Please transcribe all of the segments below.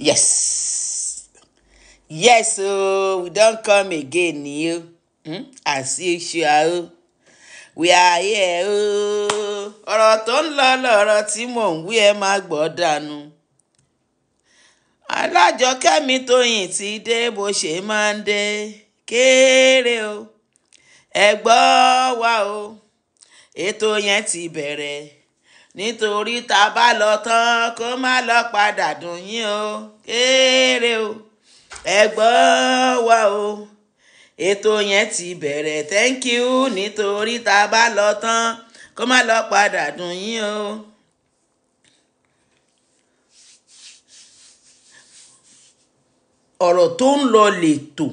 Yes. Yes, oh, we don't come again, you. Hmm? As usual. Oh. We are here, oh. Ọ̀rọ̀ tó ń lọ lọ̀rọ̀ tí mò ń wí ẹ máa gbọ́ dànù. Alájọkẹ́mi Tóyìn ti dé bó ṣe máa ń dé kéré o. Oh. Ẹ gbọ́ wa o. Oh. Ètò yẹn ti bẹ̀rẹ̀ nítorí tá a bá lọ tán kó má lọ padà dùn yín o kéré o ẹ̀gbọ́n wa o ètò yẹn ti bẹ̀rẹ̀ thank you nítorí tá a bá lọ tán kó má lọ padà dùn yín o. ọ̀rọ̀ tó ń lọ lè tò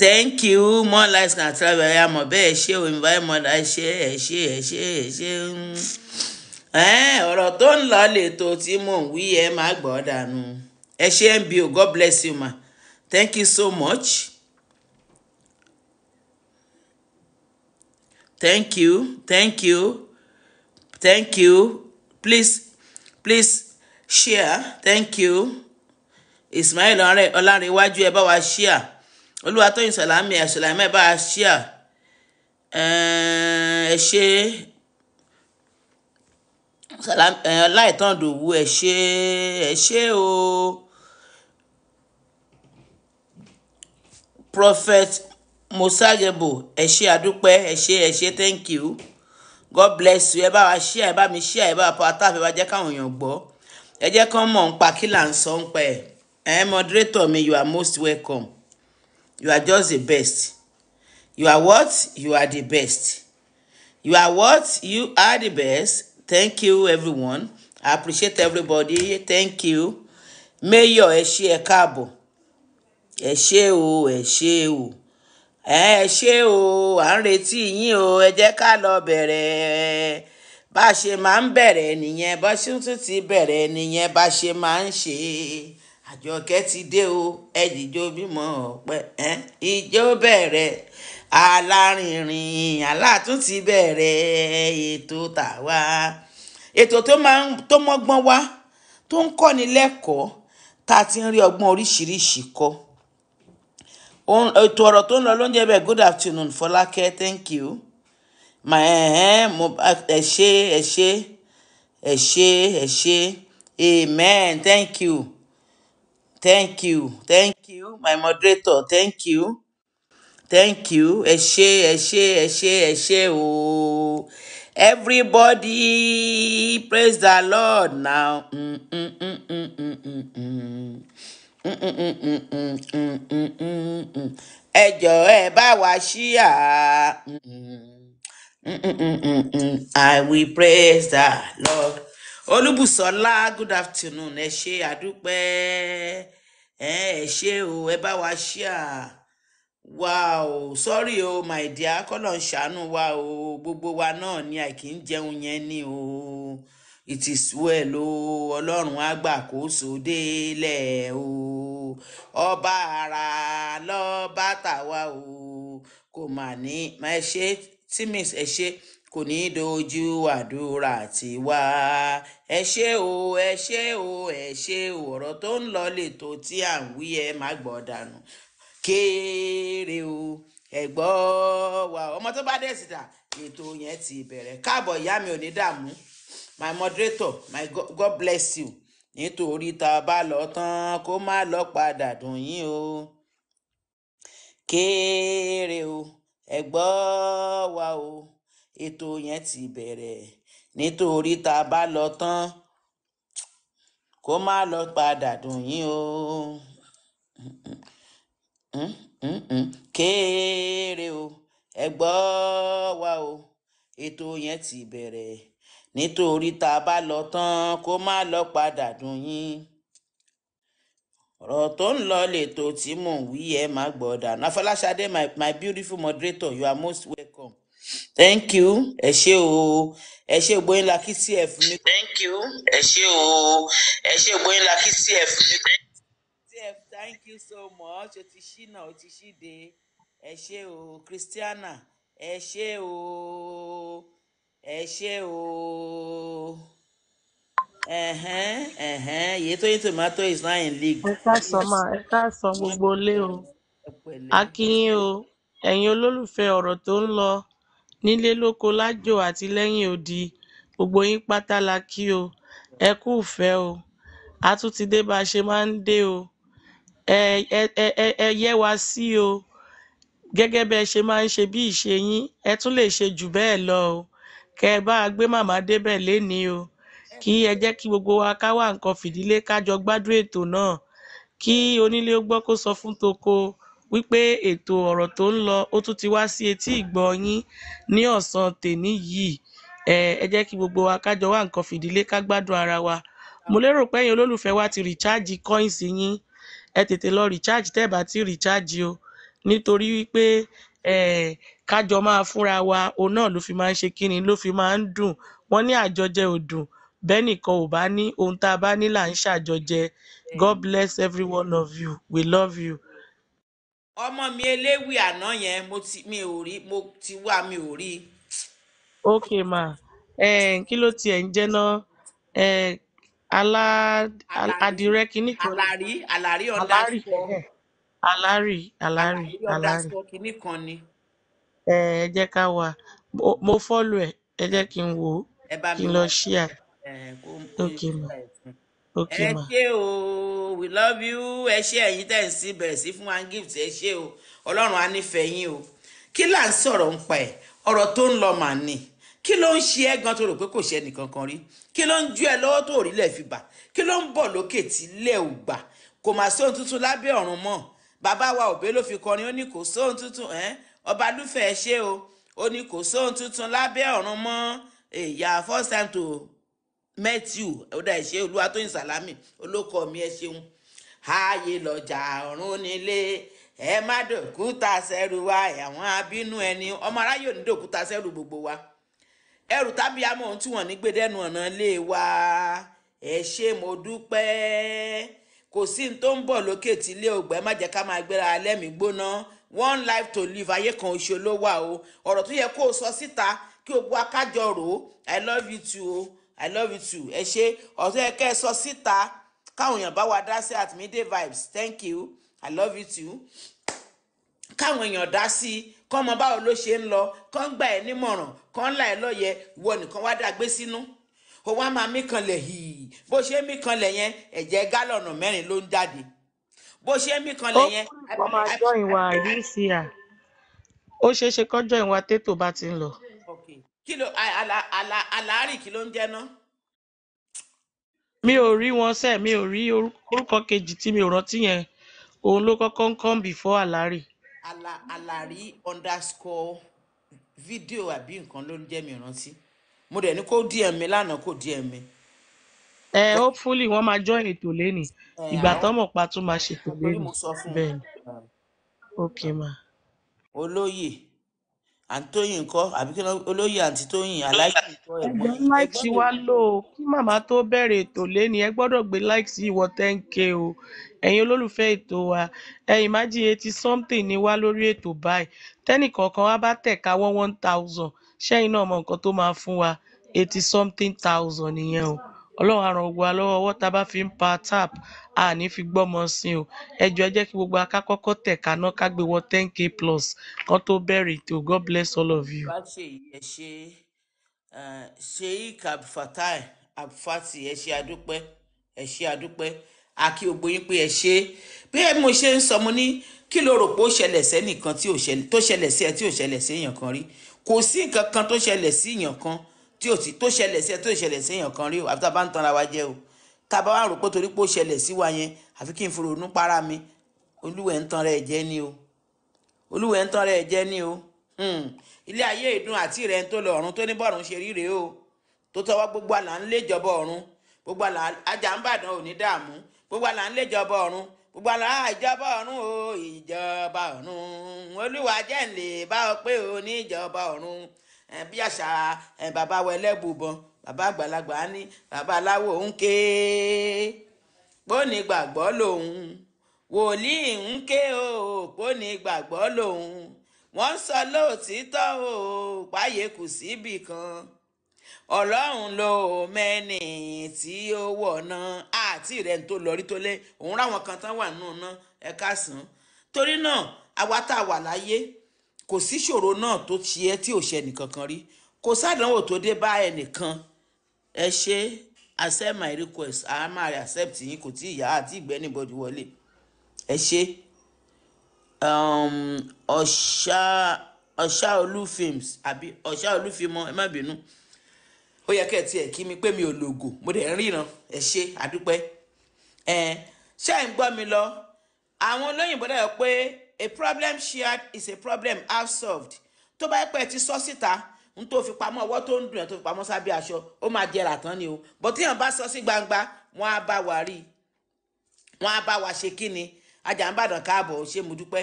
thank you more lives can travel ẹ̀yà mọ̀ bẹ́ẹ̀ ṣe o invite more lives ṣe ẹ̀ ṣe ẹ̀ ṣe ẹ̀ ṣe ọ̀rọ̀ tó ń lọ lètò tí mò ń wí ẹ máa gbọ́ dànù ẹ ṣe mbo god bless you ma thank you so much thank you thank you thank you please please share thank you ismail ọlárẹwájú ẹ bá wa share olúwatóyìn sàlámì àṣàlámì bá a ṣíà ẹ ṣe láìtàn dòwú ẹ ṣe ẹ ṣe o prophet musagebo ẹ ṣe àdúpẹ́ ẹ ṣe ẹ ṣe thank you god bless you ẹ bá wa ṣíà ẹ bá mi ṣíà ẹ bá wa pàtó àfẹ́ bá jẹ́ káwọn èèyàn gbọ́ ẹ jẹ́ kán mọ̀ ń pa kí là ń sọ ń pẹ́ ẹ moderator mi you are most welcome. You are just the best. You are what? You are the best. You are what? You are the best. Thank you, everyone. I appreciate everybody. Thank you. Mayor, ẹ ṣé ẹ káàbọ̀. Ẹ ṣé o, ẹ o. Ẹ ṣé o, à ń retí yín o, ẹ jẹ́ ká lọ bẹ̀rẹ̀. Bá a ṣe máa ń bẹ̀rẹ̀ nìyẹn, bá a ṣe tún ti bẹ̀rẹ̀ nìyẹn, bá a ṣe máa ń ṣe àjọkẹ́ ti dé o ẹ jíjó bímọ ọ̀pẹ ẹ ìjó bẹ̀rẹ̀ alárinrin alátún ti bẹ̀rẹ̀ ètò tàwa ètò tó máa ń tó mọ́gbọ́n wá tó ń kọ́ni lẹ́kọ̀ọ́ tá a ti ń rí ọgbọ́n oríṣiríṣi kọ́ ètò ọ̀rọ̀ tó ń lọ ló ń jẹ́ bẹ́ẹ̀ good afternoon fọlákẹ́ thank you mà ẹ ṣé ẹ ṣé ẹ ṣé ẹ ṣé amen thank you thank you thank you my moderator thank you thank you ẹ ṣé ẹ ṣé ẹ ṣé ẹ ṣé o everybody praise the lord now. Mm, mm, mm, mm, mm, mm, mm. Mm, mm, mm, mm, mm, mm, mm, mm, mm. ẹ jọ̀ọ́ ẹ bá wa ṣíà. Mm, mm, I will praise the Lord olúbùsọlá good afternoon ẹ ṣe àdúpẹ́ ẹ ṣe o ẹ bá wa ṣí à wá o sọrí o my dear kọlọ ń ṣàánú wa o gbogbo wa náà ni àìkí ń jẹun yẹn ni o it is well o ọlọ́run á gbàkóso délẹ̀ o ọba ara lọ́ọ́ bá tàwa o kò mà ní ẹ ṣe tímìs ẹ ṣe kò ní dojú àdúrà tiwa ẹ ṣé o ẹ ṣé o ẹ ṣé o ọ̀rọ̀ tó ń lọ lètò tí à ń wí ẹ má gbọ́ dànù kéré o ẹ gbọ́ wa ọmọ tó bá dẹ̀ síta ètò yẹn ti bẹ̀rẹ̀ káàbọ̀ ìyá mi ò ní dààmú my moderator my God, God bless you nítorí tá a bá lọ tán kó má lọ padà dùn yín o kéré o ẹ gbọ́ wa o ètò yẹn ti bẹ̀rẹ̀ nítorí tá a bá lọ tán kó má lọ padà dùn yín o kéèrè o ẹ gbọ́ wa o ètò yẹn ti bẹ̀rẹ̀ nítorí tá a bá lọ tán kó má lọ padà dùn yín ọ̀rọ̀ tó ń lọ lẹ́tọ̀ọ́ tí mò ń wí ẹ má gbọ́ dànù afọláṣadé my my beautiful moderator you are most welcome thank you ẹ ṣé o ẹ ṣé o gbóyìn lakí mi. thank you ẹ ṣé o ẹ ṣé o gbóyìn lakí mi. tf thank you so much o ti ṣí náà o ti ṣí de ẹ ṣé o christiana ẹ ṣé o ẹ ṣé o ẹ̀hẹ́n ẹ̀hẹ́n Yèyétóyìn tomato is now in league. ẹ káàsán máa ẹ káàsán gbogbo ilé o akínyìn o ẹ̀yin olólùfẹ́ ọ̀rọ̀ tó ń lọ nílé lóko lájò àti lẹ́yìn odi gbogbo yín pátá la kí o ẹ kú ìfẹ́ o a tún ti dé bá a ṣe máa ń dé o ẹ ẹ ẹ ẹ yẹ́ wa sí o gẹ́gẹ́ bẹ́ ẹ ṣe máa ń ṣe bí ìṣe yín ẹ tún lè ṣe jù bẹ́ẹ̀ lọ o kẹ́ ẹ bá a gbé màmá débẹ̀ lénìí o kí ẹ jẹ́ kí gbogbo wa ká wà nǹkan fìdílé ká jọ gbádùn ètò náà kí onílé ó gbọ́ kó sọ fún toko wípé ètò ọ̀rọ̀ tó ń lọ ó tún ti wá sí etí ìgbọ́ yín ní ọ̀sán tèní yìí ẹ jẹ́ kí gbogbo wa kájọ wá nǹkan fìdílé ká gbádùn ara wa mo lérò pé ẹ̀yin olólùfẹ́ wa ti rìcháàjì coins yín ẹ tètè lọ rìcháàjì tẹ́ ẹ̀ bá ti rìcháàjì o nítorí wípé kájọ máa fúnra wa òun náà ló fi máa ń ṣe kíni ló fi máa ń dùn wọ́n ní àjọjẹ ò dùn bẹ́ẹ̀ nìkan ò bá ní ohun tá a bá ní là ń ṣàjọjẹ God bless every one of you we love you ọmọ mi eléwì àná yẹn mo ti mi ò rí mo ti wá mi ò rí. ok ma um, kí ló tiẹ̀ ń jẹ́ náà um, alá adìrẹ kìíní kan alárì alárì ọ̀dà alárì alárì alárì kìíní kan ni. ẹ jẹ́ ká wà mo fọ́lù ẹ̀ ẹ jẹ́ kí n wò ó kí n lọ ṣí à ok ma. Ẹ, ẹ ṣé o we love you ẹ ṣé ẹ̀yin tẹ́ ń sí bẹ̀rẹ̀ sí fún one gift ẹ ṣé o ọlọ́run á nífẹ̀ẹ́ yín o kí là ń sọ̀rọ̀ ń pa ẹ̀ ọ̀rọ̀ tó ń lọ màá nì kí ló ń ṣe ẹ́ gan tó rò pé kò ṣe ẹnìkan kan rí kí ló ń ju ẹ lọ́wọ́ tó rí lẹ̀ fi bà kí ló ń bọ̀ lókè tí lẹ̀ ò gbà kò mà sóhun tuntun lábẹ́ ọ̀run mọ́ bàbá wa òbé ló fi kọrin ó ní kò sóhun tuntun ẹ́ ọba lúfẹ̀ ẹ ṣé o ó ní kò sóhun tuntun lábẹ́ ọ̀run mọ́ èyí yeah, first time to Matthew ọ̀dà ìṣe Olúwatóyìn Sàlámì olóko mi ẹ ṣeun ààyè lọ́jà ọ̀run nílé ẹ má dòkúta sẹ́rù wa àwọn abínú ẹni ọmọ aráyè ò ní dòkúta gbogbo wa ẹrù tábí amọ ohun tí ní gbẹdẹnu ọ̀nà wa ẹ mo dúpẹ́ kò sí ní tó ń bọ̀ lókè tí ilé má jẹ́ ká máa one life to live ayé kan o ọ̀rọ̀ tó yẹ kó o sọ síta kí o bu akájọ rò i love you too o. i love you too ẹ ṣe ọ̀tún ẹ̀kẹ́ ẹ sọ síta káwọn èèyàn bá wa dá sí at midday vibes thank you i love you too káwọn èèyàn dá sí i kọ́mọ báwo ló ṣe ń lọ kọ́ ń gbà ẹ́ nímọ̀ràn kọ́ ń là ẹ́ lọ́yẹ ìwọ nìkan wá dàgbé sínú ó wá máa mí kanlẹ̀ hìí bó ṣe mí kanlẹ̀ yẹn ẹ̀jẹ̀ gálọ̀nù mẹ́rin ló ń jáde bó ṣe mí kanlẹ̀ yẹn. ó máa jọ ìwà àìrísí à ó ṣeé ṣe kọjọ ìwà tètò bá ti ń lọ kí ló àlárì kí ló ń jẹ́ ná. mi ò rí wọn ṣe mi ò rí orúkọ kejì tí mi ò rántí yẹn òun ló kọ́kọ́ ń come before àlárì. àlàrí underscore fídíò àbí nǹkan ló ń jẹ́ mi rántí mo dẹ̀ ní kó dm mi lánàá kó dm mi. ẹ ó fúlì wọn máa join ètò lẹ́nìí ìgbà tọ́mọ̀ pa tún máa ṣètò lẹ́nìí bẹ́ẹ̀ ni ok ma. olóyè àǹtóyìn ńkọ́ àbí kí olóyè àǹtí tóyìn aláìsí ńkọ́ ẹ mọ ẹgbẹ́ láìsí wa lò ó kí màmá tó bẹ̀rẹ̀ ètò léni ẹ gbọ́dọ̀ gbé láìsí ìwọ ten k o ẹ̀yin olólùfẹ́ ètò wa ẹ̀yin má jí eighty something ni wá lórí ètò báyìí tẹ́nìkọ̀ọ̀kan wa bá tẹ̀ káwọ́ one thousand ṣẹ́yìn náà mọ nǹkan tó máa fún wa eighty something thousand nìyẹn o ọlọ́run á ran gbogbo wa lọ́wọ́ ọwọ́ tá a bá fi ń pa tap a ní fi gbọ́mọ sin o ẹ jọ̀ọ́ ẹ jẹ́ kí gbogbo aká tẹ̀ kaná ká gbé wọ ten k plus kan tó bẹ̀rẹ̀ ètò god bless all of you. ṣe yẹ ṣe sheik abfatai abfati ẹ ṣe adúpẹ́ ẹ ṣe adúpẹ́ àkí ògbó yín pé ẹ ṣe bí mo ṣe ń sọ mo ní kí ló rò pé ó ṣẹlẹ̀ sẹ́nìkan tó ṣẹlẹ̀ sí ẹ tí ò ṣẹlẹ̀ sí èèyàn kan rí kò sí nǹkan kan tó ṣẹlẹ̀ sí èèyàn kan tí ò sí tó ṣẹlẹ̀ sí ẹ tó ṣẹlẹ̀ sí èèyàn kan rí o àfi tá a bá ń tanra wa jẹ o tá a bá wà rò pé torí pé ó ṣẹlẹ̀ sí wa yẹn àfi kí n fòrò ònú para mi olúwẹ̀ ń tan rẹ̀ jẹ́ ni o olúwẹ̀ ń tan rẹ̀ jẹ́ ni o hmm. ilé ayé ìdun àti ìrẹ́ tó lọ ọ̀run tó ní bọ́ọ̀run ṣe ríre o tó tọwọ́ gbogbo àlà ń léjọba ọ̀run gbogbo àlà ajá ń bàdàn ò dààmú gbogbo àlà ń léjọba ọ̀run gbogbo àlà ìjọba ọ̀run o ìjọba ọ̀run olúwa jẹ́ ń lè bá ọ pé o níjọba ọ̀run bí àṣà bàbá wa ẹlẹ́bùbọn bàbá àgbàlagbà á ní bàbá aláwo ń ké pónì gbàgbọ́ lòun wòlíì ń ké o pónì gbàgbọ́ lòun wọ́n ń sọ lóòtítọ́ o páyé kù síbì kan ọlọ́run ló mẹ́ni tí ó wọ̀nà àti rẹ̀ tó lọ́rí tó lé òun ráwọn kan tán wà nù náà ẹ̀ka sàn torí náà àwa tá a wà láyé kò sí ṣòro náà tó ṣe ẹ́ tí ò ṣe ẹnìkankan rí kò sádánwò tó dé bá ẹnìkan ẹ ṣe accept my request a máa rẹ accept yín kò tí ìyá àti ìgbẹ́ níbọ̀dù wọlé ẹ ṣe um, ọ̀ṣà ọ̀ṣà olúfilms àbí ọ̀ṣà olúfimọ ẹ má bínú ó yẹ kẹ́ ẹ tiẹ̀ kí mi pé mi ò lògò mo dẹ̀ ń ríran ẹ ṣe àdúpẹ́ ẹ ṣe ń gbọ́ mi lọ àwọn olóyìnbó dẹ̀ pé a problem shared is a problem half solved tó bá pẹ́ ti sọ síta n tó fi pamọ́ ọwọ́ tó ń dùn ẹ̀ tó fi pamọ́ sábẹ́ aṣọ ó máa jẹrà tán ni o bọ́ tíyàn bá sọ sí gbangba wọ́n á bá wa rí i wọ́n á bá wa ṣe kí ni ajàǹbàdàn káàbọ̀ ṣé mo dúpẹ́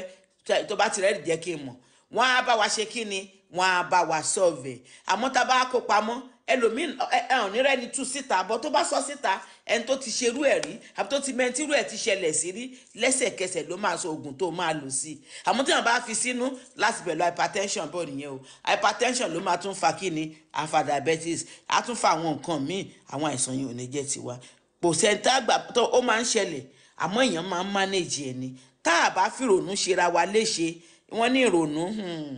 tó bá ti rẹ́ẹ̀dì jẹ́ kí n mọ̀ wọ́n á bá wa ṣe kí ni wọ́n á bá wa sọ̀vẹ̀ àmọ́ tá a bá kó pamọ́ ẹlòmíì ẹhàn nírẹ ni tú síta bọ tó bá sọ síta ẹni tó ti ṣerú ẹ rí àbí tó ti mẹtírú ẹ ti ṣẹlẹ̀ sí rí lẹ́sẹ̀kẹsẹ̀ ló máa sọ oògùn tó máa lò sí i àmọ́ tí wọ́n bá fi sínú láti pẹ̀lú hypertension bọ nìyẹn o hypertension ló máa tún fa kíni afa diabetes á tún fa àwọn nǹkan míì àwọn àìsàn yìí ò ní jẹ́ tiwa kò sẹńtà àgbà tó ó máa ń ṣẹlẹ̀ àmọ́ èèyàn máa ń manage ẹni tá a bá fìrònú ṣera wa léṣe wọ́n ní ìrònú hmm,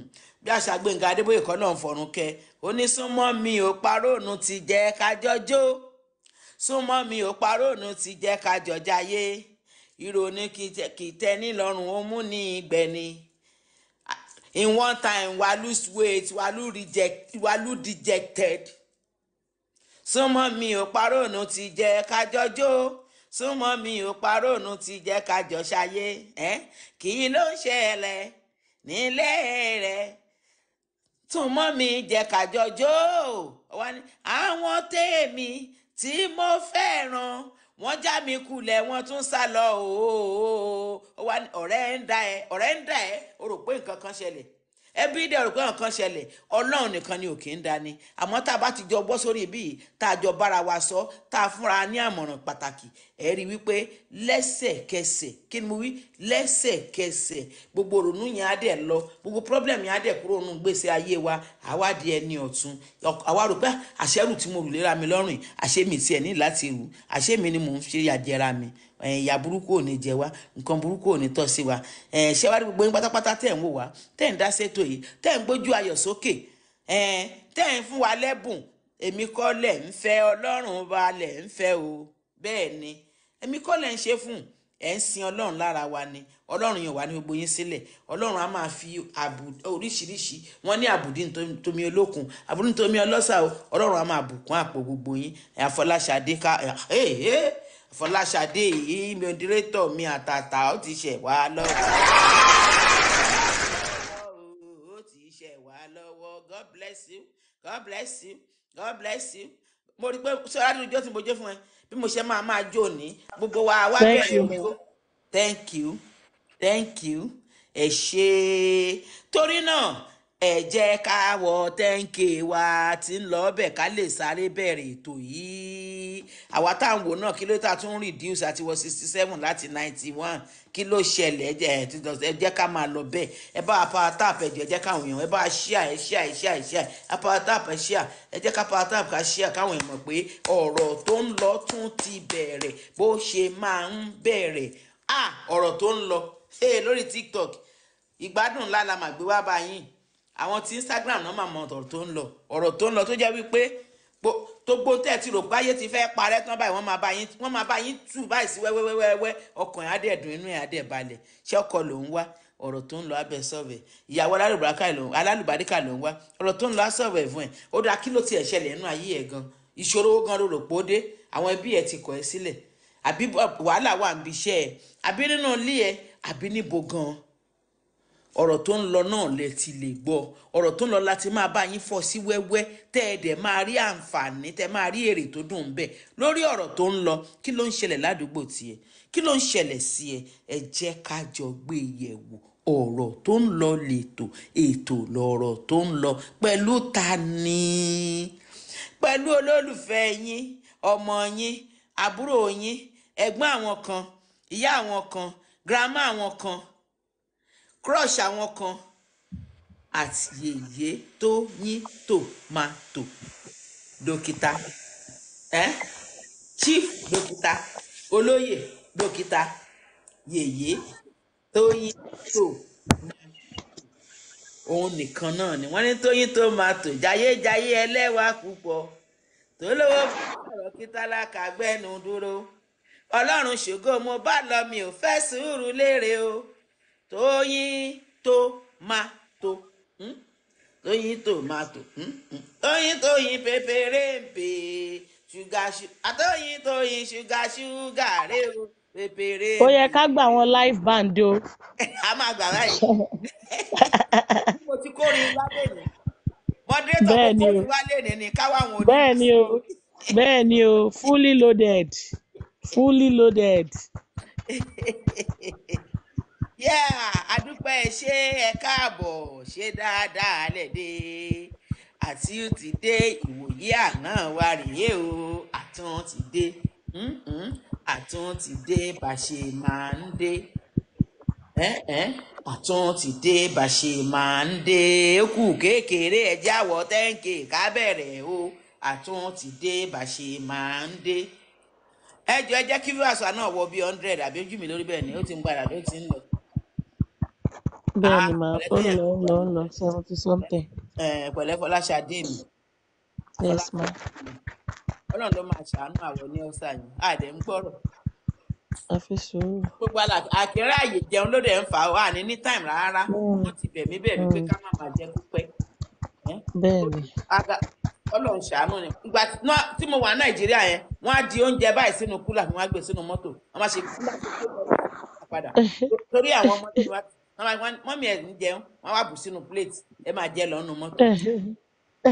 bí àṣà Gbẹ́ngà Adébóyè kan náà ń fọ̀rùn kẹ onísúnmọ́ mi ò paróònù ti jẹ́ kájọ́jọ́ súnmọ́ mi ò paróònù ti jẹ́ kájọ́jáyé ìrònú kìtẹ́ nílọ́rùn ó mú ní ìgbẹ́ni in one time walu wait walu reject walu dejected súnmọ́ mi ò paróònù ti jẹ́ kájọ́jọ́ súnmọ́ mi ò paróònù ti jẹ́ kájọ́ṣayé kí ló ń ṣẹlẹ̀ nílé rẹ̀ tún mọ́ mi jẹ́ kájọ jó wá ní àwọn tèmi tí mo fẹ́ràn wọ́n já mi kulẹ̀ wọ́n tún sá lọ ọ̀rẹ́ ń dá ẹ ọ̀rẹ́ ń dá ẹ o rò pé nǹkan kan ṣẹlẹ̀ ẹbí dẹ̀ rò pé nǹkan ṣẹlẹ̀ ọlọ́run nìkan ni òkè ń dání àmọ́ tá a bá ti jọ bọ́ sórí ibi yìí tá a jọ bára wa sọ tá a fúnra ní àmọ̀ràn pàtàkì ẹ wípé lẹ́sẹ̀kẹsẹ̀ kí ni mo wí lẹ́sẹ̀kẹsẹ̀ gbogbo òrònú yẹn á dẹ̀ lọ gbogbo pírọ́blẹ̀mù yẹn á dẹ̀ kúrò nù gbèsè ayé wa àwa di ẹni ọ̀tún àwa rò pé ah, àṣẹrù tí mo rù léra mi lọ́rùn àṣẹ mi tiẹ̀ ní láti rù àṣẹ mi ni mò ń ṣe yàjẹra mi ìyà burúkú ò ní jẹ wá nǹkan burúkú ò ní tọ́ sí wa ṣé wàá rí gbogbo yín pátápátá tẹ̀ ń wò wá tẹ̀ ń dá sétò yìí tẹ̀ ń gbójú ayọ̀ sókè tẹ̀ ń fún wa lẹ́bùn èmi kọ́ lẹ̀ ń fẹ́ ọlọ́run ba lẹ̀ ń fẹ́ o bẹ́ẹ̀ ni èmi kọ́ lẹ̀ ń ṣe fún ẹ̀ ń sin ọlọ́run lára wa ni ọlọ́run yàn wá ní gbogbo yín sílẹ̀ ọlọ́run á máa fi oríṣiríṣi wọn ní àbùdí ntomi olókun àbùdí ntomi ọlọ́sà ọlọ́run á máa bùkún àpò gbogbo yín àfọláṣadé ká ẹ̀ ẹ̀ ẹ̀ fọláṣadé yìí mọdírẹ́tọ̀ mi àtàtà ó ti ṣẹ̀ wá lọ́wọ́. ó ti ṣẹ̀ wá lọ́wọ́ god bless you god bless you god bless you mo rí i pé sọ́ra dúró jọ́ tí mo jẹ́ fún ẹ bí mo ṣe máa máa jó ní gbogbo wa wá bẹ̀rẹ̀ mi thank you thank you ẹ ṣe torí náà ẹ jẹ́ ká wọ tẹ́ǹkì wa tí ń lọ ọbẹ̀ ká lè sáré bẹ̀rẹ̀ ètò yìí àwa táwọn wò náà kí ló tà tún reduce àti wọ sixty seven láti ninety one kí ló ṣẹlẹ̀ ẹ jẹ́ ká máa lọ bẹ́ẹ̀ ẹ bá power tap ẹ̀jọ̀ ẹ jẹ́ káwọn èèyàn ẹ bá ṣíà ẹ ṣíà ẹ ṣíà ẹ ṣíà ẹ power tap ẹ ṣíà ẹ jẹ́ ká power tap ká ṣíà káwọn èèyàn mọ̀ pé ọ̀rọ̀ tó ń lọ tún ti bẹ̀rẹ̀ bó ṣe máa ń bẹ̀rẹ̀ ah ọ̀rọ̀ tó ń lọ lórí tiktok ìgbádùn ńlá la màgbé wá bá àwọn tí Instagram náà máa mọ ọ̀rọ̀ tó ń lọ ọ̀rọ̀ tó ń lọ tó jẹ́ wípé gbogbo tẹ́ ẹ ti rò báyé ti fẹ́ parẹ́ tán báyìí wọ́n máa bá yín wọ́n máa bá yín tù báyìí sí wẹ́wẹ́wẹ́wẹ́ ọkàn ẹ̀ adẹ́ẹ̀dùn inú ẹ̀ adẹ́ẹ̀balẹ̀ ṣé ọkọ lòún wá ọ̀rọ̀ tó ń lọ abẹ́ sọ̀vẹ̀ ìyàwó alálùbáríkà lòún wá ọ̀rọ̀ tó ń lọ asọ̀vẹ̀ fún ẹ̀ ó dáa kí ló tiẹ̀ ṣẹlẹ̀ nínú ayé ẹ̀ gan ìṣòro gan ló rò pé ó dé àwọn ẹbí ẹ̀ ti kọ̀ ẹ́ sílẹ̀ àbí wàhálà wà níbi iṣẹ́ ẹ̀ àbí nínú ilé ẹ̀ àbí níbo gan-an ọ̀rọ̀ tó ń lọ náà lè ti lè gbọ́ ọ̀rọ̀ tó ń lọ láti máa bá yín fọ́ sí wẹ́wẹ́ tẹ́ ẹ dẹ̀ máa rí àǹfààní tẹ́ máa rí èrè tó dùn bẹ́ẹ̀ lórí ọ̀rọ̀ tó ń lọ kí ló ń ṣẹlẹ̀ ládùúgbò tiẹ̀ kí ló ń ṣẹlẹ̀ sí ẹ ẹ jẹ́ ká jọ gbé yẹ̀ ọ̀rọ̀ tó ń lọ lètò ètò lọ̀rọ̀ tó ń lọ pẹ̀lú ta ni pẹ̀lú olólùfẹ́ yín ọmọ yín àbúrò yín ẹ̀gbọ́n àwọn kan ìyá àwọn kan grandma àwọn kan crush àwọn kan àti yèyé tó yín tòmátò dókítà eh? chief dókítà olóyè dókítà yèyé tóyìn tó òun nìkan náà ni wọ́n ní tóyìn tó máa tò jayéjayé ẹlẹ́wàá púpọ̀ tó lówó fọ̀rọ̀ kí tálákà dúró ọlọ́run ṣògo mo bá lọ mi ò fẹ́ sùúrù léèrè o tóyìn tomato tóyìn tomato tóyìn tóyìn pèpèrèmpè ṣúgà ṣúgà àtóyìn tóyìn ṣúgà ṣúgà rè o pèpèrè. ó yẹ ká gbà wọn live band o. a máa gbà báyìí mo ti kórìí wálé ní mọdérétọ mo kórìí wálé ní ní káwáwọn onímọ̀. bẹ́ẹ̀ o bẹ́ẹ̀ o fully loaded fully loaded. yeah adúpẹ́ ṣé ẹ káàbọ̀ ṣé dáadáa lẹ́dẹ̀ àti ó ti dé ìwòye àná wa rèé o àtún ti dé àtún ti dé bá ṣe máa ń dé àtún ti dé bá ṣe máa ń dé ó kù kékeré ẹ jáwọ́ tẹ́ǹkì ká bẹ̀rẹ̀ o àtún ti dé bá ṣe máa ń dé ẹ jọ ẹ jẹ́ kí fíwàsá náà wọ bíi hundred àbí ojú mi lórí bẹ́ẹ̀ ni ó ti ń gbára bí ó ti ń lọ. Ah, bẹ́ẹ̀ ni màá ó lọ ó lọ ó lọ seventy something. pẹ̀lẹ́ Fọláṣadé mi. yes ma. ọlọ́run ló máa ṣàánú àwọn ní ọ̀sà yìí àdé ń gbọ́rọ̀. a fi sùúrù. gbogbo àlà àkèrè àyè jẹun ló dẹ̀ ń fà wá ní ní time rárá wọ́n ti bẹ̀mí bẹ̀mí pé ká má máa jẹ pípẹ́. Eh? bẹ́ẹ̀ ni. ọlọ́run ṣàánú ni ìgbà tí mo wà Nàìjíríà yẹn wọ́n á di oúnjẹ báyìí sínú kúlà wọ́n á gbé e sínú mọ́tò wọ́n á ṣe kúlà tó padà eh. torí àwọn ọmọdé mọ́mí ẹ̀ ń jẹun wọ́n wá bù sínú plate ẹ máa jẹ lọ́nu mọ́tò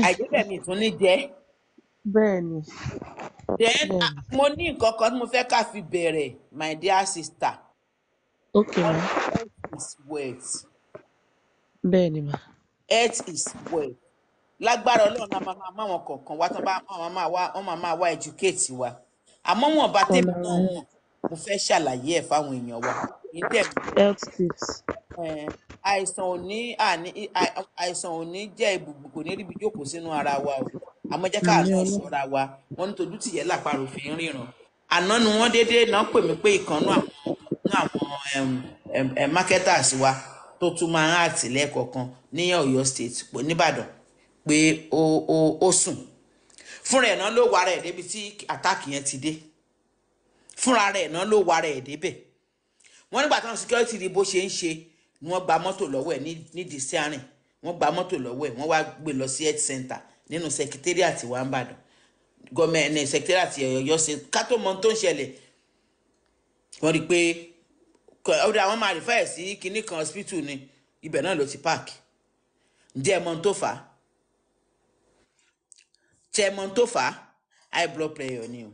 àìjẹ́bẹ̀ mi tún ní jẹ́. bẹ́ẹ̀ni. then ah, mo ní nǹkan kan tí mo fẹ́ ká fi bẹ̀rẹ̀ my dear sister. okay ma. health is wealth. bẹ́ẹ̀ni ma. health is wealth. lágbára ọlọ́run a máa máa wọn kọ̀ọ̀kan wá tán bá wọn máa wá wọn máa máa wá educate wa àmọ́ wọn bá tẹ́mi náà wọn mo fẹ́ ṣàlàyé ẹ̀ fáwọn èèyàn wa kì í tẹ̀ health tips. àìsàn ò ní àìsàn ò ní jẹ́ ibùgbé kò ní ríbi jókòó sínú ara wa o àmọ́ jẹ́ káàánú mm-hmm. ọ̀sọ́ra wa wọ́n ní tójú tìyẹ́ làpárò fi ń ríran àná ni wọ́n déédéé náà pè mí pé ìkànnú àwọn marketers wa tó tún máa ń àtìlẹ́ kọ̀ọ̀kan ní Ọ̀yọ́ state nìbàdàn pé ó sùn fúnra ẹ̀ náà ló wà rẹ̀ débi tí àtàkì yẹn ti dé fúnra rẹ̀ náà ló wà rẹ̀ débẹ̀ wọ́n nígbà táwọn security rí bó ṣe ń ṣe ni wọ́n gba mọ́tò lọ́wọ́ ẹ̀ nídìí sí àárín wọ́n gba mọ́tò lọ́wọ́ ẹ̀ wọ́n wá gbé lọ sí health center nínú secretariat wa ń bàdàn gọọmẹ̀ntì secretariat Ọ̀yọ́ ṣe kátó mọ tó ń ṣẹlẹ̀ wọ́n rí i pé ọ̀dọ̀ àwọn máa rìfẹ́ sí kinní kan hospital ni ibẹ̀ náà ló ti park ǹjẹ́ ẹ mọ tó fà á tẹ́ ẹ mọ tó fà á high blood pressure ni o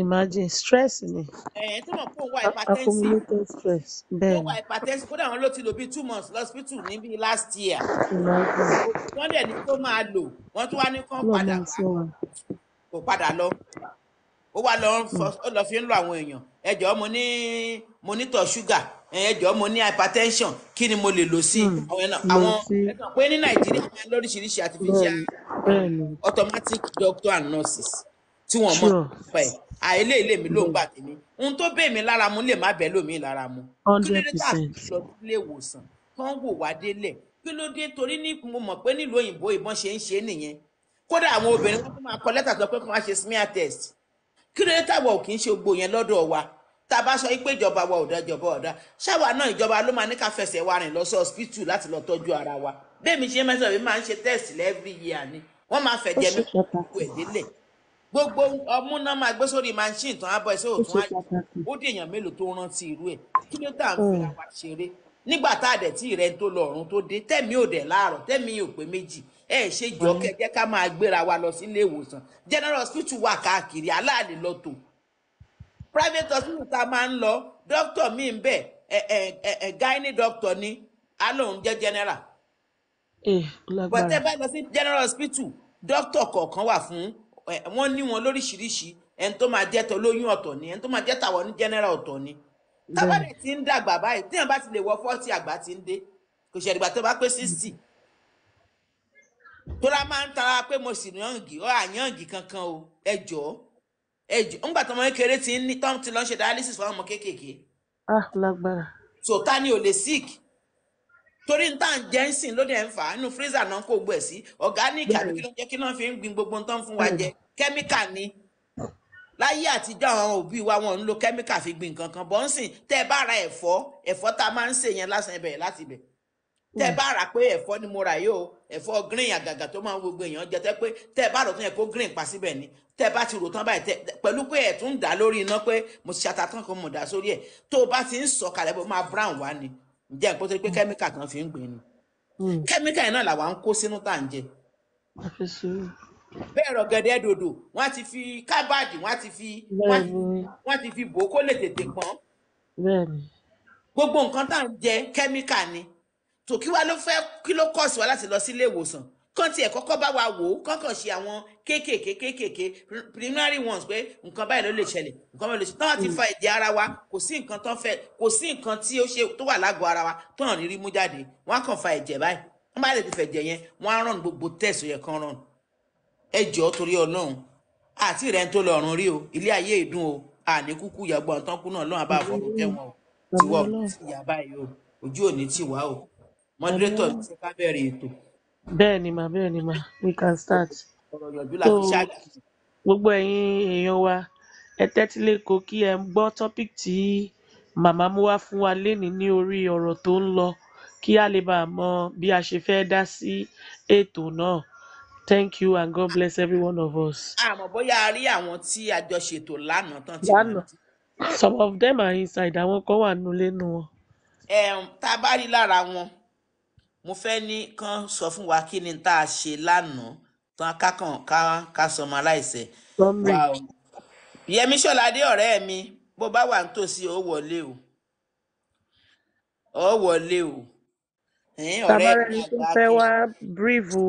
imagine stress ni ẹ̀ tó mọ̀ pé òun hypertensive accumulated stress bẹ́ẹ̀ ni òun wà hypertensive kódà wọn ló ti lò bíi two months lọ́sibítù ní bíi last year wọ́n dẹ̀ ní kó máa lò wọ́n tún wá ní kán padà wá kò padà lọ ó wá lọ hmm. ó lọ fi ń lọ àwọn èèyàn ẹ jọ̀ọ́ mo ní mo ní tọ̀ ẹ jọ̀ọ́ mo ní hypertension kí ni mo lè lò sí hmm. àwọn àwọn ẹ̀kan pé ní nàìjíríà máa ń lóríṣiríṣi artificial automatic doctor and nurses tí wọ́n mọ̀ nípa ẹ̀ àìlè ah, ilé mi ló ń gbà tèmi ohun tó bẹ̀ mí lára mu lè má bẹ̀ lómi lára mu kí a fi lọ sílé ìwòsàn kí wọ́n wò wá délẹ̀ kí ló dé torí ní mo mọ̀ pé nílùú òyìnbó ìbọn ṣe ń ṣe é nìyẹn kódà àwọn obìnrin wọn tó máa kọ lẹ́tà tó pé kí wọ́n ṣe smear test kí ló dé táwọn ò kì í ṣe gbogbo yẹn lọ́dọ̀ wa tá a bá sọ pé ìjọba wa ò dá ìjọba ọ̀dá ṣáwa náà ìjọba ló máa ní ká fẹsẹ̀ wa rìn lọ sí hospital láti lọ tọ́jú ara wa bẹ́ẹ̀ mi ṣe mẹ́sàn-án mi máa ń ṣe test lẹ́ẹ̀fì yìí àní wọ́n máa fẹ̀jẹ̀ mi kú ẹ̀dínlẹ̀ gbogbo ọmú náà máa gbé sórí machine tán á bọ ẹsẹ òtún ayé ó dé èèyàn mélòó tó rántí irú ẹ kí ló tà ń fi àwa ṣeré nígbà tá a dẹ̀ tí ìrẹ́ tó lọ ọ̀run tó dé tẹ̀mí ò dẹ̀ láàárọ̀ tẹ̀mí ò pé méjì ẹ ṣe jọ kẹjẹ ká máa gbéra wa lọ sílé ìwòsàn general hospital wà káàkiri aláàlè lọ́tọ̀ private hospital tá a máa ń lọ doctor mi ń bẹ ẹ ẹ ẹ gynae doctor ni alóhùn jẹ general bọ̀tẹ́ bá lọ sí general hospital doctor kọ̀ọ̀kan wà fún wọ́n ní wọn lóríṣiríṣi ẹni tó máa jẹ́ tolóyún ọ̀tọ̀ ni ẹni tó máa jẹ́ tàwọn ní general ọ̀tọ̀ ni tábàdì ti ń dàgbà báyìí téèyàn bá ti lè wọ fọ́ọ̀tì àgbà ti ń dé kò ṣe ìgbà tó bá pé sixty tóra máa ń tara pé mo sì yànjì ọ àyànjì kankan o ẹ jọ ẹ jọ ńgbà tọmọ kékeré ti ń ní tọ́m ti lọ ṣe dialysis fún ọmọ kéékèèké. ah lágbára. sòtá ni ò lè sick torí n tá à ń jẹ ń sìn lóde ẹ̀ ń fà á inú freezer náà kò gbẹ̀ e sí organic àbí kí ló ń jẹ́ kí náà fi ń gbin gbogbo nǹkan fún wa jẹ kẹ́míkà hmm. ni láyé àtijọ́ àwọn òbí wa wọn ń lo kẹ́míkà fi gbin nǹkan kan bọ́ ń sìn tẹ́ ẹ bá ra ẹ̀fọ́ ẹ̀fọ́ tá a máa ń sè yẹn lásán ẹ bẹ̀rẹ̀ láti bẹ̀ tẹ́ ẹ hmm. bá rà pé ẹ̀fọ́ ni mo rà yìí o ẹ̀fọ́ green àgàgà tó máa ń gbogbo èèyàn jẹ tẹ́ pé tẹ́ bá rò tán yẹ kó green pa síbẹ̀ ni tẹ́ bá ti rò tán báyìí tẹ́ pẹ̀lú pé ẹ̀ tún lórí iná pé mo ti ṣàtàkàn kan mọ̀ dà sórí ẹ̀ tó o bá ti ń sọ kalẹ̀ bó máa brown wá ni ǹjẹ́ àpótí pé kẹ́míkà mm. kan fi ń gbìn ni kẹ́míkà mm. yẹn náà làwa ń kó sínú tá à ń jẹ. bẹ́ẹ̀ rọ̀gẹ̀dẹ̀ dòdò wọ́n ti fi kábàdì wọ́n ti fi wọ́n ti fi bò kó lè tètè pọ́n. gbogbo nǹkan tá à ń jẹ kẹ́míkà ni tò kí wá ló fẹ́ kí ló kọ̀ sí wa láti lọ sí ilé ìwòsàn kán tiẹ̀ kọ́kọ́ bá wa wò ó kọ́kàn ṣe àwọn kéékèèké kéékèèké preliminary ones pé nǹkan báyìí ló lè ṣẹlẹ̀ nǹkan báyìí ló lè ṣẹlẹ̀ tán ti hmm. fa ẹ̀jẹ̀ ara wa kò sí nǹkan tán fẹ́ kò sí nǹkan tí ó ṣe tó wà lágọ̀ọ́ ara wa tán rírí mú jáde wọ́n á kàn fa ẹ̀jẹ̀ báyìí wọ́n bá lè ti fẹ̀jẹ̀ yẹn wọ́n á rán gbogbo test yẹn kan rán ẹ jọ̀ọ́ torí Ọlọ́run àti rẹ̀ ń tó lọ ọ̀run rí o ilé ayé ìdùn o àní kúkú ìyàgbọ́ àtọ́ kú náà lọ́wọ́ àbáfọ́ ẹ̀wọ̀n o tiwọ́ ìyàbá yìí o ojú òní tiwa o mọ́dúrétọ̀ ti ká bẹ̀rẹ̀ ètò bẹ́ẹ̀ ni mà bẹ́ẹ̀ ni mà we can start. So, yọ̀jú la fi ṣáájú. gbogbo ẹ̀yin èèyàn wa ẹ tẹ́tí lẹ́kọ̀ọ́ kí ẹ gbọ́ topic tí màmá mú wá fún wa lénìí ní orí ọ̀rọ̀ tó ń lọ kí a lè bàa mọ bí a ṣe fẹ́ dá sí ètò náà thank you and God bless every one of us. àmọ́ bóyá a rí àwọn tí a jọ ṣètò lánàá tán ti mọ̀. some of them are inside àwọn kan wà nulẹ̀ nu wọn. tá a bá rí lára wọn mo fẹ́ ní kán sọ fún wa kí ni tá a ṣe lánàá tán kákan ká ká sọmọ aláìṣẹ̀. Yẹmí Ṣọládé ọ̀rẹ́ mi bó bá wà nítòsí ó wọlé o ó wọlé o. tabarẹni tó fẹ́ wá bíríìfù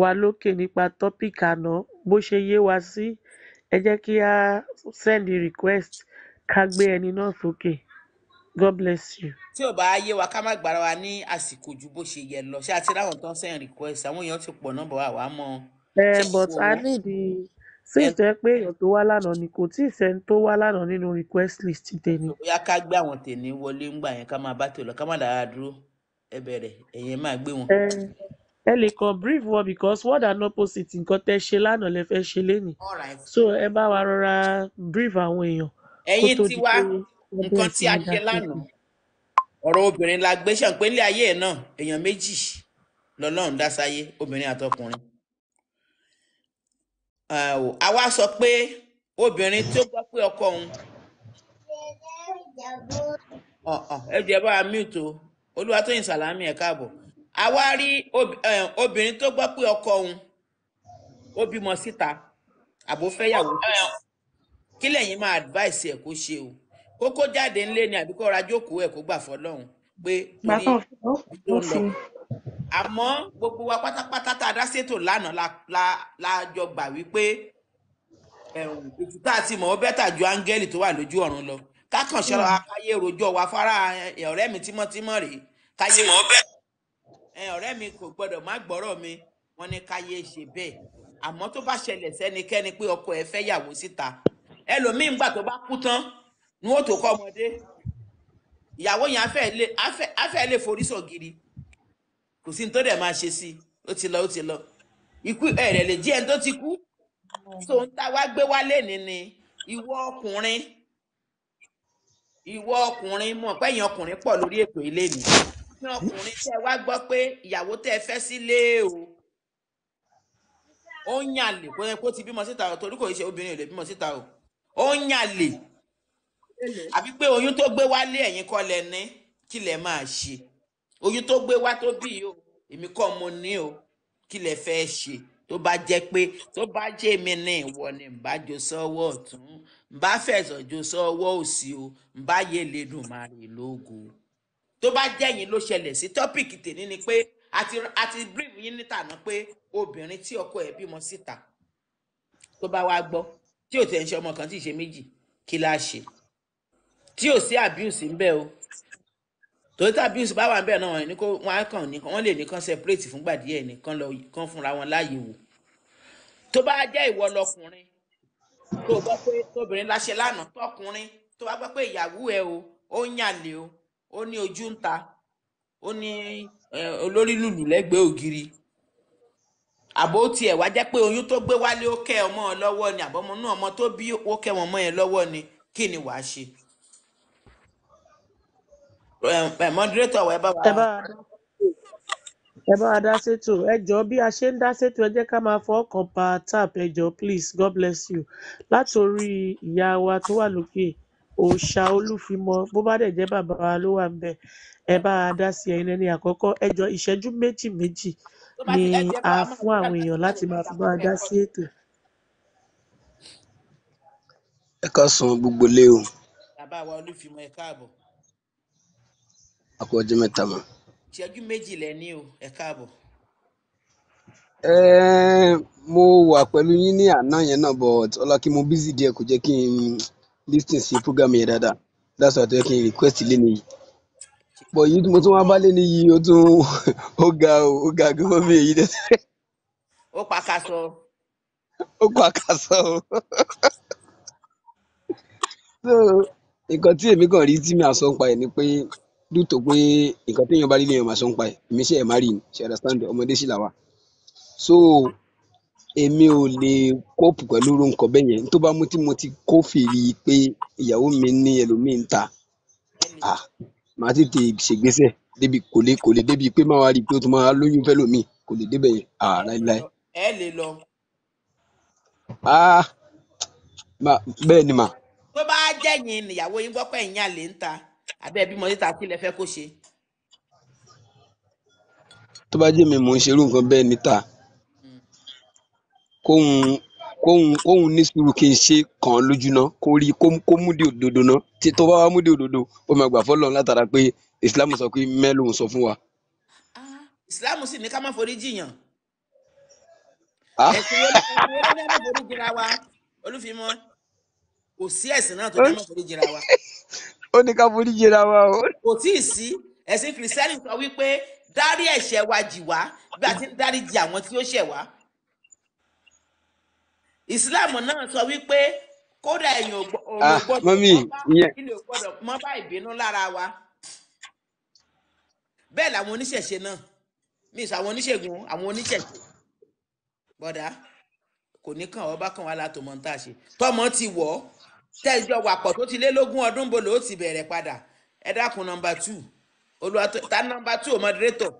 wa lókè nípa tọ́pìkì àná bó ṣe yé wa sí ẹ jẹ́ kí a send request ká gbé ẹni náà sókè. Okay. God bless you. tí ò bá yé wa ká má gbára wa ní àsìkò ju bó ṣe yẹ lọ ṣé àti ráwọn tó ń request àwọn èèyàn ti pọ̀ nọ́mbà wa wàá mọ. ẹ eh, but i need the since tó yẹ pé èèyàn tó wá lánàá ni kò tí ì sẹ́ni tó wá lánàá nínú request list tèmi. bóyá ká gbé àwọn tèmi wọlé ńgbà yẹn ká máa bá tè lọ ká má dára dúró ẹ bẹ̀rẹ̀ ẹ̀yẹn máa gbé wọn. Eh, ẹ lè kàn brief wọn because word and opposite nǹkan tẹ ṣe lánàá lẹ fẹ́ ṣe lénìí so ẹ bá wa rọra brief àwọn èèyàn kó tó di nǹkan tí a ṣe lánàá ọ̀rọ̀ obìnrin la gbé ṣàn pé ilé ayé ẹ̀ náà èèyàn méjì lọ́lọ́run dá sáyé obìnrin àtọkùnrin àwa sọ pé obìnrin tó gbọ́ pé ọkọ òun ẹ jẹ́ bá a mute o Olúwatóyìn Sàlámì ẹ̀ káàbọ̀ àwa rí obìnrin tó gbọ́ pé ọkọ òun ó bímọ síta àbò fẹ́yàwó kí lẹ́yìn máa advice ẹ̀ kó ṣe o kókó jáde ńlé ni àbí kó ra jókòó ẹ̀ kó gbà fọlọ́run pé torí ló ń lọ gbogbo wa pátápátá tá a dá ṣètò lánàá la la la jọ gbà wípé ètò tá a ti mọ̀ ọ́ bẹ́tà ju áńgẹ́lì tó wà lójú ọ̀run lọ kákànṣe mm. káyé rojọ́ wa fara ọ̀rẹ́ mi tímọ́tímọ́ rèé káyé ọ̀rẹ́ mi kò gbọ́dọ̀ má gbọ́rọ̀ mi wọ́n ní káyé ṣe bẹ́ẹ̀ àmọ́ tó bá ṣẹlẹ̀ sẹ́nikẹ́ni pé ọkọ ẹ fẹ́ yàwó síta ẹlòmíín gbà tó bá kú tán ni wọ́n tó kọ́ ọmọdé ìyàwó yẹn afẹ́ lè forí sọ̀gìrì kò sí ní tó dẹ̀ máa ṣe sí ó ti lọ ó ti lọ ikú ẹ̀rẹ̀ lè jẹ́ ẹni tó ti kú tó ń ta wá gbé wálé ní ni ìwọ ọkùnrin ìwọ ọkùnrin mọ̀ pé èèyàn ọkùnrin pọ̀ lórí ètò ilé mi ní ọkùnrin tẹ́ wá gbọ́ pé ìyàwó tẹ́ fẹ́ sílé o ó ń yàn lè kó ti bímọ síta o torí kò ṣe obìnrin ò lè bímọ síta o ó ń yàn lè àbí pé oyún tó gbé wálé ẹ̀yin kọ́ lẹ ní kí lẹ máa ṣe oyún tó gbé wá tó bí o èmi kọ́ mo ní o kí lẹ fẹ́ ṣe tó bá jẹ́ pé tó bá jẹ́ mi ní ìwọ ni n bá jọ sọ́wọ́ ọ̀tún n bá fẹ̀sọ̀ jọ sọ́wọ́ òsì o n bá yé lẹ́dùn máa rè lógo tó bá jẹ́ yín ló ṣẹlẹ̀ sí tọ́pìkì tèmi ni pé àti àti brim yín nítàná pé obìnrin tí ọkọ ẹ̀ bímọ síta tó bá wá gbọ́ tí ò tẹ̀ ń ṣe ọmọ kan tí ì ṣe méjì kí láá tí ò sí abuse ń bẹ o torí tí abuse bá wà ń bẹ náà wọn ní kó wọn á kàn ní wọn lè ní kán separate fúngbà díẹ̀ nìkan lọ kán fúnra wọn láàyè wò tó bá jẹ́ ìwọ lọkùnrin tó gbọ́ pé tóbìnrin láṣẹ lánàá tọkùnrin tó bá gbọ́ pé ìyàwó ẹ o ó ń yànlẹ o ó ní ojú ń ta ó ní olórí lùlù lẹ́gbẹ̀ẹ́ ògiri àbò tiẹ̀ wá jẹ́ pé oyún tó gbé wálé ó kẹ́ ọmọ ọ lọ́wọ́ ni àbọ̀mọ́ ọmọ tó bí ó kẹ́ wọn ẹ lọ́wọ́ ni kí ni wàá ṣe moderator wa ẹ bá wa. ẹ bá wa dá sétò ẹ jọ bí a ṣe ń dá sétò ẹ jẹ́ ká máa fọ ọkàn pa tap ẹ jọ please god bless you látòrí ìyá wa tó wà lókè òòṣà olúfimọ bó bá dẹ̀ jẹ́ bàbá wa ló wà ń bẹ̀ ẹ bá a dá sí ẹyin lẹ́ni àkọ́kọ́ ẹ jọ ìṣẹ́jú méjì méjì ni a fún àwọn èèyàn láti máa fi máa dá sí ètò. ẹ ká san gbogbo lé o. bàbá wa olúfimọ ẹ káàbọ̀. akọ ọjọ́ mẹ́ta mọ́. méjì o ẹ mo wà pẹ̀lú yín ní àná yẹn but ọlá kí mo busy díẹ̀ kò jẹ́ program yẹn that's why i tell you kí n request lé nìyí but yìí mo tún wá bá lé ní yìí ó tún ó ga ó ga mi èyí o. so nǹkan tí èmi kàn rí tí mi àsọ ń pa ni due to pé nǹkan téèyàn bá rí lèèyàn máa sọ ń pa ẹ̀ èmi sì ẹ̀ má rí ni ṣe understand ọmọdé sì là so èmi ò lè kóòpù pẹ̀lú irú nǹkan bẹ́ẹ̀ yẹn tó bá mú tí mo ti kófìrí pé ìyàwó mi ní ẹlòmíì ń ta màá tètè ṣègbésẹ̀ débi kò lè kò lè débi pé máa wá rí i pé ó tún máa lóyún fẹ́ lòmíì kò lè débẹ̀ láéláé. ẹ lè lọ. bẹ́ẹ̀ ni mà. tó bá jẹ́yìn ìyàwó yín gbọ́ pé ìyá lè ń ta abẹ́ bímọ níta kí lẹ fẹ́ kó ṣe. tó bá jẹ́ mi mò ń ṣerú nǹkan bẹ́ẹ̀ níta kóhun kóhun kóhun ní sùúrù kí n ṣe kàn án lójú ná kó rí kó múdi òdodo ná tí tó bá wá múdi òdodo ó máa gbà fọlọ́run látara pé islam sọ pé mẹ́lòun sọ fún wa. Ah, ah, islam sì ní ká má forí jiyàn ah. ẹ̀sìn olùfimọ́ kò sí ẹ̀sìn náà tó ní má forí jìra wa ó ní ká forí jìra wa o. kò tí ì sí ẹ̀sìn kìrìsìtẹ́nì sọ wípé dárí ẹ̀ṣẹ̀ wa jì wá bí a ti ń dárí jì àwọn tí ó ṣẹ̀ wá. ìsìláàmù náà sọ wípé kódà ẹ̀yìn ò gbọ́dọ̀ ah, mọ́ bá ìbínú lára wa. bẹ́ẹ̀ làwọn oníṣẹ̀ṣe náà mi sọ àwọn oníṣègùn àwọn oníṣẹ̀ṣe bọ́dà kò ní kàn ọ́ bá kàn wá látòmọ́ ń tà ṣe tọ́mọ ti wọ̀ ọ́ tẹ́jọ́ wàpọ̀ tó ti lé lógún ọdún bò ló ti bẹ̀rẹ̀ padà ẹ dákun nọmba two olùwà ta nọmba two mọdírẹ́tọ̀.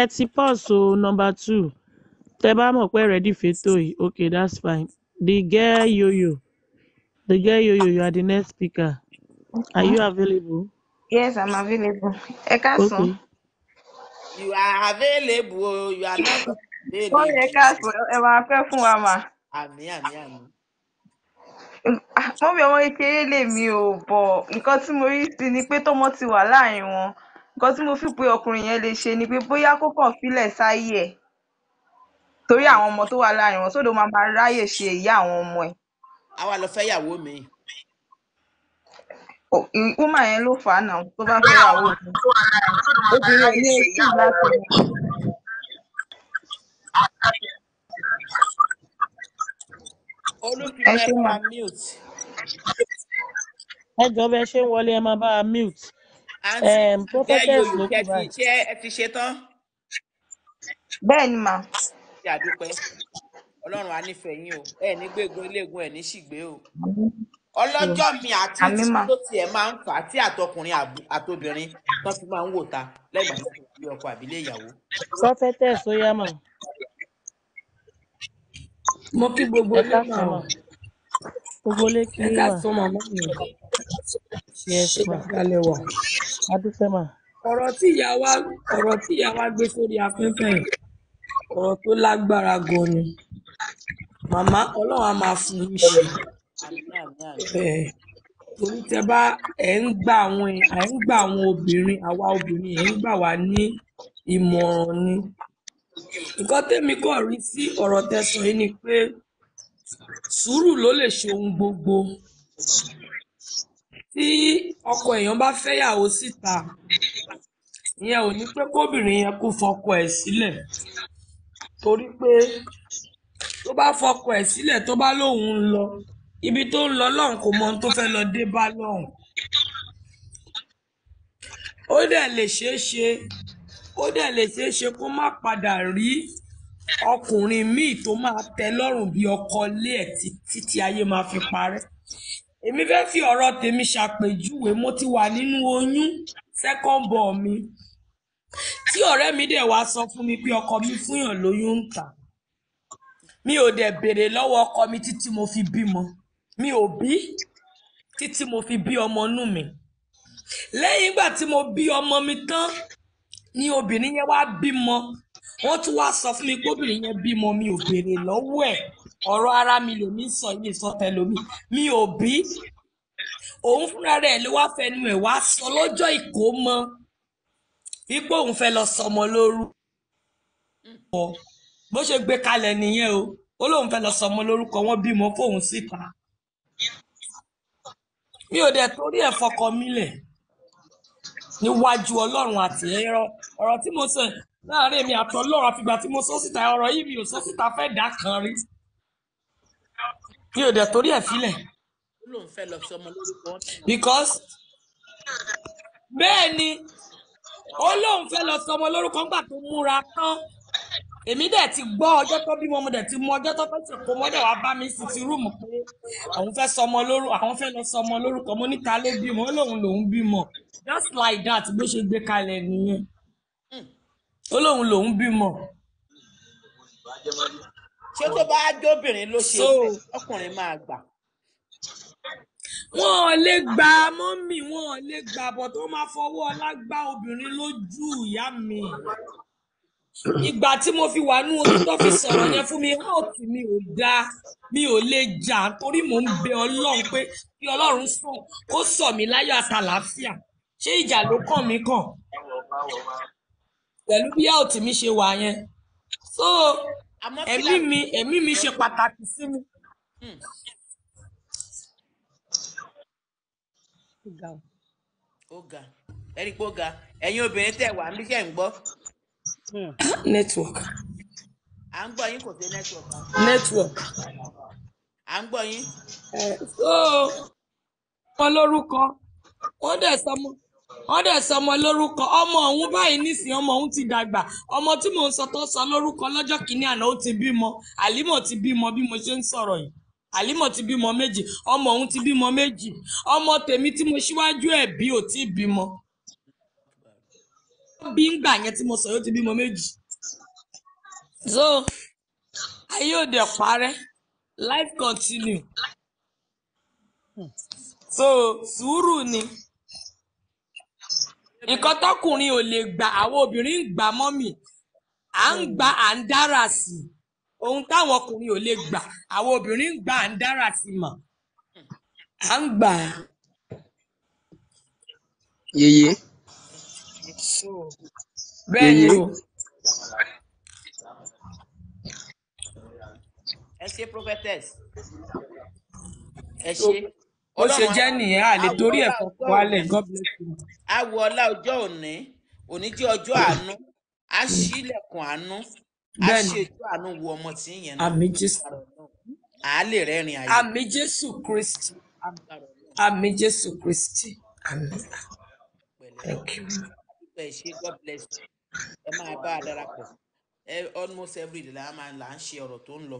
ẹ ti pọ́ọ̀sù nọmba two tẹ bá mọ̀ pé rẹ́dí fètò yìí okay that's fine the girl yoyo the girl yoyo you are the next speaker are you available. yes i'm available ẹ ká okay. you are available you are not available. ó yẹ ká sùn ẹ máa fẹ́ fún wa mà. àmì àmì àmì. Ah, wọ́n bí ọmọ kékeré lèmi ò bọ̀ nǹkan tí mo rí sí ni pé tọ́mọ ti wà láàrin wọn nǹkan tí mo fi pé ọkùnrin yẹn lè ṣe ni pé bóyá kó kàn fílẹ̀ sáyé ẹ̀ torí àwọn ọmọ tó wà láàrin wọn sódò máa máa ráyè ṣe ìyá àwọn ọmọ ẹ̀. àwa lọ fẹ́ yàwó mi. woman yẹn ló fà á nà tó bá fẹ́ yàwó mi obìnrin yẹn sì láti ẹ ṣe wà mute. ẹ jọ bẹ ṣe ń wọlé ẹ máa bá a mute. prophetess ló kú báyìí. ṣé ẹ ti ṣe tán. bẹ́ẹ̀ ni mà. ọlọ́run á nífẹ̀ẹ́ yín o ẹ ní gbégun eléegun ẹ ní ṣìgbé o ọlọ́jọ́ mi àti tó tiẹ̀ máa ń fà á tí àtọkùnrin àtobìnrin tó fi máa ń wò ta lẹ́gbàá ní ọkọ àbílẹ̀ ìyàwó. prophetess ó mo kí gbogbo ilé náà gbogbo ilé kí ẹ ká sọ màmá mi ṣe ẹ ṣe gbàgbálẹ wà. adúpẹ́ mà. ọ̀rọ̀ tí ìyá wa ọ̀rọ̀ tí ìyá wa gbé sórí afẹ́fẹ́ yìí ọ̀rọ̀ tó lágbára gan ni màmá ọlọ́run á máa fún yín ṣe torí tẹ bá ẹ ń gbà àwọn ẹ ń gbà àwọn obìnrin àwa obìnrin ẹ ń gbà wá ní ìmọ̀ràn ni nǹkan tẹ́mi kọ́ rí sí ọ̀rọ̀ tẹ̀sán yìí ni pé sùúrù ló lè ṣe ohun gbogbo tí ọkọ èèyàn bá fẹ́yàwó síta ìyẹn ò ní pé kóbìnrin yẹn kó fọkọ ẹ̀ sílẹ̀ torí pé tó bá fọkọ ẹ̀ sílẹ̀ tó bá lóun ń lọ ibi tó ń lọ lọ́hùn kò mọ ohun tó fẹ́ lọ dé bá lọ́hùn ó dẹ̀ lè ṣeé ṣe ó dẹ̀ lè ṣeé ṣe kó má padà rí ọkùnrin míì tó máa tẹ́ lọ́rùn bí ọkọ lé ẹ̀ títí ayé máa fi parẹ́ èmi fẹ́ fi ọ̀rọ̀ tèmi ṣàpèjúwe mo ti wà nínú oyún second born mi tí ọ̀rẹ́ mi dẹ̀ wá sọ fún mi pé ọkọ mi fúnyàn lóyún ń tà mi ò dẹ̀ béèrè lọ́wọ́ ọkọ mi títí mo fi bímọ mi ò bí títí mo fi bí ọmọ inú mi lẹ́yìn ìgbà tí mo bí ọmọ mi tán ni obìnrin yẹn wá bímọ wọ́n tún wá sọ fún mi pé obìnrin yẹn bímọ mi ò béèrè lọ́wọ́ ẹ̀ ọ̀rọ̀ ara mi lòmí sọ ilé ìsọtẹlómi mi ò bí òun fúnra rẹ̀ ló wá fẹnu ẹ̀ wá sọ lọ́jọ́ ìkómọ ipò òun fẹ́ lọ sọmọ lórúkọ bó ṣe gbé kalẹ̀ nìyẹn o ó lóun fẹ́ lọ sọmọ lórúkọ wọn bímọ fóun síta mi ò dẹ̀ torí ẹ̀ fọkọ mi níwájú ọlọ́run àti ẹ̀rọ ọ̀rọ̀ tí mo sọ láàrin èmi àti ọlọ́run àfìgbà tí mo sọ ọ̀rọ̀ yìí mi ò sọ fẹ́ dà kan rí mi ò dẹ̀ torí ẹ̀ filẹ̀. because bẹ́ẹ̀ ni ó lóun fẹ́ lọ sọmọ lórúkọ nígbà tó múra tán èmi dẹ̀ ti gbọ́ ọjọ́ tó bímọ mo dẹ̀ ti mọ ọjọ́ tó fẹ́ sì kó mọ́dẹ̀ bá mi sì ti rúùmù pé àwọn fẹ́ sọmọ lórúkọ àwọn fẹ́ lọ sọmọ lórúkọ mo níta lé bímọ ó lóun bímọ just like that bó ṣe gbé kalẹ̀ nìyẹn ó lóun lòun bímọ. ṣé tó bá jóbìnrin ló ṣe ọkùnrin máa gbà. wọn ò lè gba mọ́mì wọn ò lè gbà bọ̀ tó máa fọwọ́ ọlá gbá obìnrin lójú ìyá mi ìgbà tí mo fi wà ní oṣù tó fi sọ̀rọ̀ yẹn fún mi áùtì mi ò dá mi ò lè jà torí mò ń bẹ ọlọ́run pé kí ọlọ́run sùn kó sọ mí láyọ̀ àtàlàáfíà ṣé ìjà ló kàn mí kàn pẹ̀lú bí áùtì mi ṣe wà yẹn so ẹ̀mí mi ẹ̀mí mi ṣe pàtàkì sí mi. Hmm. ó ga ẹ̀rí pé ó ga ẹ̀yin obìnrin tẹ̀ wá níṣẹ́ ń gbọ́ Hmm. network. à ń gbọ́ yín kò dé network. network. à ń gbọ́ yín. so wọn lórúkọ wọn dẹ̀ sọmọ wọn dẹ̀ sọmọ lórúkọ ọmọ ọ̀hún báyìí nísìnyí ọmọ ọ̀hún ti dàgbà ọmọ tí mò ń sọ tó sọ lórúkọ lọ́jọ́ kìíní àná ó ti bímọ àlímọ̀ ti bímọ bí mo ṣe ń sọ̀rọ̀ yìí àlímọ̀ ti bímọ méjì ọmọ ọ̀hún ti bímọ méjì ọmọ tèmi tí mo ṣíwájú ẹ̀ bí ò tí bímọ bí ń gbà yẹn tí mo sọ yóò ti bímọ méjì so ayé òde parẹ́ life continue so sùúrù ni nǹkan tọkùnrin ò lè gbà àwọn obìnrin ń gbà mọ́mì à ń gba à ń dára sí i ohun táwọn ọkùnrin ò lè gbà àwọn obìnrin ń gbà à ń dára sí i mọ̀ à ń gbà yeye. Yeah, yeah bẹ́ẹ̀ ni o. ẹ ṣe prophetess ẹ ṣe. ó ṣe jẹ́ nìyẹn a lè torí ẹ̀ kọ́ wálẹ̀ god bless you. awọ ọlá ọjọ́ òní òní jẹ́ ọjọ́ àánú a ṣílẹ̀kùn àánú a ṣe ètò àánú wo ọmọ tí ń yẹn náà. àmì jésù. àálè rẹ̀ rìn àyè. àmì jésù kristi. àmì jésù kristi. àmì. thank you pé ẹ ṣe god bless you ẹ máa bá a darapọ̀ ẹ almost every day la máa là ń ṣe ọ̀rọ̀ tó ń lọ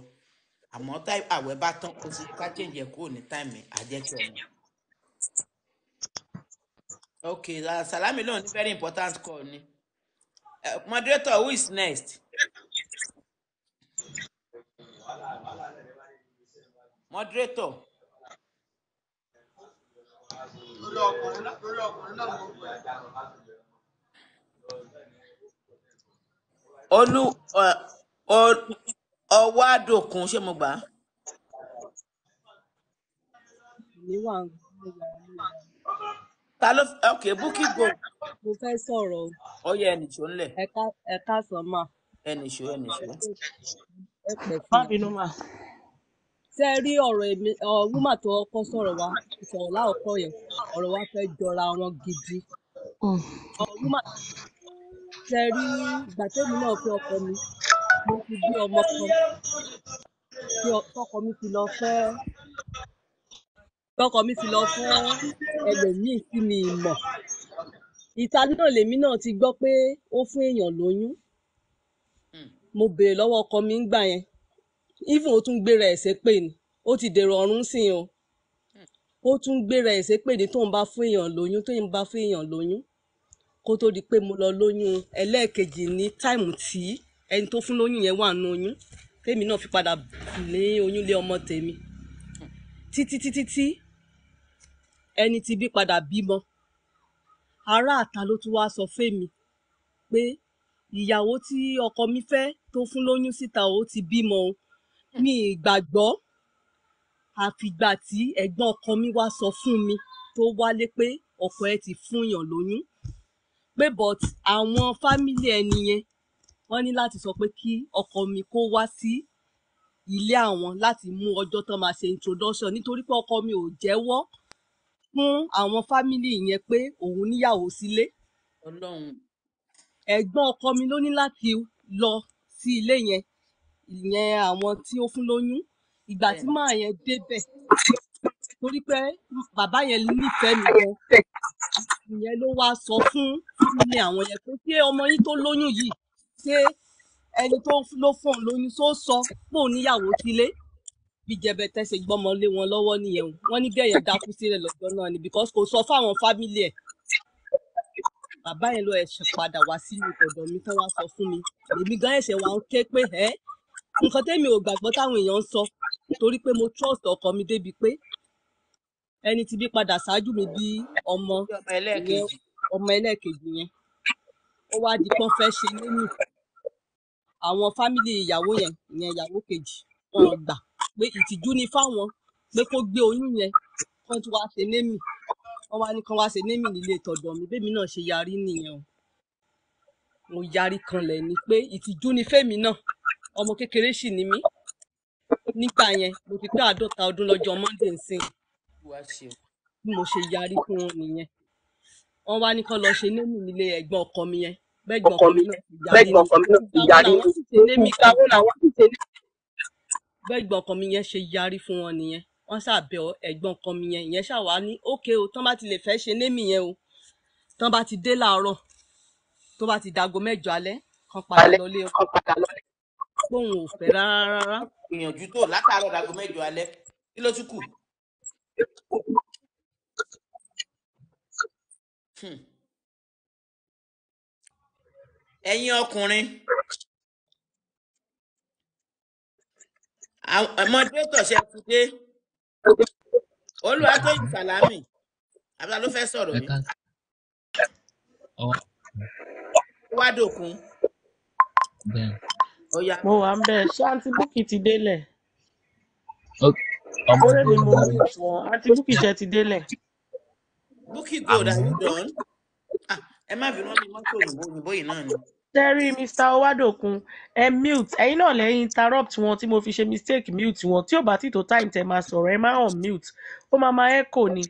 àmọ́ táì àwẹ̀ bá tán kó sí ká jẹ̀ǹjẹ̀ kúrò ní táìmì àjẹtẹ̀ ọ̀nà. ok salami náà ní very important call ni moderator who is next. moderator. lórí ọkùnrin náà ló ń pè é olú ọwádòkun ṣé mo gbà á mi wà nínú yàrá ta ló ok búkì go mo fẹ́ sọ̀rọ̀ o. ó yẹ ẹnìṣó ńlẹ̀. ẹ̀ka ẹ̀ka sàn mà. ẹnìṣó ẹnìṣó. ẹ pẹ̀ fún mi. má bínú mà. ṣé ẹ rí ọ̀rọ̀ èmi wúmà tó kọ́ sọ̀rọ̀ wa sọ̀rọ̀ láòkọ́ yẹn ọ̀rọ̀ wa fẹ́ jọra wọn gidi. Mm ṣe rí ìgbà tẹ́mi náà fi ọkọ mi mo ti bí ọmọ kan tí ọkọ mi ti lọ fẹ́ ọkọ mi ti lọ fẹ́ ẹlòmíì tí mi mọ̀ ìta náà lèmi náà ti gbọ́ pé ó fún èèyàn lóyún hmm. mo béèrè lọ́wọ́ ọkọ mi ń gbà yẹn even ó tún gbéra ẹ̀sẹ̀ pè ní ó ti dèrò ọ̀run sí i o hmm. ó tún gbéra ẹ̀sẹ̀ pè ní tóun bá fún èèyàn lóyún tóun bá fún èèyàn lóyún kó tó di pé mo lọ lóyún ẹlẹ́ẹ̀kejì ní táìmù tí ẹni tó fún lóyún yẹn wà nù oyún tèmi náà fi padà ní oyún lé ọmọ tèmi títí títí tí ẹni tí bí padà bímọ ará àta ló tún wá sọ fẹ́mi pé ìyàwó tí ọkọ mi fẹ́ tó fún lóyún síta ó ti bímọ o mi ìgbàgbọ́ àfìgbà tí ẹ̀gbọ́n ọkọ mi wá sọ fún mi tó wálé pé ọkọ ẹ ti fúnyàn lóyún pé but àwọn fámílì ẹni yẹn wọ́n ní láti sọ pé kí ọkọ mi kó wá sí ilé àwọn láti mú ọjọ́ tán máa ṣe introduction nítorí pé ọkọ mi ò jẹ́wọ́ fún àwọn fámílì yẹn pé òun níyàwó sílé. Ọlọ́run. ẹ̀gbọ́n ọkọ mi ló ní láti lọ sí ilé yẹn ìyẹn àwọn tí ó fún lóyún ìgbà tí màá yẹn débẹ̀ torí pé bàbá yẹn nífẹ̀ẹ́ mi gan yẹn ló wá sọ fún sílé àwọn yẹn pé ṣé ọmọ yín tó lóyún yìí ṣé ẹni tó ló fún òun lóyún tó sọ pé níyàwó sílé bíjẹbẹ tẹsẹ gbọmọ lé wọn lọ́wọ́ nìyẹn wọn ní bẹ́ẹ̀ dákú sílẹ̀ lọ́jọ́ náà ni because kò sọ fáwọn fámìlì ẹ̀ bàbá yẹn ló ẹsẹ̀ padà wá sílùú tọ̀dọ̀ mi tán wá sọ fún mi èmi gan ẹsẹ̀ wà ń ké pé ẹ nǹkan tẹ́mi ò gbàgbọ́ táwọn èèyàn ń sọ torí pé mo trust ọkọ mi débi pé ẹni tí bí padà ṣáájú mi bí ọmọ ìyẹn ọmọ ẹlẹ́ẹ̀kejì yẹn ó wá di pọ́n fẹ́ ṣe nínú àwọn fámìlì ìyàwó yẹn ìyẹn ìyàwó kejì wọn gbà pé ìtìjú ni fáwọn pé kó gbé oyún yẹn kán tún wá ṣe némì wọn wá ní kán wá ṣe némì nílé tọ̀dọ̀ mi bẹ́ẹ̀ mi náà ṣe yarí nìyẹn o mo yarí kanlẹ̀ ni pé ìtìjú ni fẹ́mi náà ọmọ kékeré sì ni mí nígbà yẹn mo ti pé àádọ́ta ọdún lọ́jọ́ monday nsìn wá ṣe o bí mo ṣe yarí fún wọn nìyẹn wọn wá ní kán lọ ṣe némì nílé ẹ̀gbọ́n ọkọ mi yẹn bẹ́gbọ́n ọkọ mi náà ti yarí ní bẹ́gbọ́n ọkọ mi yẹn ṣe yarí fún wọn nìyẹn wọn ṣàbẹ̀ ẹ̀gbọ́n ọkọ mi yẹn ìyẹn ṣàwá ní ókè o tán bá ti lè fẹ́ ṣe némì yẹn o tán bá ti dé làárọ̀ tó bá ti dago mẹ́jọ alẹ́ kan padà lọlé o gbóhùn ò fẹ́ rárá rárá. ìyànjú tó látàárọ̀ dago mẹ́jọ alẹ́ kí ló tún kù. Hmm. ẹ̀yin ọkùnrin mọdétọ ṣe ti dé Olúwatóyìn Sàlámì abúlá ló fẹ́ sọ̀rọ̀ mi wá dòkun ó yá. mo wà ń bẹ ṣáàntì búkì ti délẹ̀ ọ̀rẹ́ mi mo wí fún àti búkì jẹ ti délẹ̀. búkì gold are you ah, ẹ má bínú ní mọ́tò òyìnbó òyìnbó yìí náà ni. tẹ́rí mr owadokun ẹ mute ẹ̀yin náà lẹ́yìn interrupt wọn tí mo fi ṣe mistake mute wọn tí ò bá tìtò time tẹ̀ máa sọ̀rọ̀ ẹ má hàn mute ó máa máa echo ni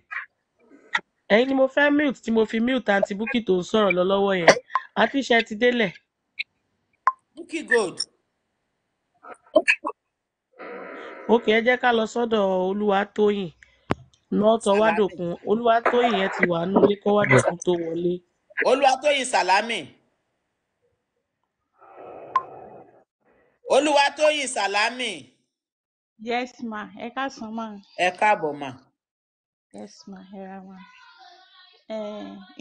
ẹ̀yin ni mo fẹ́ mute tí mo fi mute àǹtí búkì tó ń sọ̀rọ̀ lọ lọ́wọ́ yẹn àti iṣẹ́ ti délẹ̀. búkì gold òkè ẹ jẹ́ ká lọ sọ́dọ̀ olúwatóyìn lọ́tọ̀wádòkun olúwatóyìn yẹn ti wà nílé kọ́wádòkun tó wọlé. olúwatóyìn sàlámì. olúwatóyìn sàlámì. yes ma ẹ káàsán ma. ẹ káàbọ̀ ma. yes ma ẹ ra ma.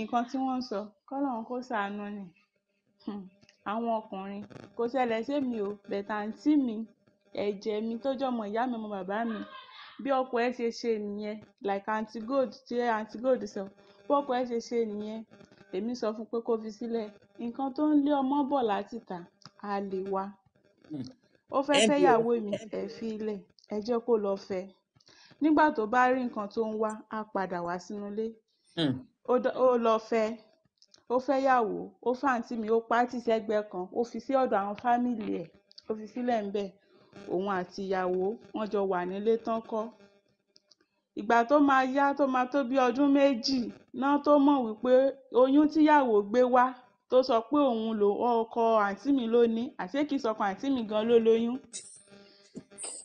nǹkan tí wọ́n ń sọ kọ́lọ́run kó ṣàánú ni hmm. àwọn ọkùnrin kò ṣẹlẹ̀ sí mi ò bẹ̀tà ń tì mí ẹ̀jẹ̀ mi tó jẹ́ ọmọ ìyá mi ọmọ bàbá mi bí ọkọ ẹ̀ ṣe ṣe nìyẹn like aunty gold tí aunty gold sọ bí ọkọ ẹ̀ ṣe ṣe nìyẹn èmi sọ fún pé kó fi sílẹ̀ nǹkan tó ń lé ọmọ bọ̀ láti ta á lè wa ó fẹ́ fẹ́yàwó mi ẹ̀ fi ilẹ̀ ẹ jẹ́ kó lọ fẹ́ nígbà tó bá rí nǹkan tó ń wá á padà wá sínú ilé hmm. ó lọ fẹ́ ó fẹ́yàwó ó fàǹtí mi ó pátì sẹ́gbẹ̀ẹ́ kan ó fi sí ọ̀dọ̀ àwọn fámìlì ẹ̀ ó fi sílẹ̀ ń òun àtìyàwó wọn jọ wà nílé táńkọ ìgbà tó máa yá tó máa tó bíi ọdún méjì náà tó mọ̀ wípé oyún tíyàwó gbé wá tó sọ pé òun lò ọkọ àǹtí mi ló ní àṣé kìí sọkọ àǹtí mi gan ló lóyún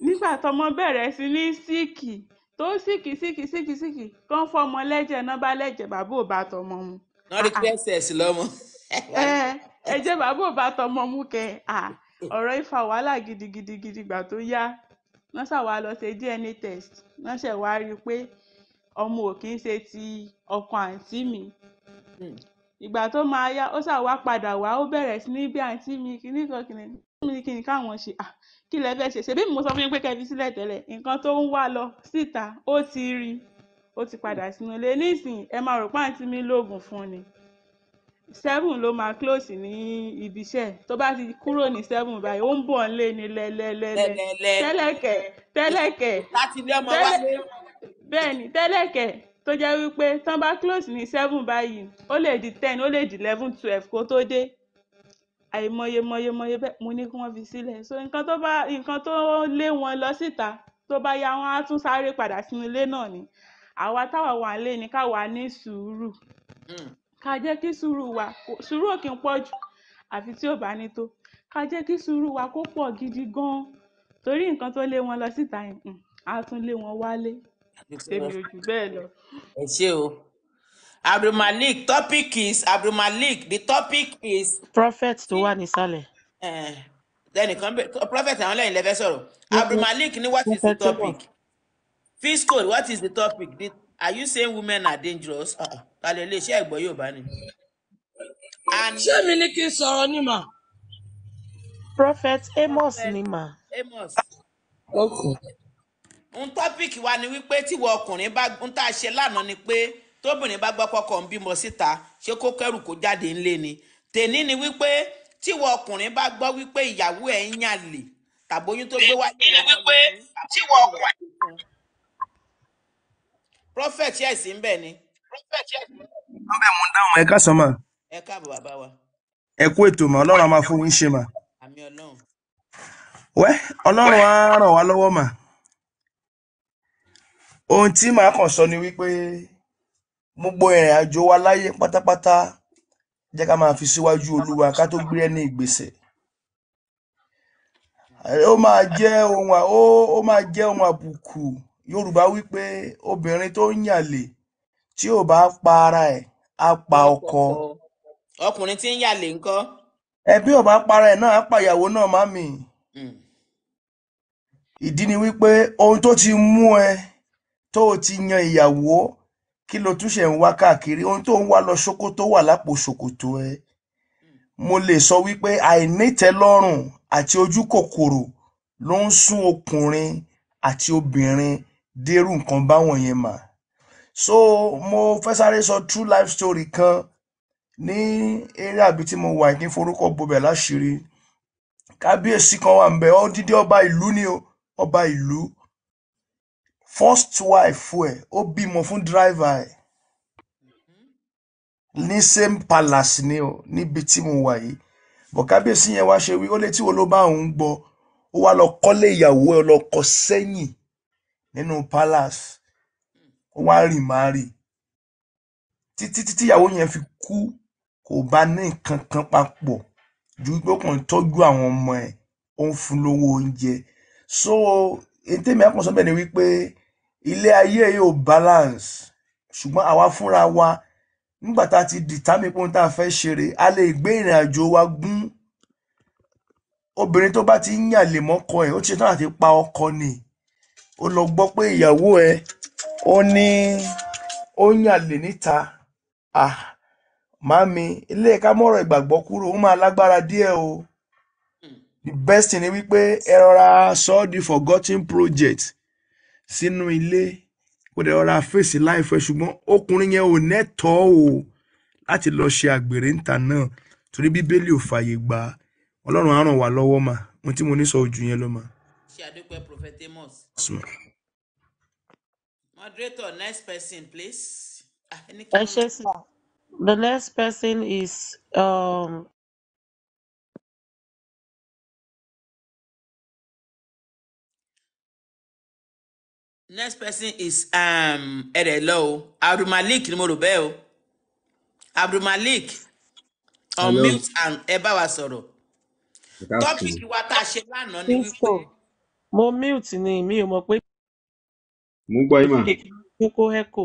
nígbà tọmọ bẹ̀rẹ̀ sí ní síìkì tó síìkì síìkì síìkì síìkì tó ń fọmọ lẹ́jẹ̀ náà bá lẹ́jẹ̀ bàbá ò bá tọmọ mu. wọ́n rí pss ah, ah. lọ́mọ. ẹ ẹ jẹ́ bàbá ò bá tọmọ mu kẹ́ ah, ọ̀rọ̀ yìí fa wàhálà gidigidigidi ìgbà tó yá wọ́n ṣáà wá lọ ṣe DNA test wọ́n ṣẹ̀ wá rí i pé ọmọ ò kì í ṣe ti ọkọ àǹtí mi hmm. ìgbà tó máa yá ó ṣáà wá padà wá ó bẹ̀rẹ̀ sí ní bí àǹtí mi kìíní kan kìíní mi kí ni káwọn ṣe à ah, kí lẹ fẹ́ ṣe ṣebí mo sọ fún yín pé kẹfí sílẹ̀ tẹ́lẹ̀ nǹkan tó ń wá lọ síta ó ti rí i ó ti padà sínú ilé nísìnyí ẹ máa rò pé àǹtí mi lóògùn fún ni seven ló máa close ní ibiṣẹ́ tó bá ti kúrò ní seven báyìí ó ń bọ̀ nílé ní lẹ́lẹ́lẹ́lẹ́ tẹ́lẹ̀kẹ̀ tẹ́lẹ̀kẹ̀ bẹ́ẹ̀ ni tẹ́lẹ̀kẹ̀ tó jẹ́ wípé tán bá close ní seven báyìí ó lè di ten ó lè di eleven twelve kó tó dé àìmọye mọye mọye bẹ́ẹ̀ mo ní kí wọ́n fi sílẹ̀ so nǹkan tó bá nǹkan tó lé wọn lọ síta tó bá yá wọn á tún sáré padà sínú ilé náà ni àwa táwa wà ń lé ni káwa ní sùúrù. Mm ká jẹ́ kí sùúrù wa sùúrù ò kí ń pọ̀ jù àfi tí ò bá ní tó ká jẹ́ kí sùúrù wa kó pọ̀ gidi gan-an torí nǹkan tó lé wọn lọ síta yẹn á tún lé wọn wálé tèmi ò jù bẹ́ẹ̀ lọ. ẹ ṣé o abdulmalik topic is abdulmalik the topic is. prophet tó wà nísàlẹ̀. Eh, ẹnìkan prophet àwọn lẹ́yìn lẹ́fẹ́ sọ̀rọ̀ abdulmalik ni what is the topic fiscal what is the topic the, are you saying women are dangerous. Uh -uh kalẹ̀ iléeṣẹ́ ẹ̀gbọ́ Yorùbá ni. ṣé mi ni kí n sọ̀rọ̀ ni mà. prophet Amos ni mà. Amos. n tọ́pìkì wa ni wípé tíwọ ọkùnrin bá ń tá a ṣe lánàá ni pé tóbìnrin bá gbọ́ pọ́kọ ń bímọ síta ṣé kó kẹ́rù kó jáde ńlé ni tèní ni wípé tíwọ ọkùnrin bá gbọ́ wípé ìyàwó ẹ̀ ń yàn tàbóyún tó gbé wáyé rẹ̀ wípé tíwọ ọkùnrin. prophet yẹ̀ sí ń bẹ̀ ni nbẹ mo ń dáhùn ẹ káàsán mà. ẹ káàbọ̀ bàbá wa. ẹ ma, ètò mà ọlọ́run a máa fún yín ṣe mà. àmì ọlọ́run. wẹ́ ọlọ́run á ràn wá lọ́wọ́ mà. ohun tí màá kàn sọ ni wípé gbogbo ìrìn àjò wa láyé pátápátá jẹ́ ká máa fi síwájú olúwa ká tó gbé ẹni ìgbésẹ̀ ó máa jẹ́ ohun àbùkù yorùbá wípé obìnrin tó ń yàlè tí ò bá pa ara ẹ̀ á pa ọkọ. ọkùnrin tí ń yàlè ńkọ́. ẹbí ò bá para ẹ̀ náà á pa ìyàwó náà mami. Hmm. ìdí ni wípé ohun tó ti mú ẹ tó o ti yan ìyàwó kí lo tún ṣe ń wá káàkiri ohun tó ń wá lọ ṣòkòtò wà lápò ṣòkòtò ẹ mo lè sọ wípé àìnítẹ́lọ́rùn àti ojú kòkòrò ló ń sún ọkùnrin àti obìnrin dérú nǹkan báwọn yẹn mà so mo fẹ́ sáré sọ true life story kan ní area ibi tí mo wà kí n forúkọ bobẹ̀ láṣìírí kábíyèsí kan wà ńbẹ̀ odidi ọba ìlú ni o ọba ìlú first wife ẹ̀ ó bímọ fún driver ẹ̀ mm-hmm. ní same palace ni o níbi tí mo wà yìí bọ̀ kábíyèsí yẹn wá ṣe wí ó létí wo ló bá òun gbọ́ ó wá lọ kọ́lé ìyàwó ẹ̀ lọ kọ sẹ́yìn nínú palace kó wá rìn má rì títí títí ìyàwó yẹn fi kú kò bá ní nǹkan kan papọ̀ ju wípé ó kàn ń tọ́jú àwọn ọmọ ẹ̀ ó ń fún lówó oúnjẹ so ètèmi àpọ̀ sọ́bẹ̀ ni wípé ilé ayé yóò balance ṣùgbọ́n àwa fúnra wa nígbà tá a ti dìtámì pé ohun tá a fẹ́ ṣeré a lè gbé ìrìn àjò wa gún obìnrin tó bá ti ń yàn lè mọ́kọ ẹ̀ ó ti ṣetán àti pa ọkọ ni ó lọ gbọ́ pé ìyàwó ẹ ó ní ó ń yàlè níta ah ilé ká mọ́rọ̀ ìgbàgbọ́ kúrò ó máa lágbára díẹ̀ o the best thing ni wípé ẹ rọra sọ the forgotten project sínú ilé kó dẹ̀ rọra fèsì láìfẹ́ ṣùgbọ́n ọkùnrin yẹn ò nẹ́tọ̀ọ́ o láti lọ ṣe àgbèrè níta náà torí bíbélì ò fààyè gbà ọlọ́run á ràn wá lọ́wọ́ mà ohun tí mo ní sọ ojú yẹn ló mà ṣe prophet amos. moderator next person please. Ah, the next person is. Um, next person is um, ẹ̀rẹ̀lọ́ o abdulmalik ni mo rò bẹ́ẹ̀ unmute and ẹ bá wa sọ̀rọ̀ tọ́pìkì wa tá a ṣe ni wípé mo mute ni mi ò mọ̀ pé mo ń gbọ́ yín mà echo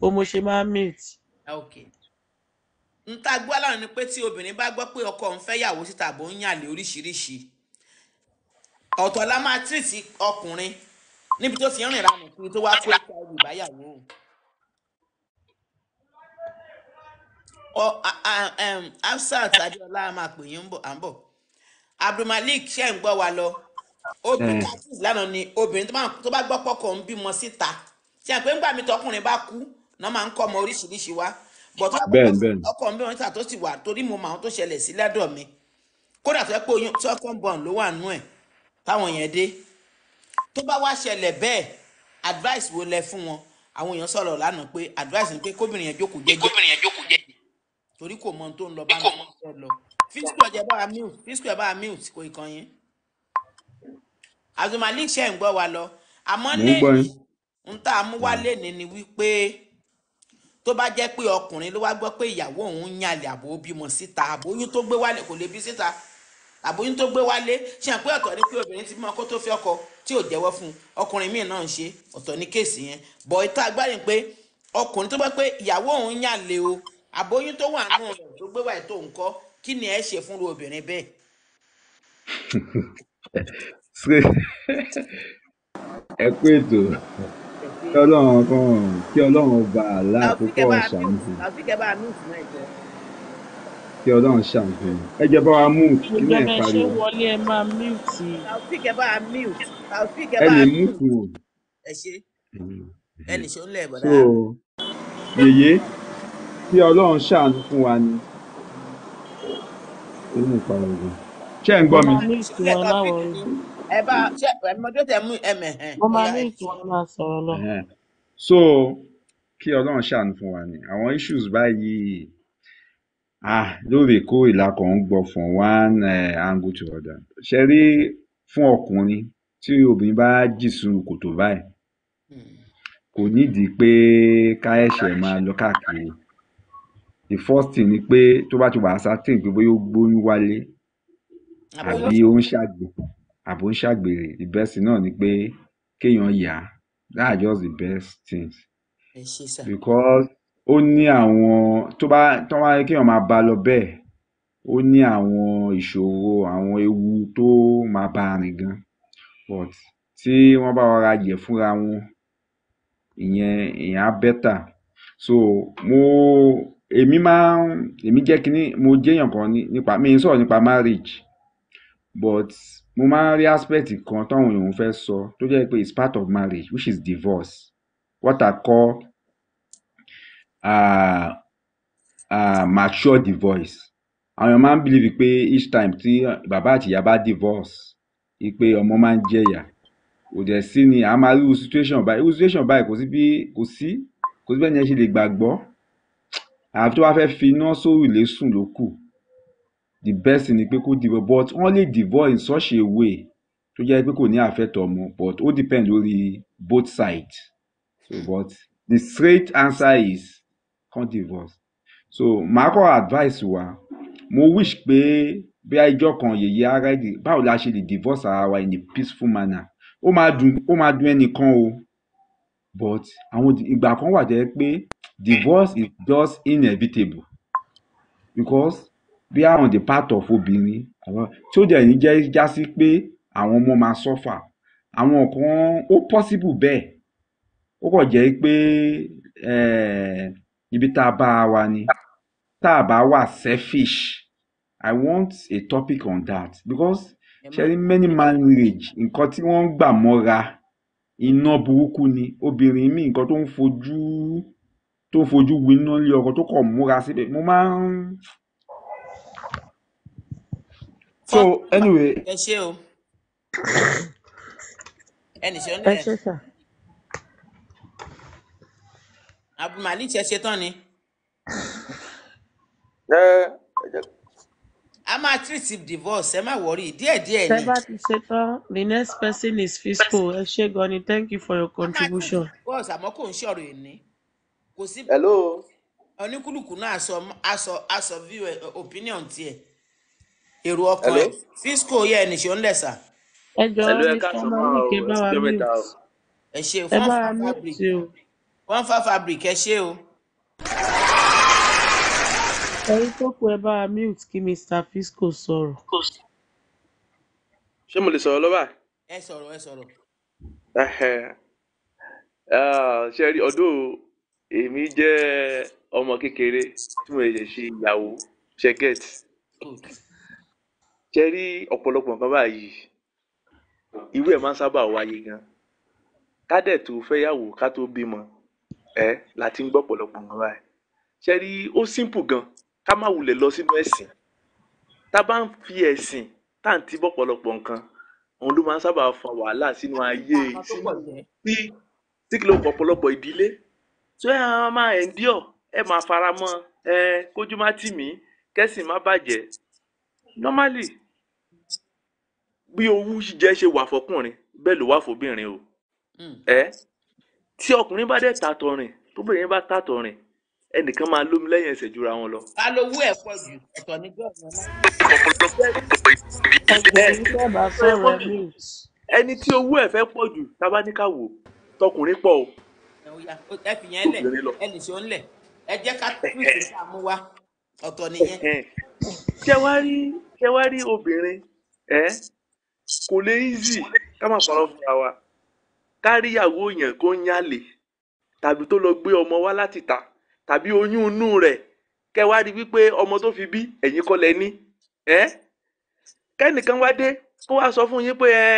o mo ṣe máa mute. okay n ta gbọ́ aláwọ̀ ni pé tí obìnrin bá gbọ́ pé ọkọ òun fẹ́ yàwó síta àbò ń yàn lé oríṣiríṣi ọ̀tọ̀ la máa tírìtì ọkùnrin níbi tó ti ń rìn ra nìkan tó wá pé hiv báyàwó hafsat adéọlá máa pè yín à ń bọ̀ abdulmalik ṣe ń gbọ́ wa lọ obìnrin eh. tattoos lánàá ni obìnrin tó bá gbọ́ pọ́kọ̀ ń bímọ síta tí a pé ń gbà mí tọkùnrin bá kú náà máa ń kọ́ ọmọ oríṣiríṣi wá bọ̀tọ́ ọkọ̀ ń bímọ síta tó sì wà torí mo mọ àwọn tó ṣẹlẹ̀ sí lẹ́dọ̀ mi kódà tó yẹ pé oyún second born ló wà nú ẹ̀ táwọn yẹn dé tó bá wá ṣẹlẹ̀ bẹ́ẹ̀ advice wo lẹ fún wọn àwọn èèyàn sọ̀rọ̀ lánàá pé advice ni pé kóbìnrin yẹn jókòó jẹ́jẹ́ kóbìnrin yẹn jókòó jẹ́jẹ́ torí kò mọ ohun tó ń lọ bá mi lọ fisco ẹ Abdulmalik ṣe ń gbọ́ wa lọ àmọ́ lẹ́yìn ń tá a mú wá hmm. lẹ́ni ni wípé tó bá jẹ́ pé ọkùnrin ló wá gbọ́ pé ìyàwó òun ń yàlẹ̀ àbò bímọ síta àbóyún tó gbé wálé kò lè bí síta àbóyún tó gbé wálé ṣe àpé ọ̀tọ̀ ni pé obìnrin ti mọ kó tó fi ọkọ tí ò jẹ́wọ́ fún un ọkùnrin míì náà ń ṣe ọ̀tọ̀ ní kéèsì yẹn bọ̀ ìta agbárin pé ọkùnrin tó bá pé ìyàwó òun ń yàlẹ̀ o àbóyún tó wà nù tó gbé wáyé tó ń kọ́ kí ni ẹ ṣe fún obìnrin bẹ́ẹ̀. ṣé ẹ pé ètò kí ọlọ́run kan kí ọlọ́run ọba àlá àkókò ṣàánú kí ọlọ́run ṣàánú ẹ jẹ́ bá wa mute kí náà parí ẹ lè mute o. Mm-hmm. so yèyé kí ọlọ́run ṣàánú fún wa ni ṣé ń gbọ́ mi so kí ọlọ́run ṣàánú fún wa ni àwọn issues báyìí ah lóòrèkóòrè la kàn ń gbọ́ from one uh, angle to other ṣe rí fún ọkùnrin tí obìnrin bá jì sínú kòtò báyìí kò nídìí pé ká ẹ̀ṣẹ̀ máa lọ káàkiri the first thing ni pé tó bá ti wà á sá tí nǹkan bóyá ó gbóyún wálé àbí ó ń ṣàgbọ̀n àbò ń the best thing náà ni pé kéèyàn yà that are just the best things because ó ní àwọn tó bá tó bá kéèyàn máa bá lọ bẹ́ẹ̀ ó ní àwọn ìṣòro àwọn ewu tó máa bá rìn gan but tí wọ́n bá rọra yẹ̀ fúnra wọn ìyẹn ìyẹn á bẹ́tà so mo èmi máa ń èmi jẹ́ kínní mo jẹ́yàn kan nípa mi ń sọ̀rọ̀ nípa marriage but mo máa ń rí aspect kan táwọn èèyàn fẹ́ sọ tó jẹ́ pé it's part of marriage which is divorce what I call uh, uh, mature divorce àwọn èèyàn máa ń believe pé each time tí bàbá àti ìyá bá divorce pé ọmọ máa ń jẹyà kò dẹ̀ sí ni a máa rí irú situation báyìí irú situation báyìí kò sí bí kò sí kò sí bẹ́ẹ̀ ni ẹ ṣe lè gbàgbọ́ àfi tó bá fẹ́ fi iná sóòrùlé sùn ló kù the best thing ni pé kó dìbò but wọ́n lè dìbò in such a way tó jẹ́ pé kò ní affect ọmọ but ó depend lórí both sides so but the straight answer is kan divorce so màá kọ́ advice wa mo wish pé bí ẹjọ́ kan yèyé ara ẹ̀dì báwo la ṣe lè divorce ara wa in a peaceful manner ó máa dùn ó máa dùn ẹnìkan o but àwọn ìgbà kan wà jẹ́ pé divorce is just inevitable because they are on the part of obìnrin àwọn tí ó dẹ̀ ní jẹ́ já sí pé àwọn ọmọ máa sọ́fà àwọn kan ó possible bẹ́ẹ̀ ó kàn jẹ́ pé eh, ibi tá a bá a wà ni tá a bá wà selfish I want a topic on that because ṣẹ́rí many marriage nǹkan tí wọ́n ń gbà mọ́ra iná burúkú ni obìnrin míì nǹkan tó ń fojú tó ń fojú winá lé ọkọ tó kàn múra síbẹ̀ mo máa ń so anyway. ẹ ṣe o ẹnì ṣe ó ní ẹ. ẹ ṣe sà. abdulmalik ṣe ṣe tán ni. ẹ a máa treat divorce ẹ má wọrí díẹ̀díẹ̀ ni. ṣé bá ti ṣe tán the next person is fisco ẹ ṣe gan thank you for your contribution. divorce àmọ́ kò ń ṣọ̀rọ̀ èní kò sí. hello. oníkúlùkù náà aṣọ aṣọ aṣọ view eh, opinion tiẹ̀ èrò ọkọ ẹ fisco yẹ ẹnìṣẹ ń lẹsà. ẹ jọ mr mike bá wa mute ẹ ṣe one five fabric one five fabric ẹ ṣe o. ẹyin tó kù ẹ bá wa mute kí mr fisco sọ̀rọ̀. ṣé mo lè sọ̀rọ̀ lọ́wọ́ à. ẹ sọ̀rọ̀ ẹ sọ̀rọ̀. Ah, ṣe rí ọdún èmi jẹ́ ọmọ kékeré tí mo lè ṣe ìyàwó ṣe get ṣe rí ọ̀pọ̀lọpọ̀ nǹkan báyìí irú ẹ̀ máa ń sábà wáyé gan ká dẹ̀ tó fẹ́yàwó ká tó bímọ ẹ̀ la ti ń gbọ́ ọ̀pọ̀lọpọ̀ nǹkan báyìí ṣe rí ó simple gan ká má wulẹ̀ lọ sínú ẹ̀sìn tá a bá ń fi ẹ̀sìn tá à ń ti bọ́pọ̀lọpọ̀ nǹkan òun ló máa ń sábà fa wàhálà sínú ayé tí tí kìlọ̀ ọ̀pọ̀lọpọ̀ ìdílé tó ẹ̀ máa endure ẹ̀ máa faramọ́ ẹ̀ kójú má tì mí kẹ́sìn má bàjẹ́ normally bí owú jíjẹ ṣe wà fọkùnrin bẹ́ẹ̀ ló wà fóbìnrin o hmm. ẹ tí ọkùnrin bá dẹ̀ tàtọ̀ rìn tóbìnrin bá tàtọ̀ rìn ẹnìkan máa lómi lẹ́yìn ẹsẹ̀ jura wọn lọ. ta ló wú ẹ̀ pọ̀ jù ọ̀tọ̀ ní gọ́ọ̀nù ẹni tí owó ẹ̀ fẹ́ pọ̀ jù tábà ní ká wò tọkùnrin pọ̀ o. ẹ fi yẹn lẹ ẹ nìṣó ńlẹ ẹ jẹ́ ká tún ìṣèṣà mú wa ọ̀tọ̀ nìyẹn. ṣé wàá rí ṣé wàá rí obìnrin ẹ kò lè easy ká má parọ́ fúnra wa káríyàwó yẹn kó ń yálè tàbí tó lọ gbé ọmọ wá láti ta tàbí oyún inú rẹ̀ kẹwàá rí wípé ọmọ tó fi bí ẹ̀yin kọ́ lẹ ní ẹ́ kẹ́nìkan wá dé kó wá sọ fún yín pé ẹ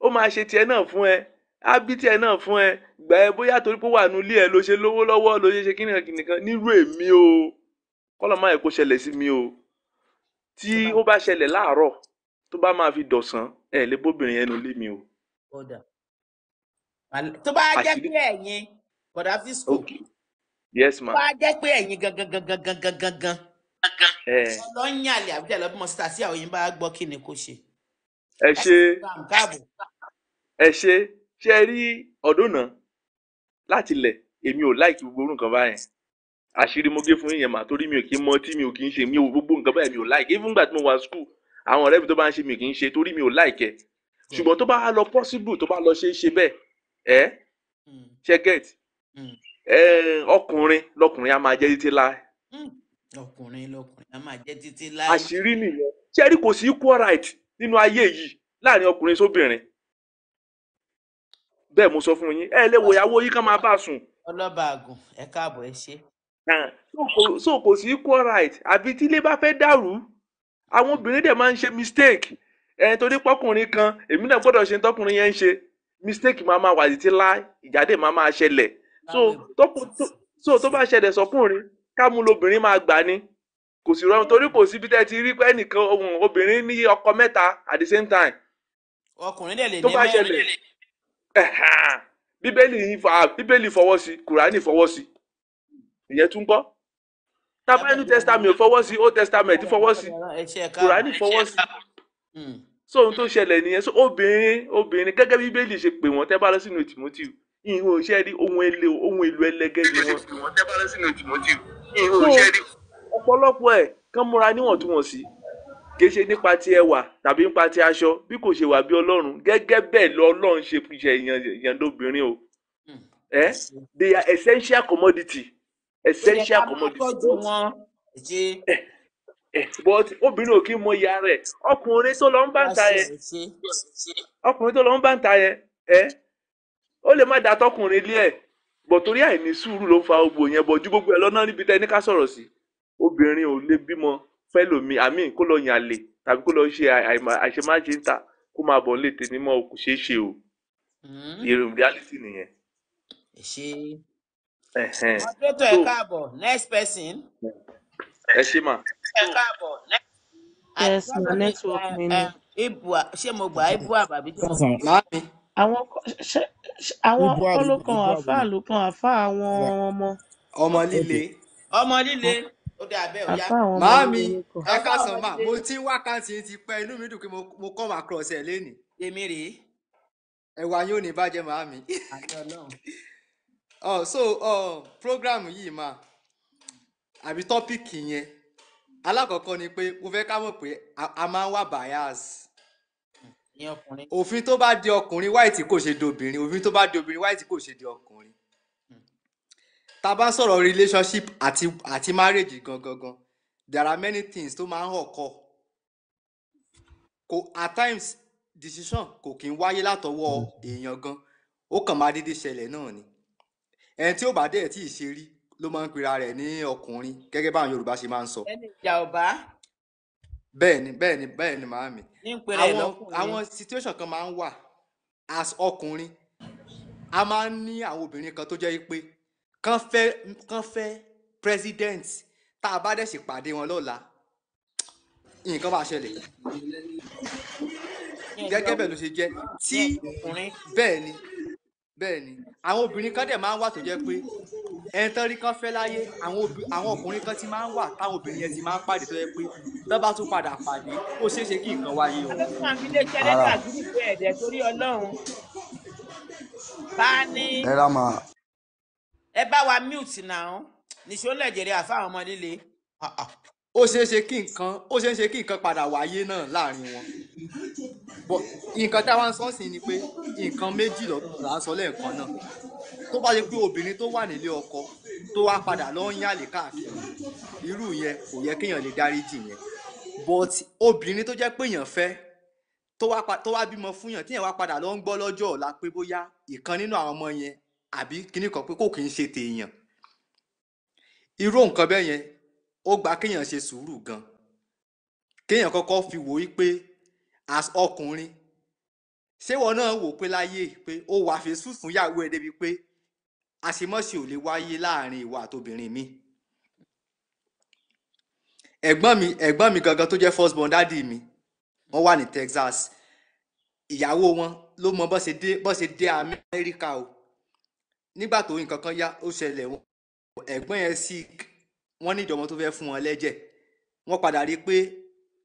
ó máa ṣe tiẹ̀ náà fún ẹ á bí tiẹ̀ náà fún ẹ gbà ẹ bóyá torí pé wà nílé ẹ ló ṣe lówó lọ́wọ́ ló ṣe ṣe kíni kìnìkan nírú èmi o kọ́lọ́ máa yẹ kó ṣẹlẹ̀ sí mi o tí ó bá ṣẹlẹ̀ láàárọ̀ tó bá máa fi dọ̀sán ẹ lè bóbìnrin ẹnu lé mi o. tó bá jẹ́ pé ẹ̀yin bọ̀dá fisco yes ma. tó bá jẹ́ pé ẹ̀yin gangan gangan gangan gangan lọ ń yàn àlè àbújá lọ bí mo sà sí àwọn yìí bá gbọ́ kí ni kò ṣe. ẹ ṣe ẹ ṣe ṣe ẹ rí ọdún náà láti lẹ̀ èmi ò láìkí gbogbo orun kan báyẹn àṣírí mo gé fún yẹn mà torí mi ò kí mọ tí mi ò kí ń ṣe mi ò gbogbo nǹkan báyẹn mi ò láìkí even gbà tí mo wà school àwọn ọ̀rẹ́ mi tó bá ń ṣe mi kì í ṣe torí mi ò láìkẹ́ hmm. ṣùgbọ́n tó bá lọ possible tó bá lọ ṣe é ṣe bẹ́ẹ̀ ẹ́ hmm. ṣe hmm. ọkùnrin lọkùnrin a máa jẹ́ títí láì. ọkùnrin lọkùnrin a máa jẹ́ títí láì. àṣírí nìyẹn ṣẹ́rí kò sí equal right nínú ayé yìí láàrin ọkùnrin sóbìnrin bẹ́ẹ̀ mo sọ fún yín ẹ lè wo ìyàwó kán máa bá sùn. ọlọ́ba àgùn ẹ káàbọ̀ ẹ ṣe. Ah, so kò sí equal right àbí tí bá fẹ́ dàrú àwọn obìnrin dẹ̀ máa ń ṣe mistake ẹni tó ní pọ́kùnrin kan èmi náà gbọ́dọ̀ ṣe tọkùnrin yẹn ń ṣe mistake máa máa wà títí lá ìjàdè máa máa ṣẹlẹ̀ so tó bá ṣẹlẹ̀ sọkùnrin kámú lobìnrin máa gbà ni kò sì rọrùn torí kò síbi tẹ́ ti rí pé ẹnìkan ohun obìnrin ní ọkọ mẹ́ta at the same time. ọkùnrin dẹ̀ lè ní mẹ́rin bíbélì fọwọ́ sí kùránì fọwọ́ sí ìyẹn tún kọ́ tábà new testament fọwọ́ sí old testament fọwọ́ sí kùránì fọwọ́ sí hmm. so ohun tó ṣẹlẹ̀ nìyẹn so obìnrin obìnrin gẹ́gẹ́ bí bíbélì ṣe pè wọ́n tẹ́bá lọ sínú tìmọ́tì ìhun òṣè rí ohun èlò ohun èlò ẹlẹgẹ́ ni wọ́n. so ọ̀pọ̀lọpọ̀ ẹ̀ kán múra níwọ̀ntúnwọ̀nsì kì í ṣe nípa ti ẹwà tàbí nípa ti aṣọ bí kò ṣe wà bí ọlọ́run gẹ́gẹ́ bẹ́ẹ̀ lọ ọlọ́run ṣe fi ṣe ìyàn lóbìnrin o hmm. ẹ́ they are essential commodity essential commodities but obìnrin ò kí mọ ìyá rẹ̀ ọkùnrin tó lọ ń bá ń ta yẹn ọkùnrin tó lọ ń bá ń ta yẹn ẹ ó lè má da tọkùnrin ilé ẹ bọ̀ torí àìní sùúrù ló ń fa ogbò yẹn bọ̀ ju gbogbo ẹ lọ́nà níbi tẹ́ ní ká sọ̀rọ̀ sí obìnrin ò lè bímọ fẹ́lòmíì àmì kó lọ yàn àlè tàbí kó lọ ṣe àṣemáṣe ń ta kó máa bọ̀ nílé tèmi mọ́ kò ṣeé ṣe o hmm? reality nìyẹn moderator ẹ káàbọ̀ next person. ẹ ṣe mà. ẹ káàbọ̀ next. yes na network eh, mi ni. Eh, ibua ṣé mo gbà ibua àbàbí tó ń bọ̀. àwọn àwọn kọlọkan àfáà ló kan àfáà àwọn ọmọ. ọmọ líle. ọmọ líle ó dáa bẹ́ẹ̀ ó màámi ẹ káàsán mà mo ti wákàtí ti pẹ́ inú mi dùn pé mo kọ́ wà cross ẹ̀ lénìí. èmi rèé. ẹ̀wà yóò ní bàjẹ́ màámi. àti ọlọ́run. Oh, so oh, program yìí máa àbí tọ́pìkì yẹn alákọ̀ọ́kọ́ ni pé mo fẹ́ ká mọ̀ pé a máa ń wà bias òfin tó bá di ọkùnrin white kò ṣe di obìnrin òfin tó bá di obìnrin white kò ṣe di ọkùnrin tá a bá sọ̀rọ̀ relationship àti àti marriage gangan gan there are many things tó máa ń ọkọ kò at times decision kò kí ń wáyé látọwọ́ hmm. èèyàn gan ó kàn máa dédé ṣẹlẹ̀ náà ni ẹni tí ò bá dẹ̀ tí ì ṣe rí ló máa ń pera rẹ̀ ní ọkùnrin gẹ́gẹ́ báwọn Yorùbá ṣe máa ń sọ. ẹni ìjà ò bá. bẹ́ẹ̀ni bẹ́ẹ̀ni bẹ́ẹ̀ni màámi. ní n pèrè àwọn situation kan máa ń wà as ọkùnrin a máa ń ní àwọn obìnrin kan tó jẹ́ pé kán fẹ́ kán fẹ́ president tá a bá dẹ̀ sì pàdé wọn lọ́la nǹkan bá ṣẹlẹ̀ gẹ́gẹ́ bẹ́ẹ̀ ló ṣe jẹ́ tí bẹ́ẹ̀ ni bẹ́ẹ̀ ni àwọn obìnrin kan dẹ̀ máa ń wà tó jẹ́ pé ẹ̀ńtán rí kan fẹ́ láyé àwọn ọkùnrin kan ti máa ń wà táwọn obìnrin yẹn ti máa ń pàdé tó yẹ pé tó bá tún padà pàdé ó ṣeé ṣe kí nǹkan wáyé o. àbẹ̀fún àfi lè ṣe ẹlẹ́dàá àdúgbò ẹ̀dẹ̀ torí ọlọ́run bá ní. ẹ rà máa. ẹ bá wa mute náà nìṣó lẹ̀jẹ̀rẹ̀ àfáwọn ọmọ líle. Ah, ah ó ṣeé ṣe kí nǹkan ó ṣeé ṣe kí nǹkan padà wáyé náà láàrin wọn nǹkan táwa ń sọ sí ni pé nǹkan méjì là sọ lẹ́ẹ̀kan náà tó bá ṣe pé obìnrin tó wà nílé ọkọ tó wá padà lọ ń yàlè káàkiri irú yẹn kò yẹ kéèyàn lè dáríjì yẹn but obìnrin tó jẹ́ pé èèyàn fẹ́ tó wá bímọ fún yàn tíyẹn wá padà lọ ń gbọ́ lọ́jọ́ ọ̀la pé bóyá ìkan nínú àwọn ọmọ yẹn àbí kíní kan pé kò kì í ṣe tèèyàn irú nǹkan bẹ́ẹ̀ yẹn ó gba kéèyàn ṣe sùúrù gan kéèyàn kọ́kọ́ fi wò ó pé as ọkùnrin ṣéwọ náà wò pé láyé pé ó wà fi sùn fún yàwó ẹ débi pé àṣemọ́sí ò lè wáyé láàrin ìwà àtobìnrin mi ẹ̀gbọ́n mi ẹ̀gbọ́n mi gangan tó jẹ́ first born dádì mi wọ́n wà ní Texas ìyàwó wọn ló mọ bó ṣe dé bó ṣe dé Amẹ́ríkà o nígbà tó nǹkan kan yá ó ṣẹlẹ̀ wọn ẹ̀gbọ́n yẹn sick wọ́n ní ìdọ̀mọ́ tó fẹ́ fún wọn lẹ́jẹ̀ wọ́n padà rí i pé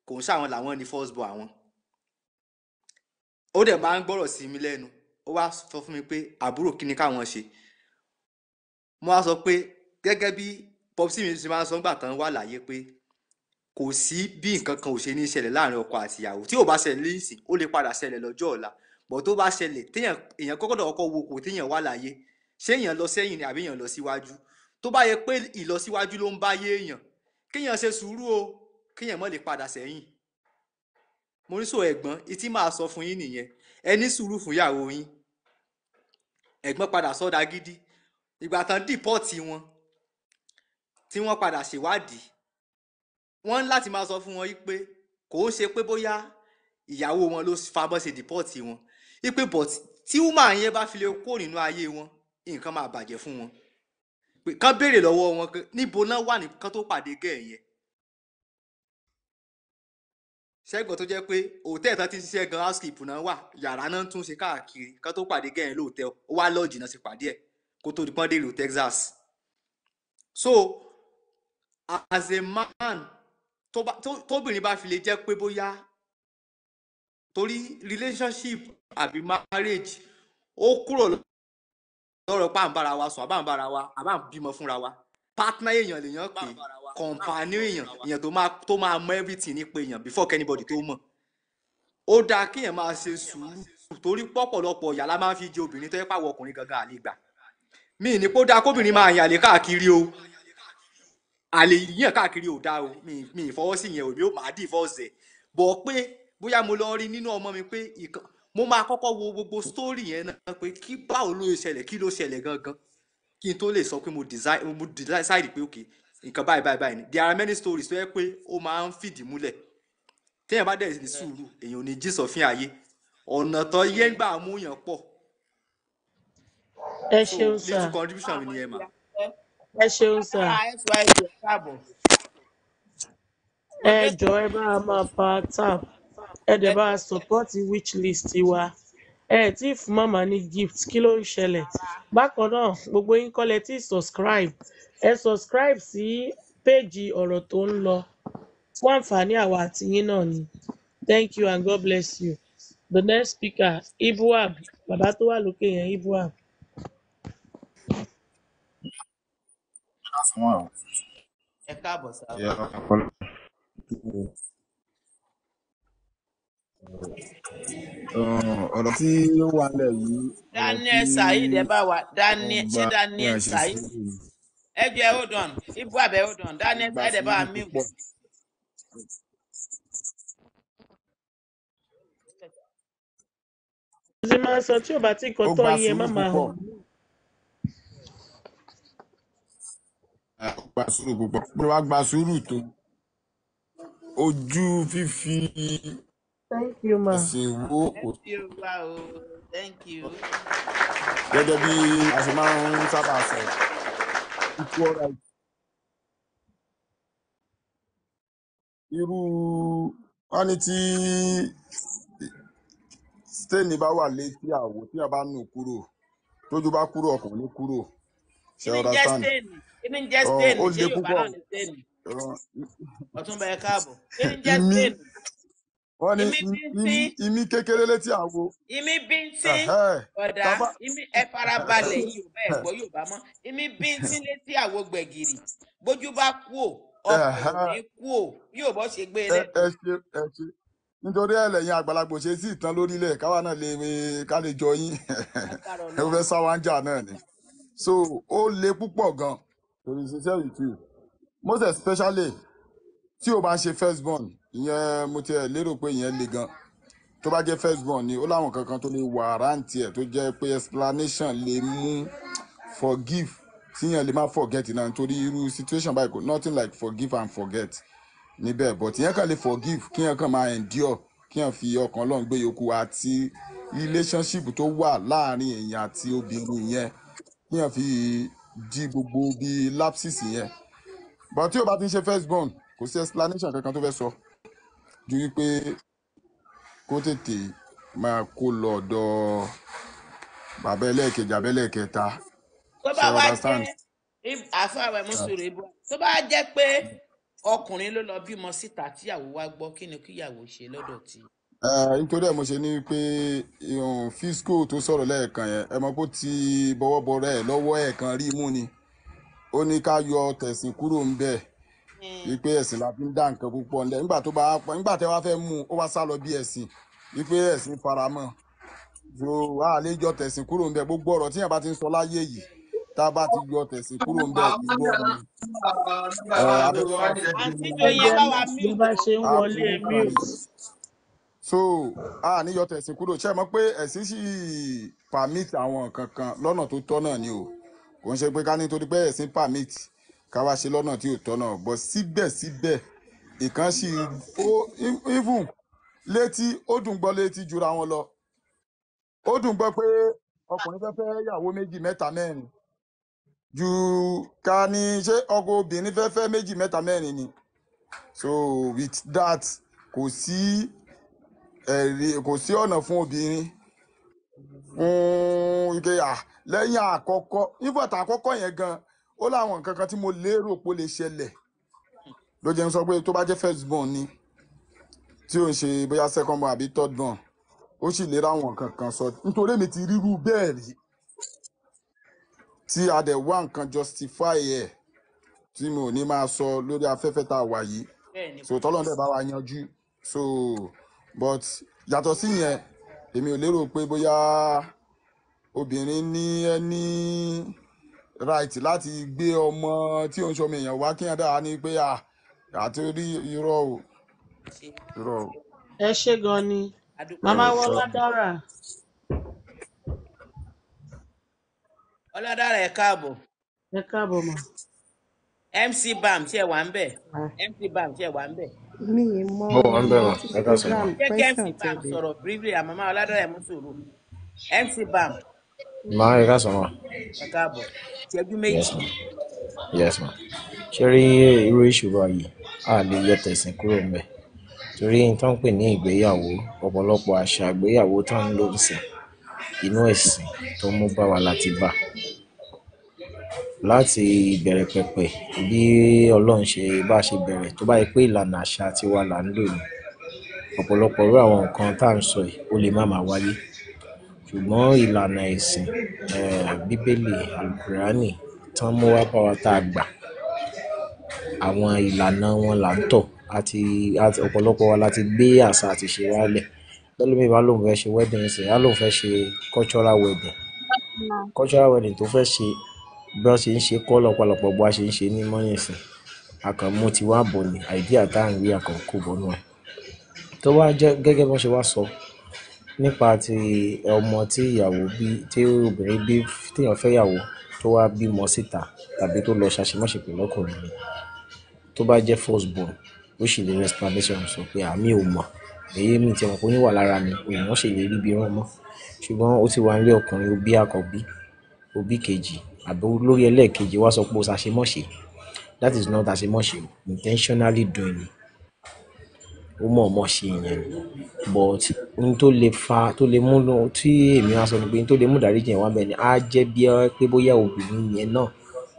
kò ń ṣàwọn làwọn ní first born àwọn ó dẹ̀ máa ń gbọ́rọ̀ sí mi lẹ́nu ó wá sọ fún mi pé àbúrò kí ni káwọn ṣe mo wá sọ pé gẹ́gẹ́ bí popsi mi ṣe máa ń sọ nígbà kan wà láyé pé kò sí bí nǹkan kan ò ṣe ní ṣẹlẹ̀ láàrin ọkọ àti ìyàwó tí ò bá ṣẹlẹ̀ lẹ́yìn ó lè padà ṣẹlẹ̀ lọ́jọ́ ọ̀la bọ̀ tó bá ṣẹlẹ̀ téèyàn èèyàn kọ́kọ́dọ̀ ọkọ̀ wo kò téèyàn wà láyé ṣé èèyàn lọ sẹ́yìn ni àbí èèyàn lọ síwájú tó bá yẹ pé ìlọsíwájú ló ń bá yé èèyàn kéèyàn ṣe sùúrù o kéèyàn mọ̀ lè padà sẹ́yìn mo ní sọ ẹ̀gbọ́n etí máa sọ fún yín nìyẹn ẹ ní sùúrù fún ìyàwó yín ẹ̀gbọ́n padà sọ́dà gidi ìgbà tán dìpọ́ọ̀tì wọn tí wọ́n padà ṣèwádìí wọ́n láti máa sọ fún wọn pé kò ó ṣe pé bóyá ìyàwó wọn ló fabọ́ ṣe dìpọ́ọ̀tì wọn pé bọ̀t tí wúmà yẹn bá fi lè kó nínú ayé wọn nǹkan máa bàjẹ́ fún wọn pé kán béèrè lọ́wọ́ wọn níbo náà wà ní kán tó pàdé gẹ̀ẹ́ yẹn ṣẹ́gun tó jẹ́ pé òtẹ́ẹ̀ tán ti ṣiṣẹ́ gan housekeep náà wà yàrá náà tún ṣe káàkiri kán tó pàdé gẹ̀ẹ́ lóòótẹ́ wá lọ́ọ̀jì náà ṣe pàdé ẹ̀ kó tó di pọ́n dèrò Texas so as a man tóbìnrin bá fi lè jẹ́ pé bóyá torí relationship àbí marriage ó kúrò lọ́rọ̀ pa àǹbára wa sùn àbáǹbára wa àbáǹbímọ fúnra wa partner èèyàn lèèyàn pè company èèyàn èèyàn tó máa mọ everything nípa èèyàn before anybody tó mọ̀ ó dáa kéèyàn máa ṣe sùúrù torí pọ̀pọ̀lọpọ̀ ìyà la máa fi jẹ obìnrin tó yẹ pàwọ̀ ọkùnrin gangan àlè gbà mí ní kó dáa kóbìnrin máa yàn àlè káàkiri o àlè yíyàn káàkiri ò dáa o mi ìfọwọ́sí yẹn ò mi ò máa dì fọ́ọ̀sẹ̀ bọ̀ pé bóyá mo lọ rí nínú ọmọ mi pé ìkan mo máa kọ́kọ́ wo gbogbo story yẹn náà pé kí báwo ló ṣẹlẹ̀ kí ló ṣẹlẹ̀ gangan kí n tó lè sọ pé mo decide pé ok nǹkan báyìí báyìí báyìí ni there are many stories tó yẹ pé ó máa ń fìdí múlẹ̀ téèyàn bá dẹ̀ ní sùúrù èèyàn ò ní jí sọ̀fin ayé ọ̀nà tó yẹ ń gbà mú yàn pọ̀ ẹ ṣeun sir little contribution mi ni ẹ mà. ẹ ṣeun sir ah, ẹ jọ ẹ bá máa fa tap ẹ dẹ̀ bá support which list wa ẹ tí fún Mama ní gift kí ló ń ṣẹlẹ̀ bákan náà gbogbo yín kọ́lẹ̀ tí subscribe ẹ subscribe sí péèjì ọ̀rọ̀ tó ń lọ fún àǹfààní àwa àti yín náà ni thank you and God bless you the next speaker ibuab bàbá tó wà lókè yẹn ibuab. ẹ káàbọ̀ sáà ọ̀rọ̀ tí ó wà nílẹ̀ yìí. Daniel Saheed ẹ bá wa Daniel ṣé Daniel Saheed ẹ hold on ibu abẹ hold on Daniel Saheed ẹ bá wa mí wò. ṣe máa ń sọ tí ò bá tí nǹkan tán má máa hàn. gba sùúrù púpọ̀ pé wàá gba sùúrù tó ojú fífi. Thank you, ma. ẹ̀sìn wo kò. gẹ́gẹ́ bí a ṣe máa ń sábà sọ ikú ọ̀rá irú wọn ní tí stain bá wà létí àwò tí a bá nù kúrò tójú bá kúrò ọkùnrin ní kúrò ṣe ọ̀rá stain kini jẹ stain ṣe yorùbá náà ní káàbọ̀ wọ́n ní imi kékeré létí àwo. Imi bíntín ọ̀dà imi farabalẹ̀ yìí ò bẹ́ẹ̀ gbọ́ yóò bá mọ́ ìmí bíntín létí àwo gbẹ̀gìrì bójú bá kú ò ọkọ̀ ní kú ò yóò bọ́ ṣe gbé rẹ̀. E ẹ ṣe ẹ ṣe nítorí ẹlẹ́yin àgbàlagbò ṣe sí ìtàn lórílẹ̀ káwa náà lè ká lè jọ yín ẹ fẹ́ sáwájà náà ni so ó le púpọ̀ gan-an to be most especially tí o bá ṣe first born ìyẹn mo tiẹ̀ lérò pé ìyẹn le gan tó bá jẹ́ first born ni ó láwọn kankan tó lè wàrántì ẹ̀ tó jẹ́ pé explanation lè mú forgive tíyàn lè má forget náà nítorí irú situation báyìí kò nothing like forgive and forget níbẹ̀ but ìyẹn kàn lè forgive kíyàn kàn máa endure kíyàn fi ọkàn Ọlọ́run gbé yòókù àti relationship tó wà láàrin èèyàn àti obìnrin yẹn kíyàn fi di gbogbo bíi lapses yẹn but tí o bá ti ń ṣe first born kò sí explanation kankan tó fẹ́ sọ. So ju wípé kó tètè máa kó lọ ọ̀dọ̀ bàbá ẹlẹ́ẹ̀kejì àbẹ́ ẹlẹ́ẹ̀kẹta ṣe understand. àfàwẹ̀ mùsùlùmí ibo tó bá jẹ́ pé ọkùnrin ló lọ bímọ síta tíyàwó wa gbọ́ kí ni kíyàwó ṣe lọ́dọ̀ tí. Ah, nítorí ẹ mo ṣe ní pé fisco tó sọ̀rọ̀ lẹ́ẹ̀kan yẹn ẹ mọ̀ pé ó ti bọ́wọ́ bọ́rẹ́ ẹ̀ lọ́wọ́ ẹ̀ẹ̀kan rí mú ni ó ní ká yọ tẹ̀sìn kúrò ń bẹ́ẹ̀ Mm. wípé ẹ̀sìn la fi ń dá nǹkan púpọ̀ ńlẹ̀ nígbà tó bá pọ̀ nígbà tẹ́ wá fẹ́ mú un ó wá sá lọ bí ẹ̀sìn wípé ẹ̀sìn faramọ́ so àlejò tẹ̀sìn kúrò ń bẹ gbogbo ọ̀rọ̀ tíyàn bá ti ń sọ láyé yìí tá a bá ti yọ tẹ̀sìn kúrò ń bẹ ìlú ọ̀run. so a níyọ tẹ̀sìn kúrò ṣe mọ̀ pé ẹ̀sìn sì permit àwọn kankan lọ́nà tó tọ́ náà ni o kò ń ṣe pé ká ní torí pé ẹ̀sìn permit ká wá ṣe lọ́nà tí ò tọ́ náà bọ́ síbẹ̀síbẹ̀ ìkan sì ó even létí ó dùn gbọ́ létí jura wọn lọ ó dùn gbọ́ pé ọkùnrin fẹ́ fẹ́ yàwó méjì mẹ́ta mẹ́rin ju ká ní ṣé ọkọ obìnrin fẹ́ fẹ́ méjì mẹ́ta mẹ́rin ni so with that kò sí ẹ̀rí kò sí ọ̀nà fún obìnrin fún ike à lẹ́yìn àkọ́kọ́ ìfọ̀tà àkọ́kọ́ yẹn gan-an ó láwọn nǹkan kan tí mo lérò pé ó lè ṣẹlẹ̀ ló jẹun sọ pé tó bá jẹ́ first born ni tí ò ń ṣe bóyá second born àbí third born ó sì lè ráwọn nǹkan kan sọ nítorí èmi ti ríru bẹ́ẹ̀ rí tí a dẹ̀ wá nǹkan justify ẹ̀ tí mi ò ní máa sọ lórí afẹ́fẹ́ tá a wà yìí so tọ́lọ́n dẹ̀ bá wa yanjú so but yàtọ̀ sí yẹn èmi ò lérò pé bóyá obìnrin ní ẹni. Eh, right láti gbé ọmọ tí ó ń sọmọ èèyàn wá kí wọn dára ní pé ah, àti orí irọ́ o irọ́ o. ẹ ṣé gan ni màmá wọn ládàrà. ọládàrà ẹ káàbọ̀. ẹ káàbọ̀ ma. mc bam tí ẹ wà ń bẹ ah. mc bam tí ẹ wà ń bẹ. mi ì mọ ọ ní instagram pẹ́sàn tẹ̀lé. jẹ́ kí mc bam sọ̀rọ̀ briefly àmọ́ máa ọládàrà ẹ̀ mú sùúrù mc bam máa ẹ káàsán ma. ẹ káàbọ̀ ìṣẹ́jú méjì. yes ma ṣé rí irú ìṣòro ayé a lè yọ tẹ̀sìn kúrò ńbẹ̀ torí n tán pè ní ìgbéyàwó ọ̀pọ̀lọpọ̀ àṣà ìgbéyàwó tán ń lò ń sìn inú ẹ̀sìn tó mú bá wa láti bá láti ìbẹ̀rẹ̀ pẹ̀pẹ̀ bí ọlọ́run ṣe bá ṣe bẹ̀rẹ̀ tó bá yẹ pé ìlànà àṣà tiwa là ń lò ní ọ̀pọ̀lọpọ̀ irú àwọn nǹkan tá à ń sọ yìí ó lè má máa wáyé ṣùgbọ́n ìlànà ẹ̀sìn um bíbélì alukuràánì tán mú wá bá wa tá a gbà àwọn ìlànà wọn là ń tọ̀ àti ọ̀pọ̀lọpọ̀ wa la ti gbé àṣà àti ìṣe wa lẹ̀ lẹ́lòmíì bá lóun fẹ́ ṣe wedding ẹ̀sìn á lóun fẹ́ ṣe cultural wedding cultural wedding tó fẹ́ ṣe bí wọ́n ṣe ń ṣe kọ́ lọ́pọ̀lọpọ̀ bó a ṣe ń ṣe ní mọ́yìnsìn àkànmú ti bò ní àìdíà tá rí àkànkò bọ́nú ẹ̀ tó wá jẹ́ gẹ́gẹ́ bó ṣe wá sọ nípa ti ọmọ tí ìyàwó bí tí obìnrin bí téèyàn fẹ́yàwó tó wá bímọ síta tàbí tó lọ ṣàṣemáṣe pẹ̀lú ọkùnrin ni tó bá jẹ́ first born ó sì lè explanation sọ pé àmì ò mọ̀ èyí mi ti mọ̀ pé ó ní wà lára mi èèyàn sì lè rí bí rán mọ́ ṣùgbọ́n ó ti wà nílé ọkùnrin òbí àkọ́bí òbí kejì àbí olórí ẹlẹ́ẹ̀kejì wá sọ pé ó ṣàṣemáṣe that is not àṣemáṣe intentionally doing it ó mọ̀ọ́mọ̀ ṣe ìyẹn ni but n tó lè fa tó lè mú lọ tí èmi wá sọ ni pé n tó lè mú ìdáríjì yẹn wá bẹ́ẹ̀ ni á jẹ́ bí ẹ pé bóyá obìnrin yẹn náà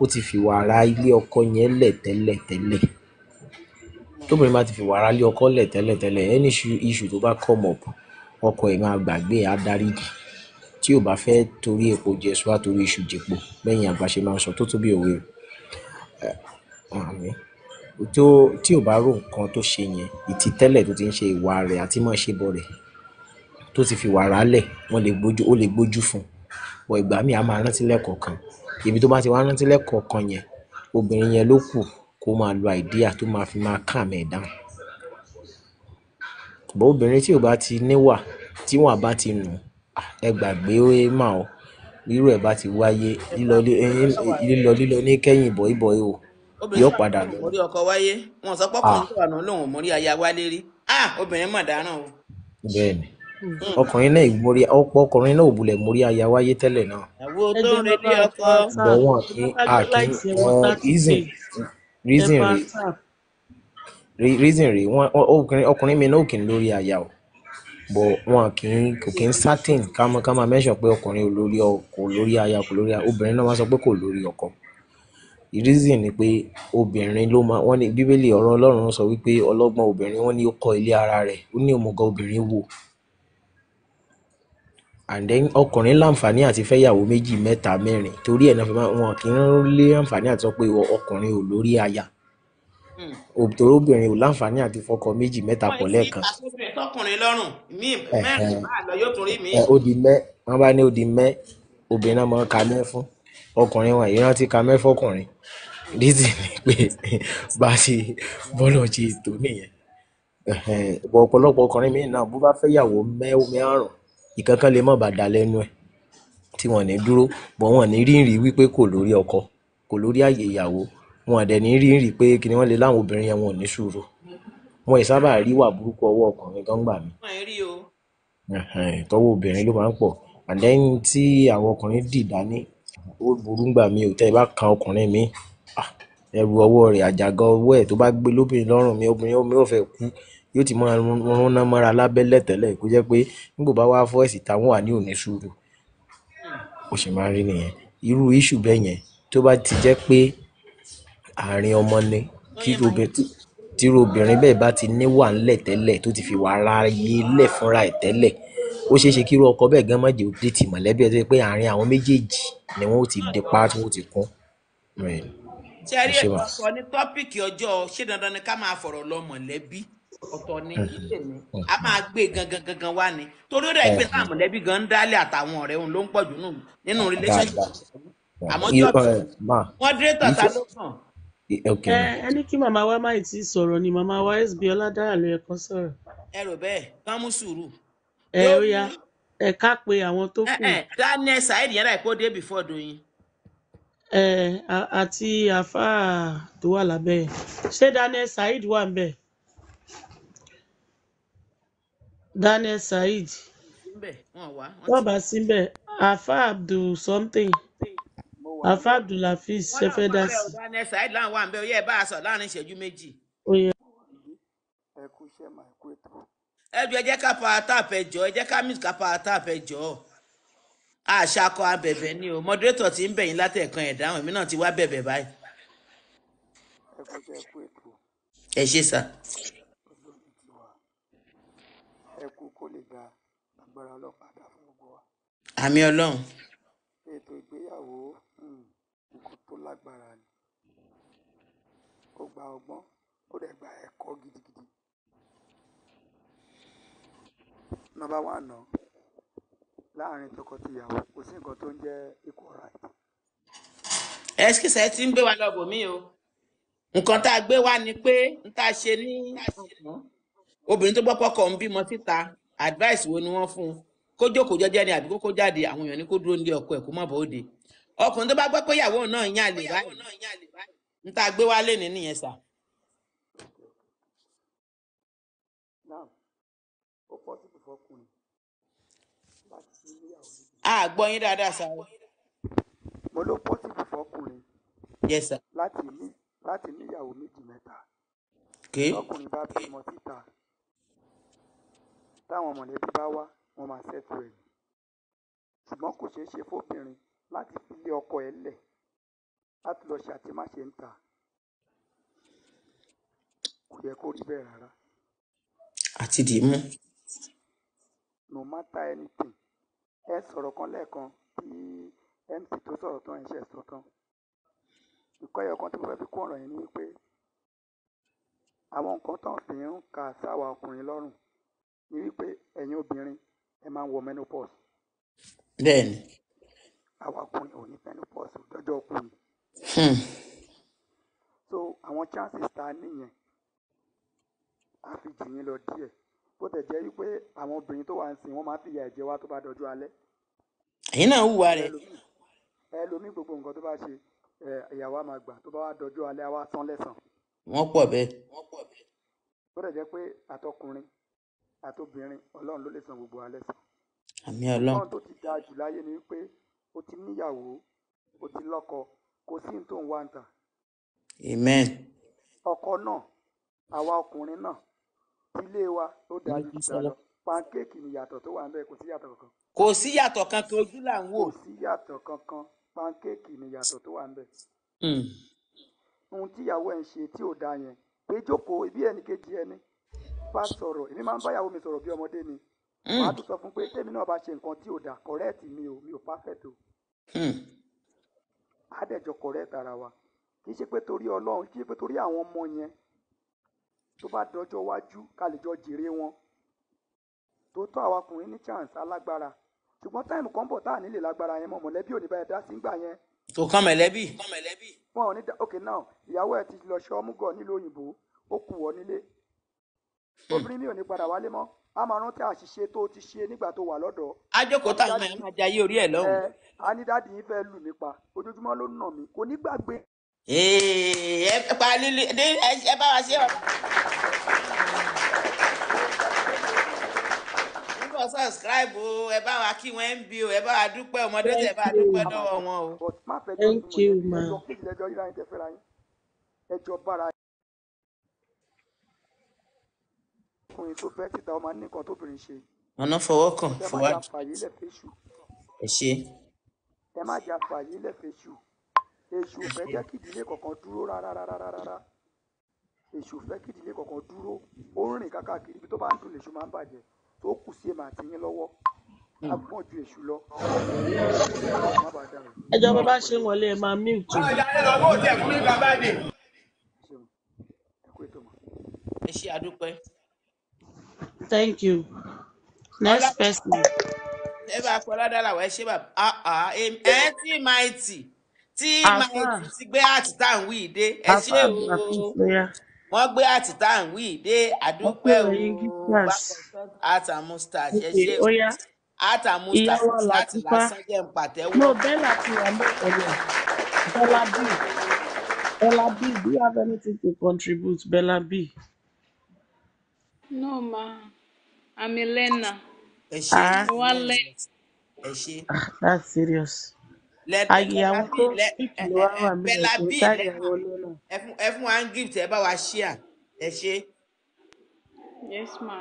ó ti fi wàrà ilé ọkọ yẹn lẹ̀ tẹ́lẹ̀ tẹ́lẹ̀ tóbìnrin bá ti fi wàrà ilé ọkọ lẹ̀ tẹ́lẹ̀ tẹ́lẹ̀ any issue tó bá come up ọkọ ẹ̀ máa gbàgbé á dáríjì tí ò bá fẹ́ torí epo jẹ̀sùn á torí iṣu jẹ̀pọ̀ bẹ́yìn àgbà ṣe máa sọ tó tó bí òwe o. Uh, um, tí ò bá rò nǹkan tó ṣe yẹn ìtì tẹ́lẹ̀ tó ti ń ṣe ìwà rẹ̀ àti mọ́ ṣe bọ̀ rẹ̀ tó ti fi wàrà lẹ̀ wọ́n lè gbójú ó lè gbójú fún un bọ̀ ìgbà míì á máa rántí lẹ́ẹ̀kọ̀ọ̀kan ibi tó bá ti wá rántí lẹ́ẹ̀kọ̀ọ̀kan yẹn obìnrin yẹn ló kù kó máa lo àìdíà tó máa fi máa calm ẹ̀ down bọ̀ obìnrin tí ò bá ti níwà tíwọ̀n bá ti nù ẹ gbàgbé ó mà ọ́ rírò ẹ̀ bá ti wáyé lílọ lílọ ní kẹ́yìn bọ̀ ìbọ̀ yìí o. yóò padà lọ. orí ọkọ wáyé wọn sọ ọkùnrin ah. tó náà lòun ò ah, hmm. ọkùnrin náà mórí ọ̀pọ̀ ọkùnrin náà aya wáyé tẹ́lẹ̀ náà. tó ń kì í àkì wọn reason reason reason wọn ọkùnrin mi náà ò kì í lórí aya o bọ̀ wọn kì í kì í certain pé ọkùnrin ò lórí aya kò lórí aya obìnrin náà sọ pé kò lórí reason ni pé obìnrin ló máa, wọ́n ní bíbélì ọ̀rọ̀ Ọlọ́run sọ wípé ọlọ́gbọ́n obìnrin wọ́n ní ó kọ́ ilé ara rẹ̀, ó ní òmùgọ̀ obìnrin wò. And then ọkùnrin láǹfààní àti fẹ́ ìyàwó méjì, mẹ́ta, mẹ́rin torí ẹ̀ náà fi máa, wọn kì í lé àǹfààní àti sọ pé ọkùnrin ò lórí aya. Hmm. Torí obìnrin ò láǹfààní àti fọkọ méjì, mẹ́ta pọ̀ lẹ́ẹ̀kan. wọ́n bá ní ó mẹ́, obìnrin náà máa ka mẹ́ fún, ọkùnrin wọn ìrántí ka mẹ́ fọkùnrin reason ni pé bá a ṣe bọ́lọ̀ ṣe ètò nìyẹn bọ̀ ọ̀pọ̀lọpọ̀ ọkùnrin mi náà bó bá fẹ́ yàwó mẹ́rùn ìkankan lè má bàa dà lẹ́nu ẹ̀ tí wọ́n ní dúró bọ̀ wọ́n ní rírì wípé kò lórí ọkọ kò lórí àyè ìyàwó wọn àdẹ̀ ní rírì pé kí ni wọ́n lè láwọn obìnrin yẹn wọn ò ní sùúrù wọn ì sábà rí wà burúkú ọwọ́ ọkùnrin tó ń gbà mí. tọwọ́ obìnrin ló máa ń pọ̀ àdẹ́yìn tí àwọn ọkùnrin dì dání ó burú gbà mí ò tẹ́ ẹ bá kan ọkùnrin mi ẹrù ọwọ́ rẹ̀ àjàgà ọwọ́ ẹ̀ tó bá gbé lóbìnrin lọ́rùn mi obìnrin mi ò fẹ́ kú yóò ti máa rúnná mọ́ra lábẹ́lẹ̀ tẹ́lẹ̀ kó jẹ́ pé nígbò bá wá fọ́ ẹ̀sì táwọn wà ní òní sùúrù ó sì máa rí nìyẹn irú iṣu bẹ́ẹ̀ yẹn tó bá ti jẹ́ pé àárín ọmọ ni kí tíru obìnrin bẹ́ẹ̀ bá ti níwà ńlẹ̀ tẹ́lẹ̀ tó ti fi wà ara yé lẹ̀ fúnra ẹ̀ tẹ́lẹ̀ ó ṣeé ṣe kíru ọkọ bẹ́ẹ̀ gan má jẹ́ òdìtì mọ̀lẹ́bí ẹ̀ tó yẹ pé àárín àwọn méjèèjì ni wọ́n ti dipá tí ti kún. Right tẹ́rí ẹ̀kọ́ sọ ní tọ́pìkì ọjọ́ ṣé dandan ni ká máa fọ̀rọ̀ lọ mọ̀lẹ́bí ọ̀tọ̀ ni ilé mi a máa gbé gangan gangan wá ni torí ó dẹ̀ gbé náà mọ̀lẹ́bí gan ń dálé àtàwọn ọ̀rẹ́ òun ló ń pọ̀ jù nínú relationship àmọ́ tọ́pìkì wọ́n dé tọ̀tà ló kàn. ẹ kí màmá wa máa ti sọ̀rọ̀ ni màmá wa sb ọládàrà ló sọ̀rọ̀. ẹ rò bẹ́ẹ̀ ká mú sùúrù. ẹ ó ya ẹ ká pe àwọn tó kù. ẹ ẹ daniel saheed yẹn láì kó dé before doyin um àti àáfàá tó wà lábẹ́ yẹn ṣé daniel saheed wà ń bẹ̀ daniel saheed wọ́n bá síbẹ̀ àáfàá abdul something àáfàá abdul hafiz ṣẹfẹ́ dá sí. daniel saheed láwọn wà ń bẹ̀ ó yẹ bá a sọ láàrin ìṣẹ́jú méjì. ẹ jẹ́ ká pa ata àpẹjọ ẹ jẹ́ ká mix ká pa ata àpẹjọ àṣàkọ abẹ̀bẹ̀ ni o moderator ti ń bẹ̀yìn látẹ̀kan ẹ̀ dáhùn èmi náà ti wá bẹ̀bẹ̀ báyìí. ẹ ṣe sà. ẹ kú kó lè gba àmì ọlọ́run. ètò ìgbéyàwó hmm, nǹkan tó lágbára ni ó gba ọgbọ́n ó dẹ̀ gba ẹ̀kọ́ gidigidi. nọ́mbà wà náà láàrin tọkọtìyàwó kò sí nǹkan tó ń jẹ́ equal right. ẹsikẹsẹ ti ń gbé wa lọ bòmí o nǹkan tá a gbé wá ni pé n tá a ṣe ní obìnrin tó gbọ́pọ̀ kọ̀ ń bímọ síta advice wo ni wọ́n fún un kó jókòó jẹ́jẹ́ ni àbí kókó jáde àwọn èèyàn ní kó dúró nílé ọkọ ẹ̀ kó má bọ́ òde ọkùnrin tó bá gbọ́ pé ìyàwó náà ń yàn lè báyìí n tá a gbé wá lé ní nìyẹn sáà. a gbọ́ yín dáadáa sáré. mo ló pọ́sibù fọkùnrin. yes sir. láti ní láti níyàwó méjì mẹ́ta. okay. ọkùnrin bá bímọ síta táwọn mọ̀lẹ́bí bá wá wọn máa ṣẹ́tù ẹ̀ ṣùgbọ́n kò ṣeé ṣe fóbìnrin láti fi lé ọkọ ẹ̀ lẹ̀ láti lọ ṣe àtìmáṣe ń ta kò yẹ kó rí bẹ́ẹ̀ rárá. àti dìímú. no matter anything ẹ sọ̀rọ̀ kan lẹ́ẹ̀kan tí MC tó sọ̀rọ̀ tán ẹ̀ṣẹ̀ sọ tán. Nǹkan kan tí mo fẹ́ fi kó ọ̀rọ̀ yẹn ni wípé àwọn nǹkan tó fi ń ka sáwà ọkùnrin lọ́rùn ni wípé ẹ̀yin obìnrin ẹ máa ń wọ menopause. Bẹ́ẹ̀ni. Àwa ọkùnrin ò ní menopause dọ́jọ́ ọkùnrin. Hmm. So àwọn chances ta nìyẹn á fi jù yín lọ díẹ̀ bó tẹ̀ jẹ́ wípé àwọn obìnrin tó wà ń sìn wọ́n máa ń fìyà ẹ̀jẹ̀ wa tó bá dọjú alẹ́. ẹ̀yin náà hùwà rẹ̀. ẹlòmíì gbogbo nǹkan tó bá ṣe ìyàwó á máa gbà tó bá wá dọjú alẹ́ á wá san lẹ́san. wọ́n pọ̀ bẹ́ẹ̀. bó tẹ̀ jẹ́ pé àtọkùnrin àtobìnrin ọlọ́run ló lè san gbogbo alẹ́ sàn. àmì ọlọ́run. ọlọ́run tó ti da jù láyé ni wípé o ti níyàwó o ti lọ́kọ kò sí ní tó ń wá ń tà. amen. ọkọ náà àwa ọkùnrin náà ilé wa ó dáa jù sọ lọ pankéèkì ni yàtọ̀ tó wà ń bẹ̀ kò sí yàtọ̀ kankan. kò sí yàtọ̀ kankan ojú là ń wò. kò sí yàtọ̀ kankan pankéèkì ni yàtọ̀ tó wà ń bẹ̀. Hmm. ohun tíyàwó ẹ̀ ń ṣe tí ò dáa yẹn pé jókòó ibi ẹnì kejì ẹni bá sọ̀rọ̀ èmi máa ń báyàwó mi sọ̀rọ̀ bí ọmọdé ni hmm. màá tún sọ fún pé tèmi náà bá ṣe nǹkan tí ò dáa correct mi ò mi ò perfect o. á hmm. dẹ̀jọ correct ara wa kì í ṣe pé torí Ọlọ́run kì í ṣe pé torí àwọn ọmọ yẹn tó bá dọjọ́ wájú ká lè jọ jèrè wọn. tòótọ́ àwa ọkùnrin ní chance alágbára ṣùgbọ́n táìmù kan bọ̀ tá à nílè lágbára yẹn mọ̀ mọ̀lẹ́bí ò ní báyẹn dá sí ń gbà yẹn. kò kàn mọ̀lẹ́bí. wọn ò ní da ok now ìyàwó ẹ ti lọ ṣe ọmúgọ̀ nílùú òyìnbó ó kù wọ nílé. Hmm. obìnrin mi ò ní padà wálé mọ́ a máa rántí àṣìṣe tó ti ṣe nígbà tó wà lọ́dọ̀. ajókòó tá a máa jayé orí ẹ̀ lọ́hùn. ẹ anídàdí yín fẹ́ lù mí pa ojoojúmọ́ ló nà mí kò ní gbàgbé ẹ pa lílé ẹ bá wa ṣe ọ̀rọ̀. subscribe o ẹ bá wa kí wọn ń bí o ẹ bá wa dúpẹ́ ọmọdé tẹ bá dúpẹ́ lọ́wọ́ wọn o. thank you ma. ọ̀nà fọwọ́ kàn fọwọ́ ẹ ṣe. ẹ má jà fàyè lẹ́fẹ̀ẹ́sù èṣù fẹ́ jẹ́ kí ìdílé kankan dúró rárá èṣù fẹ́ kí ìdílé kankan dúró ó ń rìn kákàkiri ibi tó bá ń dùn lèṣù máa ń bàjẹ́ tó kù sí èmi àti yín lọ́wọ́ agbọ́n hmm. ju èṣù lọ. ẹjọ́ bàbá ṣe ń wọlé ẹ máa mute. ẹ ṣe àdúpẹ́. thank you next person. ẹ bá fọlá dára wá ẹ ṣe bàbá ah, ah, ẹ tí máa tì tí máa tì gbé àtìtà ń wí ìdé ẹ ṣe o wọ́n gbé àtìtàǹwì dé àdúpẹ́ òun àtàmústach ẹ ṣe láti lásán jẹ́ pàtẹ́wọ́. no bella ti wà ní ọ̀rẹ́ bella b bella b do you have anything to contribute bella b. no ma i'm Elena. learner. ẹ ṣe ẹ ṣe. Ah, that's serious lẹ ayé àwọn bẹlàbí lẹ kọ́ńtìtì ló wá wà mí ẹ̀ kò bẹlàbí sáré lẹ àwọn olónà ẹ eh, fún ẹ eh, fún wa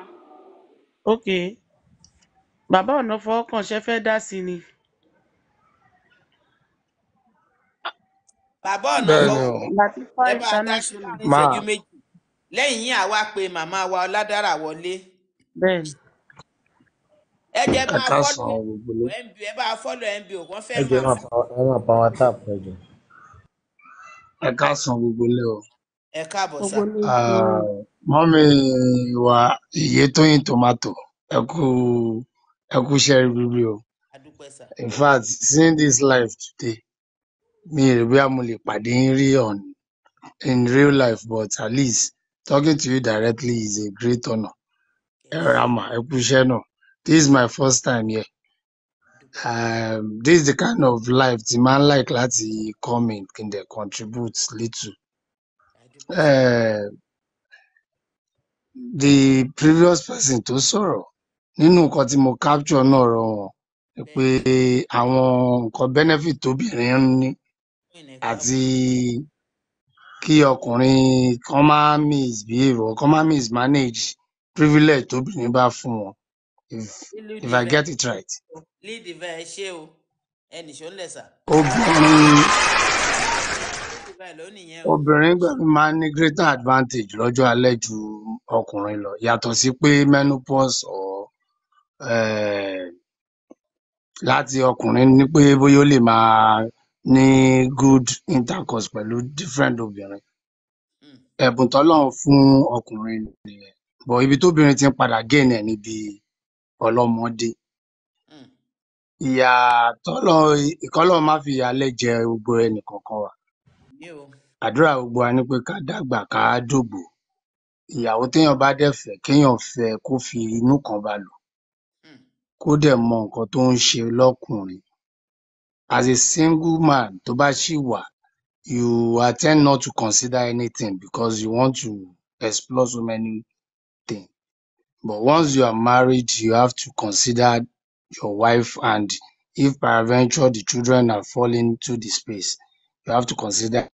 ok bàbá ọ̀nà fọwọ́kànṣẹ́ fẹ́ dá sí ni. bàbá ọ̀nà fọwọ́kànṣẹ́ lẹ́yìn yín àwa pé màmá wa ọládàrà wọlé. bẹ́ẹ̀ ẹ jẹ́ máa fọ́lọ̀ mbo ẹ bá fọ́lọ̀ mbo wọ́n fẹ́ máa fọ́. ẹ máa pa wá tap ẹ jọ. ẹ káàsán gbogbo lẹ o. ẹ káàbọ̀ sá. Ah, mọ́mí wa Ìyétóyìn tomato ẹ kú ẹ kú iṣẹ́ rírì o. in fact seeing this life today mi rè bí a mo lè pàdé yín rí on in real life but at least talking to you directly is a great honor. ẹ rà mà ẹ kú iṣẹ́ náà. This is my first time here. Um, this is the kind of life the man ń like láti come in can n contribute little. Uh, the previous person tó sọ̀rọ̀ nínú nǹkan tí mo capture náà rọ wọn ni pé àwọn nǹkan benefit tóbìnrin ń ní àti kí ọkùnrin kan máa misbehave or kan máa mismanage privilege tóbìnrin bá fún wọn if if I get it right. lead ìfẹ́ ẹ obìnrin obìnrin máa ní greater advantage lọ́jọ́ alẹ́ ju ọkùnrin lọ yàtọ̀ sí pé menopause or eh, láti ọkùnrin ni pé bóyá ó lè máa ní good intercourse pẹ̀lú different obìnrin hmm. ẹ̀bùn tọ́lọ́run fún ọkùnrin nìyẹn bọ̀ ibi tóbìnrin ti ń padà gé ẹ̀ níbi ọlọ́mọdé. Hmm. Ìyà tọ́lọ́run kọ́lọ́run má fìyà jẹ gbogbo ẹnìkọ̀ọ̀kan wa. Àdúrà gbogbo wa ni pé ká dàgbà ká dògbò. Ìyàwó téèyàn bá dẹ̀ fẹ́, kéèyàn fẹ́ ẹ kó fi inú kan ba hmm. kó dẹ̀ mọ nǹkan tó ń ṣe lọ́kùnrin. As a single man tó bá ṣì wà, you are ten not to consider anything because you want to explore so many But once you are married, you have to consider your wife and if peradventure the children are falling to the space, you have to consider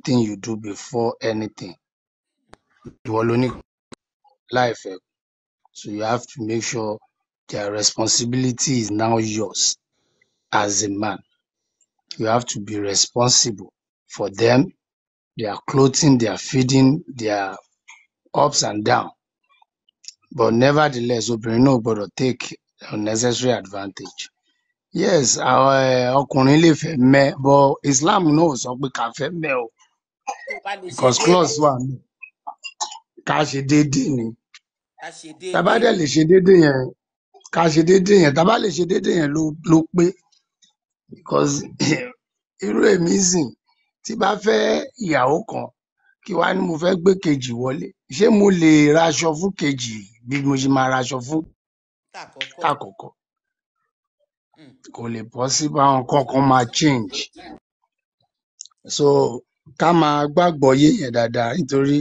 everything you do before anything. life So you have to make sure their responsibility is now yours as a man. You have to be responsible for them, their clothing, their feeding, their ups and downs. But nevertheless, obìnrin náà ò gbọdọ̀ take unnecessary advantage. Yes, eh, ọkùnrin lè fẹ́ mẹ́ but Islam náà ò sọ pé ká fẹ́ mẹ́ o. Because clause wà nù. Ká ṣe déédéé ni. Tá bá dẹ̀ lè ṣe déédéé yẹn, ká ṣe déédéé yẹn, tá bá lè ṣe déédéé yẹn ló ló pé. Because irú èmi sìn, tí bá fẹ́ ìyàwó kan, kí wá ní mo fẹ́ gbé kejì wọlé. Ṣé mo lè ra fún kejì bí mo ṣe máa ra fún tàkọ́kọ́? Hmm. Kò lè possible, àwọn nǹkan kan máa change. So ká máa gbàgbọ́yé yẹn dáadáa nítorí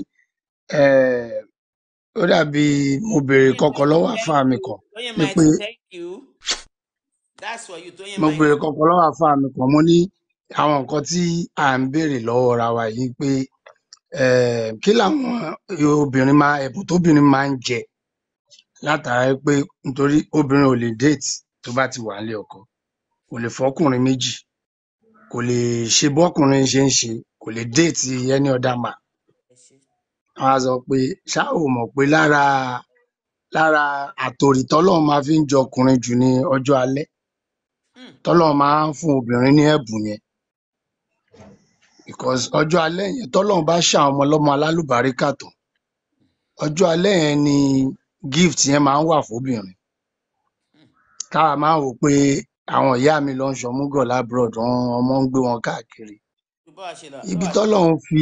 eh, ó dàbí mo béèrè nǹkan lọ́wọ́ àfáà mi kan ní pé mo béèrè nǹkan lọ́wọ́ àfáà mi kan, mo ní àwọn nǹkan tí à ń béèrè lọ́wọ́ ra wa yìí pé um kí làwọn obìnrin máa ẹ̀bùn tóbìnrin máa ń jẹ látara pé nítorí obìnrin ò lè déètì tó bá ti wà nílé ọkọ kò lè fọkùnrin méjì kò lè ṣe bọ́kùnrin ṣe ń ṣe kò lè déètì any other man wọn á sọ pé ṣá ò mọ̀ pé lára lára àtòrí tọ́lọ́run máa fi ń jọkùnrin jù ní ọjọ́ alẹ́ hmm. tọ́lọ́run máa ń fún obìnrin ní ẹ̀bùn yẹn because ọjọ́ alẹ́ yẹn tọ́lọ́run bá ṣàwọn ọmọ ọlọ́mọ alálùbáríkà tó ọjọ́ alẹ́ yẹn ni gift yẹn máa ń wà fóbìnrin tá a máa ń wò pé àwọn ìyá mi lọ ń ṣọmúgọ̀ labroad wọn ọmọ ń gbé wọn káàkiri ibi tọ́lọ́run fi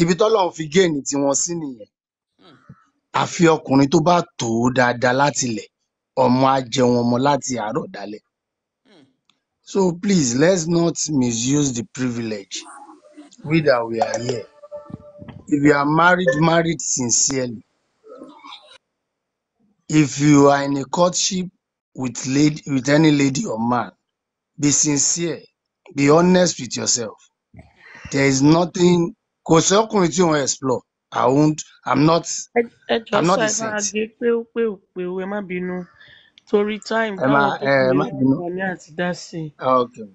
ibi tọ́lọ́run fi géènì tiwọn sí nìyẹn àfi ọkùnrin tó bá tò ó dáadáa látilẹ̀ ọmọ á jẹun ọmọ láti àárọ̀ dalẹ́ So please, let's not misuse the privilege. Whether we are here. If you are married, married sincerely. If you are in a courtship with lady, with any lady or man, be sincere. Be honest with yourself. There is nothing. Cause I want to explore. I won't. I'm not. Ẹ jọ I'm not i am not a torí time ẹ má tó ẹ kù má nínú bínú dá sí i ah, okay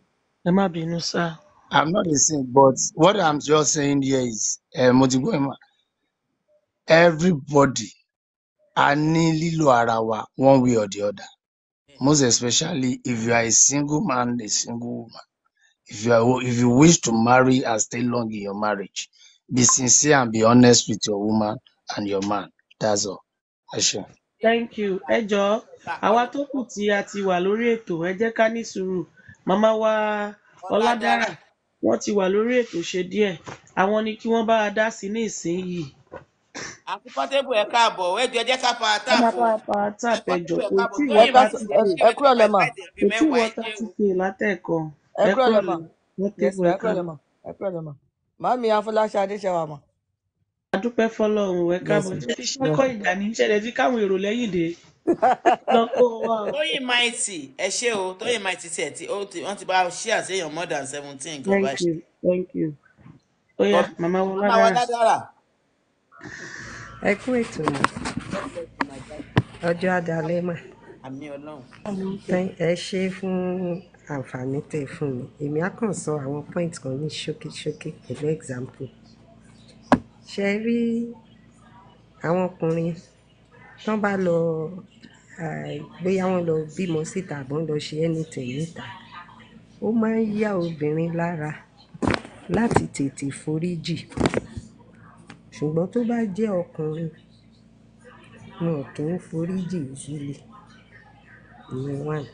ẹ má bínú sá i'm not the same but what i'm just saying here is mo ti gbọ́ ẹ mọ̀ everybody a ní lílo ara wa one way or the other most especially if you are a single man a single woman if you are if you wish to marry and stay long in your marriage be sincere and be honest with your woman and your man that's all. Ẹ ṣeun. thank you ẹ jọ̀ọ́ àwa tó kù tí a ti wà lórí ètò ẹ jẹ́ ká ní sùúrù màmá wa ọládára wọ́n ti wà lórí ètò ṣe díẹ̀ àwọn ni kí wọ́n bá a dá sí ní ìsinyìí. àkúkọ́tébù ẹ káàbọ̀ ẹ jọ jẹ́ ká pa táàpù. ká pa táàpù ẹ jọ kò tí ìwọ ta ti ẹ kúrò lẹ́mà kò tí ìwọ ta ti pè látẹ̀kọ́ ẹ kúrò lẹ́mà ẹ kúrò lẹ́mà ẹ kúrò lẹ́mà màámi afọláṣẹ adéṣẹwà mọ. adúpẹ́ fọlọ́run ẹ káàbọ̀ tí fi ṣẹ́kọ̀ ìgbà ní ìṣẹ̀lẹ̀ fi káwọn èrò lẹ́yìn dé tóyìn mighty ẹ ṣé o tóyìn mighty tí wọ́n ti bá ṣí àṣeyàn more than seventeen kan báyìí. thank you thank you ó yá màmá wọn ládàrà. ẹ kú ètò ọjọ́ adalẹ́ mà. àmì ọlọ́run. ẹ ṣe fún àǹfààní tẹ fún mi èmi á kàn sọ àwọn point kan ní ṣókíṣókí pẹ̀lú example ṣe rí àwọn ọkùnrin tán bá lọ bóyá wọ́n lọ bímọ síta àbọ̀ ń lọ ṣe anything níta ó máa ń yá obìnrin lára láti tètè foríjì ṣùgbọ́n tó bá jẹ́ ọkùnrin wọn kì í foríjì ìṣílẹ̀ ìyẹn wà ní.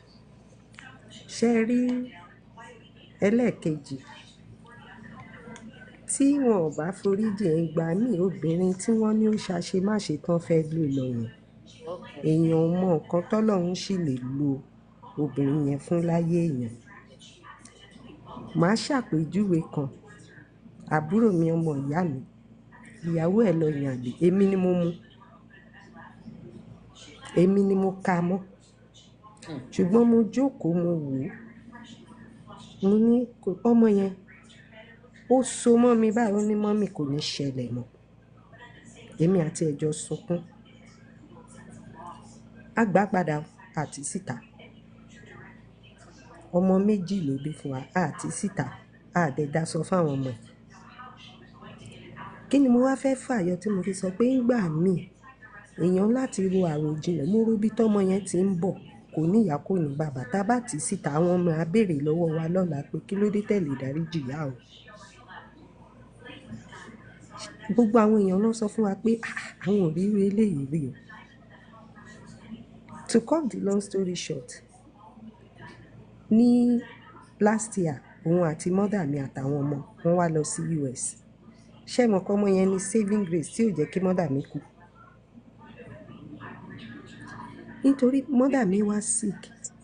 ṣe rí ẹlẹ́ẹ̀kejì tí wọn ò bá foríjì ìgbà míì obìnrin tí wọ́n ní ó ṣàṣemáṣe tán fẹ́ lù lọ èèyàn ò mọ nǹkan tọ́lọ́run sì lè lo obìnrin yẹn fún láyé èèyàn màá ṣàpèjúwe kan àbúrò mi ọmọ ìyá mi ìyàwó ẹ̀ lọ yàn àlè èmi ni mo mú èmi ni mo ka mọ́ ṣùgbọ́n mo jókòó mo wò ó mo ní ọmọ yẹn ó so mọ́ mi báyìí ó ní mọ́mì kò ní ṣẹlẹ̀ mọ́ èmi àti ẹ̀jọ́ sunkún a gbà padà àti síta ọmọ méjì ló bí fún wa àti síta àdẹ̀dá sọ fáwọn ọmọ ẹ̀ kí ni mo wá fẹ́ fàyọ tí mo fi sọ pé ńgbà míì èèyàn láti ro àròjinlẹ̀ mo ro bí tọ́mọ yẹn ti ń bọ̀ kò ní ìyá kò ní bàbá tá a bá ti síta àwọn ọmọ á béèrè lọ́wọ́ wa lọ́la pé kí ló dé tẹ̀lé ìdáríjì ìyá o gbogbo àwọn èèyàn lọ sọ fún wa pé ah, àwọn ò rí irú eléyìí rí o to cut the long story short ní last year òun àti mọ́dà mi àtàwọn ọmọ wọn wá lọ sí US ṣé mo kọ́ ọmọ yẹn ní saving grace tí ò jẹ́ kí mọ́dà mi kú nítorí mọ́dà mi wá sick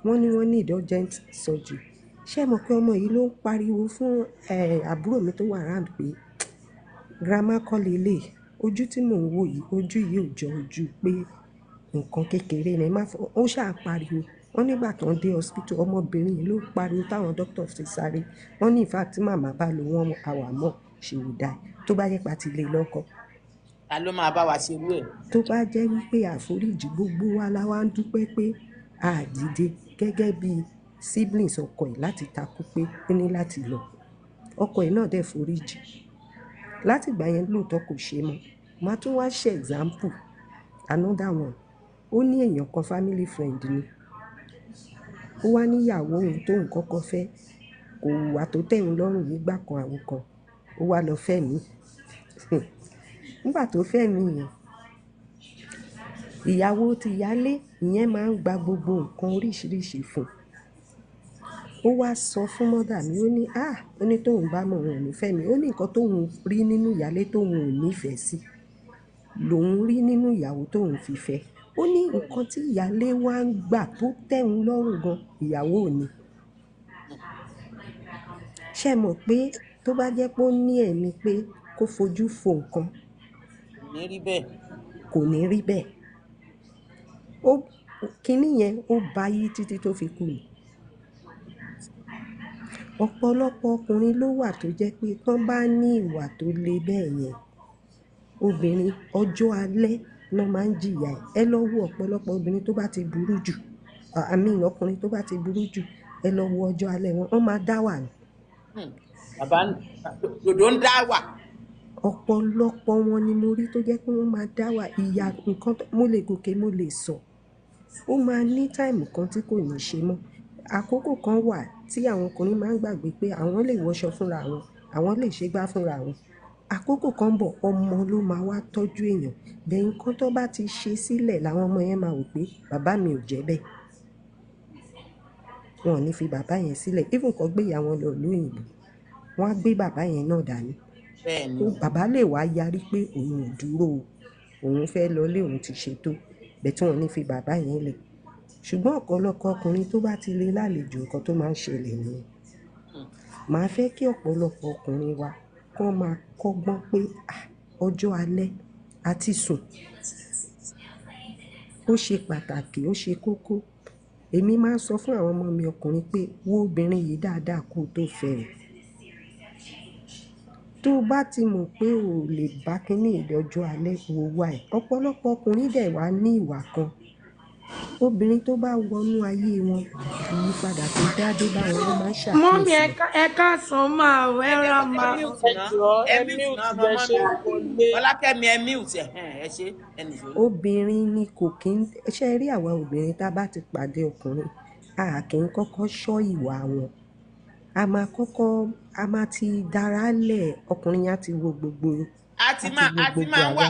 wọ́n ní wọ́n ní urgent surgery ṣé mo pé ọmọ yìí ló ń pariwo fún àbúrò mi tó wà ráàmù pé grandma kọ́lé ilé ojú tí mò ń wò yìí ojú yìí ò jọ ojú pé nǹkan kékeré ni má fọ ó ṣáà pariwo wọ́n nígbà tó ń dé hospital ọmọbìnrin yìí ló pariwo táwọn doctor fi sáré wọ́n ní ìfà tí màmá bá lo wọn àwà mọ́ ṣe ò dáa tó bá yẹ pàtí lè lọ́kọ. ta ló máa bá wa ṣe irú ẹ̀. tó bá jẹ́ wípé àforíjì gbogbo wa la wá ń dúpẹ́ pé a dìde gẹ́gẹ́ bí siblings ọkọ ẹ̀ láti takú pé ó ní láti lọ ọkọ ẹ̀ náà dẹ̀ foríjì látìgbà yẹn lóòótọ́ kò ṣe mọ́ màá tún wá ṣe example another one ó ní èèyàn kan family friend ni. Ó wá níyàwó òun tóun kọ́kọ́ fẹ́, kò ko tó to òun lọ́rùn nígbà kan àwo kan, ó wá lọ fẹ́ mi. Nígbà tó fẹ́ mi yẹn, ìyàwó ti yálé, ìyẹn máa ń gba gbogbo nǹkan oríṣiríṣi fún Ó wá sọ fún mother mi, ó ní, "àh!" Ah! Ó ní tóun bá mọ̀ òun ní fẹ́ mi. Ó ní nǹkan tóun rí nínú ìyálé tóun ò sí, lòun rí nínú ìyàwó tóun ó ní nǹkan tí ìyáálé wa ń gbà tó tẹ̀hún lọ́rùn gan ìyàwó ni ṣe mọ̀ pé tó bá jẹ́ pé ó ní ẹ̀mí pé kó fojú fo nǹkan kò ní rí bẹ́ẹ̀ kò ní rí bẹ́ẹ̀ ó kinní yẹn ó bá yí títí tó fi kú ni ọ̀pọ̀lọpọ̀ ọkùnrin ló wà tó jẹ́ pé tán bá ní ìwà tó le bẹ́ẹ̀ yẹn obìnrin ọjọ́ alẹ́ ló máa ń jìyà ẹ̀. Ẹ lọ wo ọ̀pọ̀lọpọ̀ obìnrin tó bá ti burú jù, I mean ọkùnrin tó bá ti burú jù, ẹ lọ wo ọjọ́ alẹ́ wọn, wọ́n máa dá wà ni. Hmm. Bàbá dòdò ń dá wà. Ọ̀pọ̀lọpọ̀ wọn ni mo rí tó jẹ́ pé wọ́n máa dá wà. Ìyà nǹkan mo lè gòkè mo lè sọ. Ó máa ní táìmù kan tí kò ní ṣe mọ́. Àkókò kan wà tí àwọn ọkùnrin máa ń gbàgbé pé àwọn lè wọṣọ fúnra wọn, àwọn lè ṣe gbá fúnra wọn àkókò kan bọ̀ ọmọ ló máa wá tọ́jú èèyàn. Then nǹkan tó bá ti ṣe sílẹ̀ làwọn ọmọ yẹn máa wò pé bàbá mi ò jẹ bẹ́ẹ̀. Wọn ò ní fi bàbá yẹn sílẹ̀. Even kan gbé ìyá wọn lọ ìlú òyìnbó, wọ́n á gbé bàbá yẹn náà dání. Bẹ́ẹ̀ni. Bàbá lè wá yarí pé òun ò dúró o, òun fẹ́ lọlé, òun ti ṣetó. But wọ́n ò ní fi bàbá yẹn lẹ̀. Ṣùgbọ́n ọ̀pọ̀lọpọ̀ ọkùnrin tó bá ti le lálejò nǹkan tó máa ń ṣẹlẹ̀ nìyẹn. Hmm. Màá fẹ́ kí ọ̀pọ̀lọpọ̀ ọkùnrin wa kán máa kọ́gbọ́n pé ah, ọjọ́ alẹ́ a ti sùn. Ó ṣe pàtàkì, ó ṣe kókó. Èmi máa ń sọ fún àwọn ọmọ mi ọkùnrin pé wo obìnrin yìí dáadáa kó tó fẹ́ ẹ. Tó bá ti mọ̀ pé o ò lè bá kíní yi dọjọ́ alẹ́, wo wà ẹ́. Ọ̀pọ̀lọpọ̀ ọkùnrin dẹ̀ wá ní ìwà kan obìnrin tó bá wọnú ayé wọn ìyípadà tó dá dé bá wọn ló máa ń ṣàkíyèsí. mọ́mí ẹ káàsán máa ọ ẹ ra máa ẹ mute ẹ ṣe ọlákẹ́mi ẹ mute ẹ ṣe. obìnrin ni kò kí ń ṣe rí àwa obìnrin tá a bá ti pàdé ọkùnrin a kì í kọ́kọ́ ṣọ́ ìwà wọn a máa kọ́kọ́ a máa ti dára lẹ̀ ọkùnrin yẹn ti wo gbogbo a ti wo gbogbo àwa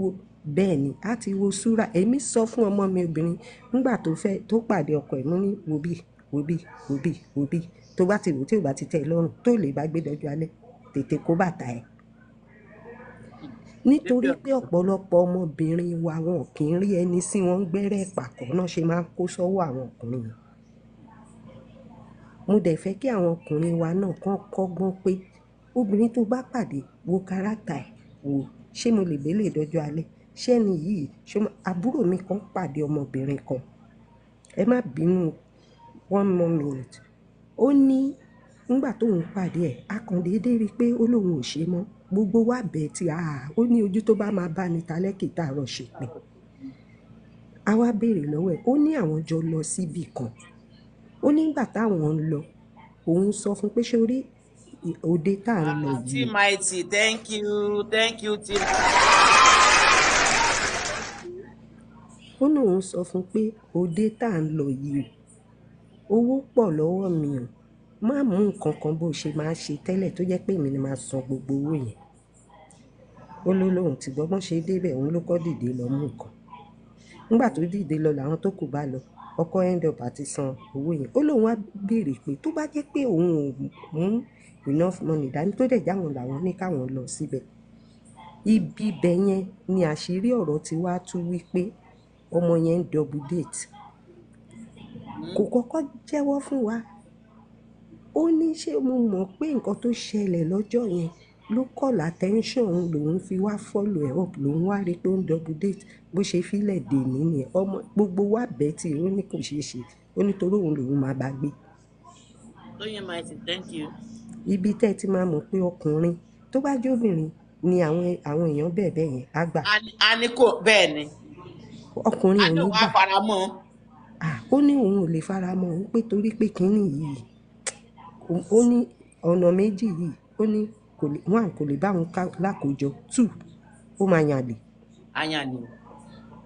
wo. Bẹ́ẹ̀ni, a ti wo súrà. Èmi sọ fún ọmọ mi obìnrin nígbà tó fẹ́, tó pàdé ọkọ ẹ̀, mo ní "wo bí, wo bí, wo bí, wo bí". Tó bá ti wò tí ó bá ti tẹ́ ẹ lọ́rùn, tó lè bá gbé dọjú alẹ́, tètè kó bàtà ẹ. Nítorí pé ọ̀pọ̀lọpọ̀ ọmọbìnrin wa wọn kì í rí ẹni tí wọ́n ń gbẹ́rẹ́ pàkọ́ náà ṣe máa ń kó sọ́wọ́ àwọn ọkùnrin wọn. Mo dẹ̀ fẹ́ kí àwọn ọkùnrin wa náà kan kọ́gbọ́n pé obìnrin tó bá pàdé, wo kárákítà ẹ̀, wò ṣé mo lè gbé lè alẹ́, ṣé ẹni yìí ṣé àbúrò mi kan pàdé ọmọbìnrin kan ẹ má bínú one minute ó ní nígbà tóun pàdé ẹ̀ akàndéédé rí i pé ó lóun ò ṣe mọ́ gbogbo wa bẹ̀ẹ́ tí a ó ní ojú tó bá máa bá ní talẹ́kì tààrọ̀ ṣe pé a wá béèrè lọ́wọ́ ẹ̀ ó ní àwọn jọ lọ síbì kan ó nígbà táwọn ń lọ òun sọ fún pé ṣé orí òde tá à lọ yìí. tí thank you thank you tí ó lóun sọ fún un pé òde tá à ń lọ yìí owó pọ̀ lọ́wọ́ mi o má mú nǹkan kan bó ṣe máa ṣe tẹ́lẹ̀ tó jẹ́ pé èmi ni máa san gbogbo owó yẹn ó ló lóun ti gbọ́gbọ́n ṣe débẹ̀ òun ló kọ́ dìde lọ mú nǹkan nígbà tó dìde lọ làwọn tó kù bá lọ ọkọ end up àti san owó yẹn ó lóun wá béèrè pé tó bá jẹ́ pé òun ò mú enough money dání tó dẹ̀ jáwọn làwọn ní káwọn lọ síbẹ̀ ibi ibẹ̀ ni àṣírí ọ̀rọ̀ ti wá tú wípé ọmọ yẹn double date kò kọ́kọ́ jẹ́wọ́ fún wa ó ní ṣé mo mọ̀ pé nǹkan tó ṣẹlẹ̀ lọ́jọ́ yẹn ló kọ̀lá attention lòun fi wá follow ẹ̀ up lòun wá rí pé ń double date bó ṣe filẹ̀ dèní ni ọmọ gbogbo wa bẹ́ẹ̀ tí ó ní kò ṣeé ṣe ó ní torí òun lòun máa bá gbé. lóye maiti thank you. ibi tẹ́ ẹ ti máa mọ̀ pé ọkùnrin tó bá jóbìnrin ni àwọn èèyàn bẹ́ẹ̀ bẹ́ẹ̀ yẹn á gbà. a ní kò bẹ́ẹ̀ ni ọkùnrin òun gbà ó ní òun ò lè fara mọ́ òun pé torí pé kínní yìí ó ní ọ̀nà méjì yìí ó ní one kò lè bá òun lákòjọ two ó máa yàn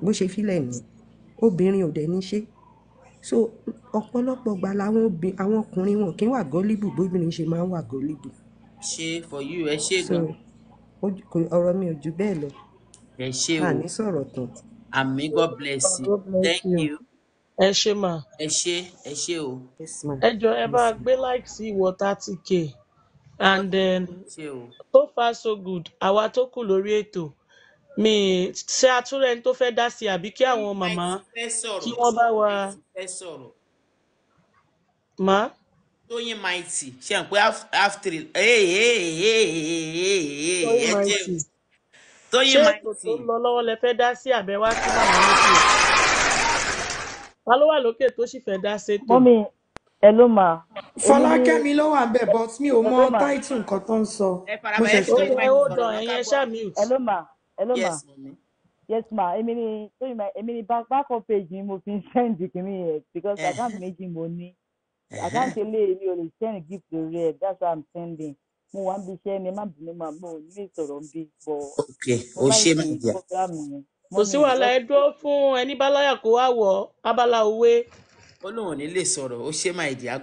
bó ṣe filẹ̀ ni obìnrin ò dẹ̀ ní ṣe so ọ̀pọ̀lọpọ̀ gba làwọn àwọn ọkùnrin wọn kì í wà gọ́líbù bóbìnrin ṣe máa ń wà gọ́líbù. ṣe for you ẹ ṣe gan. ọ̀rọ̀ mi ò jù bẹ́ẹ̀ lọ. ẹ ṣe o. àní sọ̀rọ̀ tán. Amen. god bless you god bless thank you. you ẹ ṣé mà. ẹ ṣé ẹ ṣé o. ẹ jọ ẹ bá gbé like sí ìwọ thirty k and then so far so good àwa tó kù lórí ètò mi ṣe àtúrò ẹni tó fẹ́ dá sí àbí kí àwọn màmá kí wọ́n bá wa. ma. Tóyìn Mighty ṣe n pé half three. Tóyìn Mighty tóyìn máa ń tì. ṣé ètò tó lọ lọ́wọ́ lẹ fẹ́ dá sí àbẹ̀ wá sí màmá lókè? ta lókè tó sì fẹ́ dá sétò? mọ́mí ẹ ló máa. fọlákẹ́mi ló wà bẹ́ẹ̀ but mi ò mọ táìtù nǹkan tó ń sọ. ẹ farabalẹ̀ ẹ tó ẹ ó dàn ẹ̀yẹn ṣàmìlì. ẹ ló máa ẹ ló máa yes ma èmi ni tóyìn máa èmi ni back back up page mi mo fi send kìíní yẹn because àkáǹtì eh. méjì mo ní àkáǹtì eh. eléyìí mi ò lè send gift lórí ẹ that's why i'm sending. muwa wà bi iṣẹ́ ni ma bínú máa mo ni ìsọ̀rọ̀ ń bí ok o ṣe má jà kò sí wàhálà fún ẹni bá láyà wọ abala òwe. ó lóun ò ní lè sọ̀rọ̀ ó ṣe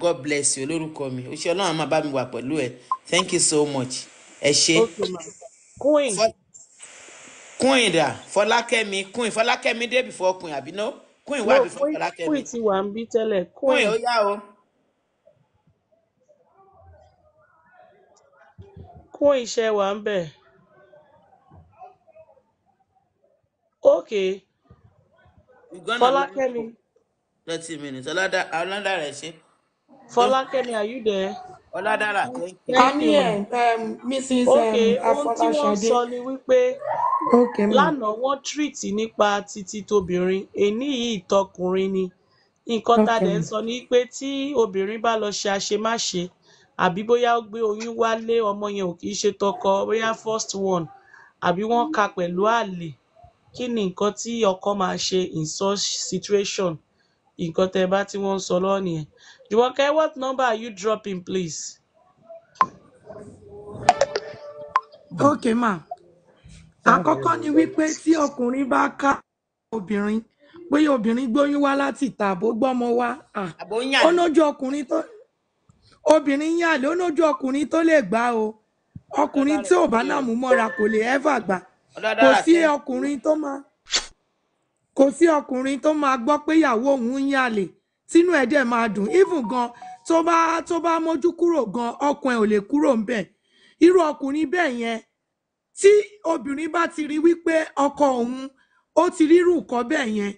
god bless you olórúkọ mi o ṣe ọlọ́run ma bá mi Wa pẹ̀lú ẹ thank you so much ẹ ṣe. queen queen da fọlákẹ́mi queen fọlákẹ́mi dé before queen àbí no wà before fọlákẹ́mi. queen ti wà tẹ́lẹ̀ o. kún iṣẹ́ wa ńbẹ̀. Okay. We're gonna Fọlákẹ́mi. Thirty minutes. Ọládà Ọládàrà ṣe. Fọlákẹ́mi, are you there? Ọládàrà. I'm here, um, Mrs. Um, okay, um, ohun tí wọ́n sọ ni wípé lánàá wọ́n treat nípa títí tóbìnrin, èní yìí tọkùnrin ni. Nǹkan tá a dẹ̀ ń sọ ni pé tí obìnrin bá lọ ṣe àṣemáṣe. Okay àbí bóyá ó gbé oyún wálé ọmọ yẹn ò kì ṣe tọkọ bóyá first one àbí wọ́n ka pẹ̀lú àlè kí ni nǹkan tí ọkọ máa ṣe in such situation nǹkan tẹ́ bá tí wọ́n ń sọ lọ́wọ́ nìyẹn Jùmọ̀kẹ́ what number are you dropping please. okay ma àkọ́kọ́ ni wípé tí ọkùnrin bá ká obìnrin bóyá obìnrin gbóyún wá láti ìta àbó gbọ́mọ wá ó lójú ọkùnrin tó obìnrin yín àlè ó lójú ọkùnrin tó lè gbà o ọkùnrin tí ò bá náà mú mọ́ra kò lè ẹ́fà gbà kò sí ọkùnrin tó máa kò sí ọkùnrin tó máa gbọ́ pé ìyàwó òun ń yàlè tínú ẹ̀ dẹ̀ máa dùn even gan tó bá tó bá mójú kúrò gan ọkùnrin ẹ̀ ò lè kúrò ń bẹ̀ irú ọkùnrin bẹ́ẹ̀ yẹn tí obìnrin bá ti rí wípé ọkọ òun ó ti rírù nǹkan bẹ́ẹ̀ yẹn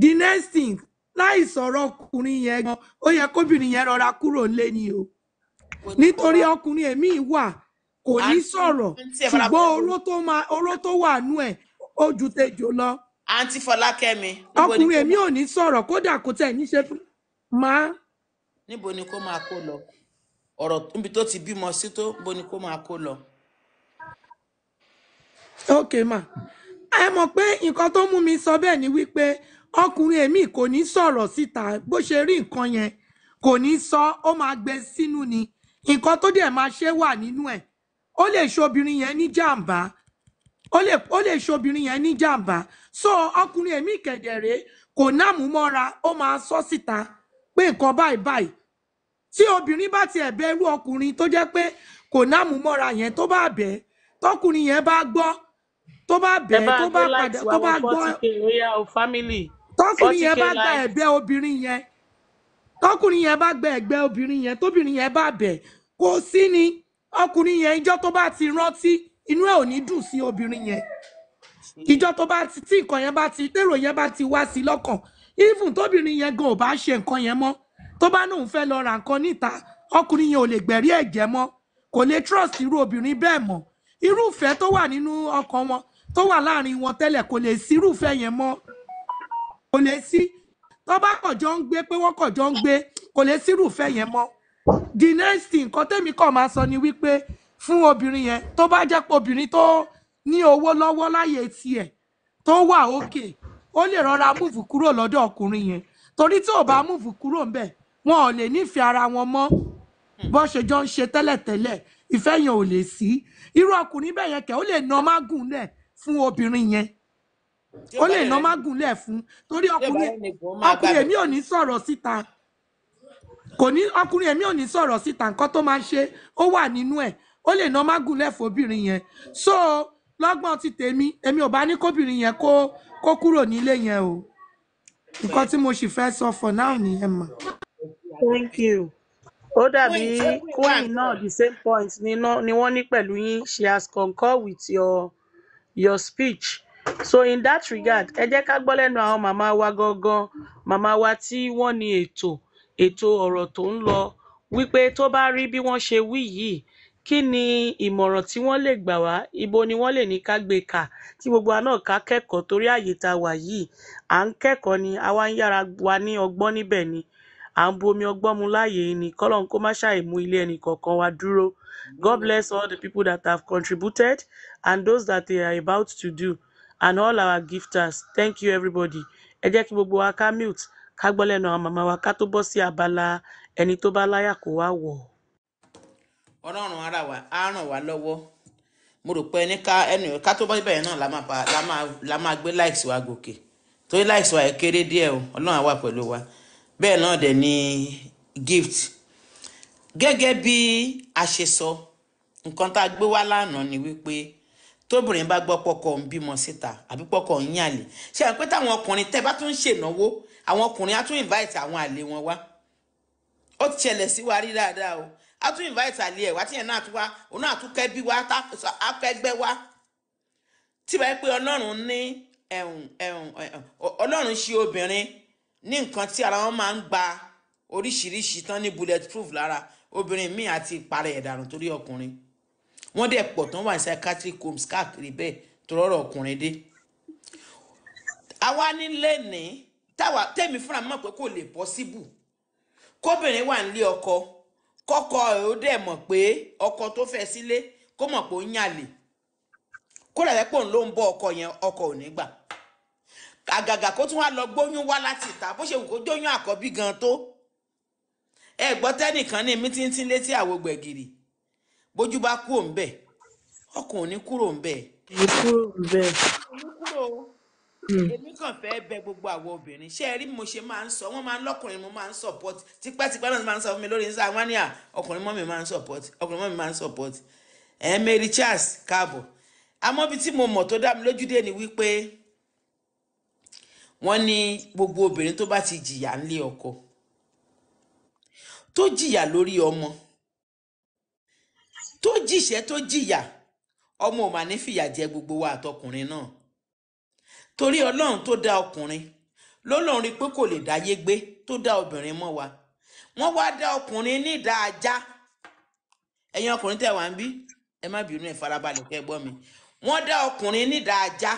the next thing láì sọ̀rọ̀ ọkùnrin yẹn gan ó yẹ kóbìnrin yẹn kúrò lé ni o nítorí ọkùnrin èmi wà kò ní sọ̀rọ̀ ṣùgbọ́n oró tó wà nú ẹ̀ ó ju lọ. ọkùnrin èmi ò ní sọ̀rọ̀ kódà kò tẹ̀ ní níbo ni máa ok ma ẹ mọ̀ pé nǹkan tó mú mi sọ bẹ́ẹ̀ ni wípé ọkùnrin èmi kò ní sọ̀rọ̀ síta bó ṣe rí nǹkan yẹn kò ní sọ ó máa gbé sínú ni nǹkan tó dẹ̀ máa ṣe wà nínú ẹ̀ ó lè ṣobìnrin yẹn ní jàǹbá ó lè ó lè ṣobìnrin yẹn ní jàǹbá so ọkùnrin èmi kẹ̀dẹ̀rẹ́ kò náàmúmọ́ra ó máa sọ síta pé nǹkan báyìí báyìí tí obìnrin bá tiẹ̀ bẹ irú ọkùnrin tó jẹ́ pé kò náàmúmọ́ra yẹn tó bá bẹ̀ẹ́ tọkùnrin yẹn bá gbọ́ tó bá bẹ̀ tó bá padà tó bá gbọ́. ẹ bá gbé láti wà wọ́n gbọ́ ti kéré ya o family. tọkùnrin yẹn bá gba ẹ̀bẹ̀ obìnrin yẹn tọkùnrin yẹn bá gba ẹ̀gbẹ́ obìnrin yẹn tóbìnrin yẹn bá bẹ̀ kò sí ni ọkùnrin yẹn ìjọ́ tó bá ti rántí inú ẹ̀ ò ní dùn sí obìnrin yẹn ìjọ́ tó bá ti tí nǹkan yẹn bá ti tèrò yẹn bá ti wá sí lọ́kàn even tóbìnrin yẹn gan ò bá ṣe nǹkan yẹn mọ́ tó bá lóun fẹ́ lọ ra nǹkan níta ọkùnrin yẹn ò lè gbẹ̀rí ẹ̀jẹ̀ mọ́ kò lè trust irú obìnrin bẹ́ẹ̀ mọ́ irúfẹ́ tó wà nínú ọkàn wọn tó wà láàrin wọn tẹ́lẹ̀ kò lè sí irúfẹ́ yẹn mọ́ kò lè sí tó bá kàn jọ ń gbé pé wọ́n kàn jọ ń gbé kò lè sí irúfẹ́ yẹn mọ́ the next thing nǹkan tèmi kàn máa sọ ni wípé fún obìnrin yẹn tó bá jẹ́ pé obìnrin tó ní owó lọ́wọ́ láyé tiẹ̀ tó wà òkè ó lè rọra múùfù kúrò lọ́dọ̀ ọkùnrin yẹn torí tí ò bá múùfù kúrò ń bẹ̀ wọn ò lè nífẹ̀ẹ́ ara wọn mọ́ bó ṣe jọ ń ṣe tẹ́lẹ̀tẹ́lẹ̀ ìfẹ́ yẹn ò lè sí irú ọkùnrin bẹ́ẹ̀ yẹn kẹ́ ó lè nà mágùn lẹ̀ fún obìnrin yẹn ó lè ná má fún torí ọkùnrin èmi ò ní sọ̀rọ̀ síta kò ní ọkùnrin èmi ò ní sọ̀rọ̀ síta nǹkan tó máa ṣe ó wà nínú ẹ̀ ó lè ná má gúnlẹ̀ fóbìnrin yẹn so lọ́gbọ́n ti tèmi èmi ò bá ní kóbìnrin yẹn kó kó kúrò nílé yẹn o nǹkan tí mo sì fẹ́ sọ for now nìyẹn mà. thank you ó dàbí queen náà the same point ni wọ́n ní pẹ̀lú yín she has concurred with your your speech so in that regard ẹ jẹ́ ká gbọ́ lẹ́nu àwọn màmá wa gangan màmá wa tí wọ́n ní ètò ètò ọ̀rọ̀ tó ń lọ wípé tó bá rí bí wọ́n ṣe wí yìí kí ni ìmọ̀ràn tí wọ́n lè gbà wá ibo ni wọ́n lè ní ká gbé kà tí gbogbo wa ká kẹ́kọ̀ọ́ torí àyè tá wà yìí à ń kẹ́kọ̀ọ́ ni àwa ń yára wa ní ọgbọ́n níbẹ̀ ni à ń bu omi ọgbọ́n mu láàyè ni kọ́lọ́n kó má ṣàì mú ilé ẹnì kọ̀ọ̀kan wa dúró God bless all the people that have contributed and those that they are about to do. and all our gifters. Thank you everybody. Ẹ jẹ́ kí gbogbo wa ká mute ká gbọ́ lẹ́nu àwọn màmá wa ká tó bọ́ sí abala ẹni tó bá láyà kó wá wọ̀. Ọlọ́run ara wa á ràn wá lọ́wọ́ mo rò pé ẹni ká ẹnu ká tó yẹn náà la máa gbé likes wa gòkè torí likes wa ẹ̀ kéré díẹ̀ o Ọlọ́run á wà pẹ̀lú wa bẹ́ẹ̀ náà dẹ̀ ni gift gẹ́gẹ́ bí a ṣe sọ nǹkan tá a gbé wá lánàá ni wípé. tóbìnrin bá gbọ́ pọkọ ń bímọ síta àbí pọkọ ń yàlè ṣe àpé táwọn ọkùnrin tẹ́ bá tún ń ṣènáwó àwọn ọkùnrin á tún invite àwọn àlè wọn wá ó ti ṣẹlẹ̀ sí wa rí dáadáa o á tún invite àlè ẹ̀ wá tíyẹn náà tún wá òun náà tún kẹ́bí wá akẹgbẹ́ wá tí báyìí pé ọlọ́run ní ẹ̀hún ẹ̀hún ọlọ́run ṣe obìnrin ní nǹkan tí ara wọn máa ń gba oríṣiríṣi tán ní bullet proof lára obìnrin míì àti ìparẹ́ ẹ̀dàrún torí ọkùnrin wọ́n dẹ̀ pọ̀ tán wà ní psychiatric homes káàkiri bẹ́ẹ̀ tọrọrọ ọkùnrin dé àwa nílé ní táwa tẹ̀mí fúnra mọ̀ pé kò lè possible kóbìnrin wà nílé ọkọ kọ́kọ́ ẹ̀ ó dẹ̀ mọ̀ pé ọkọ tó fẹ́ sílé kó mọ̀ pé ó ń yàlè kódà rẹ pò ń ló ń bọ ọkọ yẹn ọkọ ò ní gbà àgàgà kó tún wá lọ gbóyún wá láti ìta bó ṣe wù kó gbóyún àkọ́bí gan tó ẹ gbọ́ tẹ́nìkan ní mítíntín létí àwo bójú bá kúrò ń bẹ ọkàn ò ní kúrò ń bẹ. èmi kúrò ń bẹ. èmi kúrò hmm. èmi kàn fẹ́ bẹ gbogbo àwọn obìnrin ṣé ẹ rí mo ṣe máa ń sọ wọ́n máa ń lọ́kùnrin mo máa ń support tipẹ́tipẹ́ náà máa ń sọ fún mi lórí nsa wọ́n ní à ọkùnrin mọ́ mi máa ń support ọkùnrin mọ́ mi máa ń support ẹ̀ Mary Charles káàbọ̀ àmọ́ tí mo mọ̀ tó dá mi lójú dé ni wípé wọ́n ní gbogbo obìnrin tó bá ti jìyà ńlé ọkọ tó jìyà lórí ọmọ tó jìṣẹ́ tó jìyà ọmọ ò mà ní fìyà jẹ gbogbo wa àtọkùnrin náà torí ọlọ́run tó dá ọkùnrin lọ́lọ́run rí pé kò lè dáyé gbé tó dá obìnrin mọ́ wa wọ́n wá dá ọkùnrin ní ìdá ajá ẹ̀yin ọkùnrin tẹ̀ wá ń bí ẹ má bínú ẹ̀ farabalẹ̀ kẹ́ gbọ́ mi wọ́n dá ọkùnrin ní ìdá ajá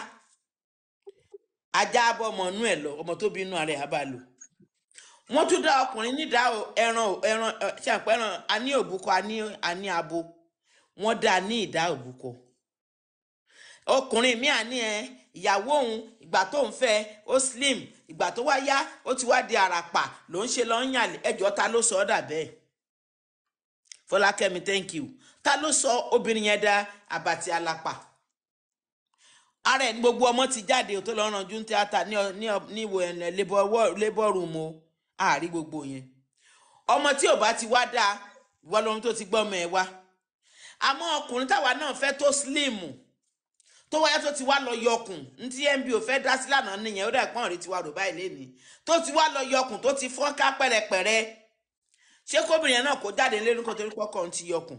ajá bọ́ ọmọ inú ẹ̀ lọ ọmọ tó bí ara ẹ̀ á wọ́n tún dá ọkùnrin ní ìdá ẹran ẹran ṣàpẹ́ràn a ní òbúkọ a ní abo wọ́n dá ní ìdá òbúkọ ọkùnrin mi àní ẹ ìyàwó òun ìgbà tó ń fẹ́ ó slim ìgbà tó wá yá ó ti wá di àràpà ló ń ṣe lọ ń yàn ẹjọ́ ta ló sọ ọ dà bẹ́ẹ̀ Fọlákẹ́mi thank you ta ló sọ obìnrin yẹn dá àbàtì àlàpà ara ẹ ní gbogbo ọmọ ti jáde tó lọ rànjú ní tíátà ní ìwò ẹnẹ labour room o àárí gbogbo yẹn ọmọ tí ò bá ti wá dáa ìwọ lóhun tó ti gbọ́ ọmọ ẹ wá. àmọ́ ọkùnrin táwa náà fẹ́ tó slim tó wáyé tó ti wá lọ yọkùn ndị mbo ò fẹ́ dá sí lánàá nìyẹn ó dà pọ́n rí tiwa rò báyìí ti wá lọ yọkùn tó ti fọ́nká pẹ̀rẹ̀pẹ̀rẹ̀ ṣé kóbìnrin náà kó jáde lẹ́nu kan torí pọ́kọ̀ ti yọkùn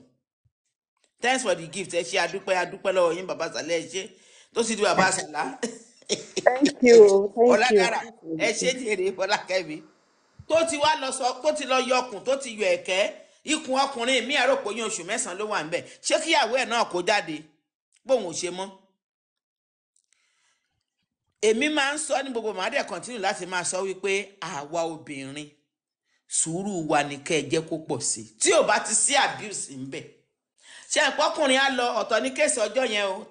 thanks for the gift ẹ ṣe adúpẹ́ adúpẹ́ lọ́wọ́ yín bàbá sàlẹ̀ ẹ ṣe tó sì di bàbá sàlá. ẹ ṣe jèrè tó ti wá lọ sọ tó lọ yọkùn ikùn ọkùnrin mi àròpò yín oṣù mẹ́sàn-án ló wà ń bẹ̀ ṣé kíyàwó ẹ̀ náà kó jáde bóun ò ṣe mọ́ èmi máa ń sọ ní gbogbo màá kọ́ntínú láti máa sọ wípé àwa obìnrin sùúrù wa ni kẹ́ ẹ jẹ́ kó pọ̀ sí tí ò bá ti sí abuse ń bẹ̀ ṣe àpọ́kùnrin á lọ ọ̀tọ̀ ní kéèsì ọjọ́ yẹn o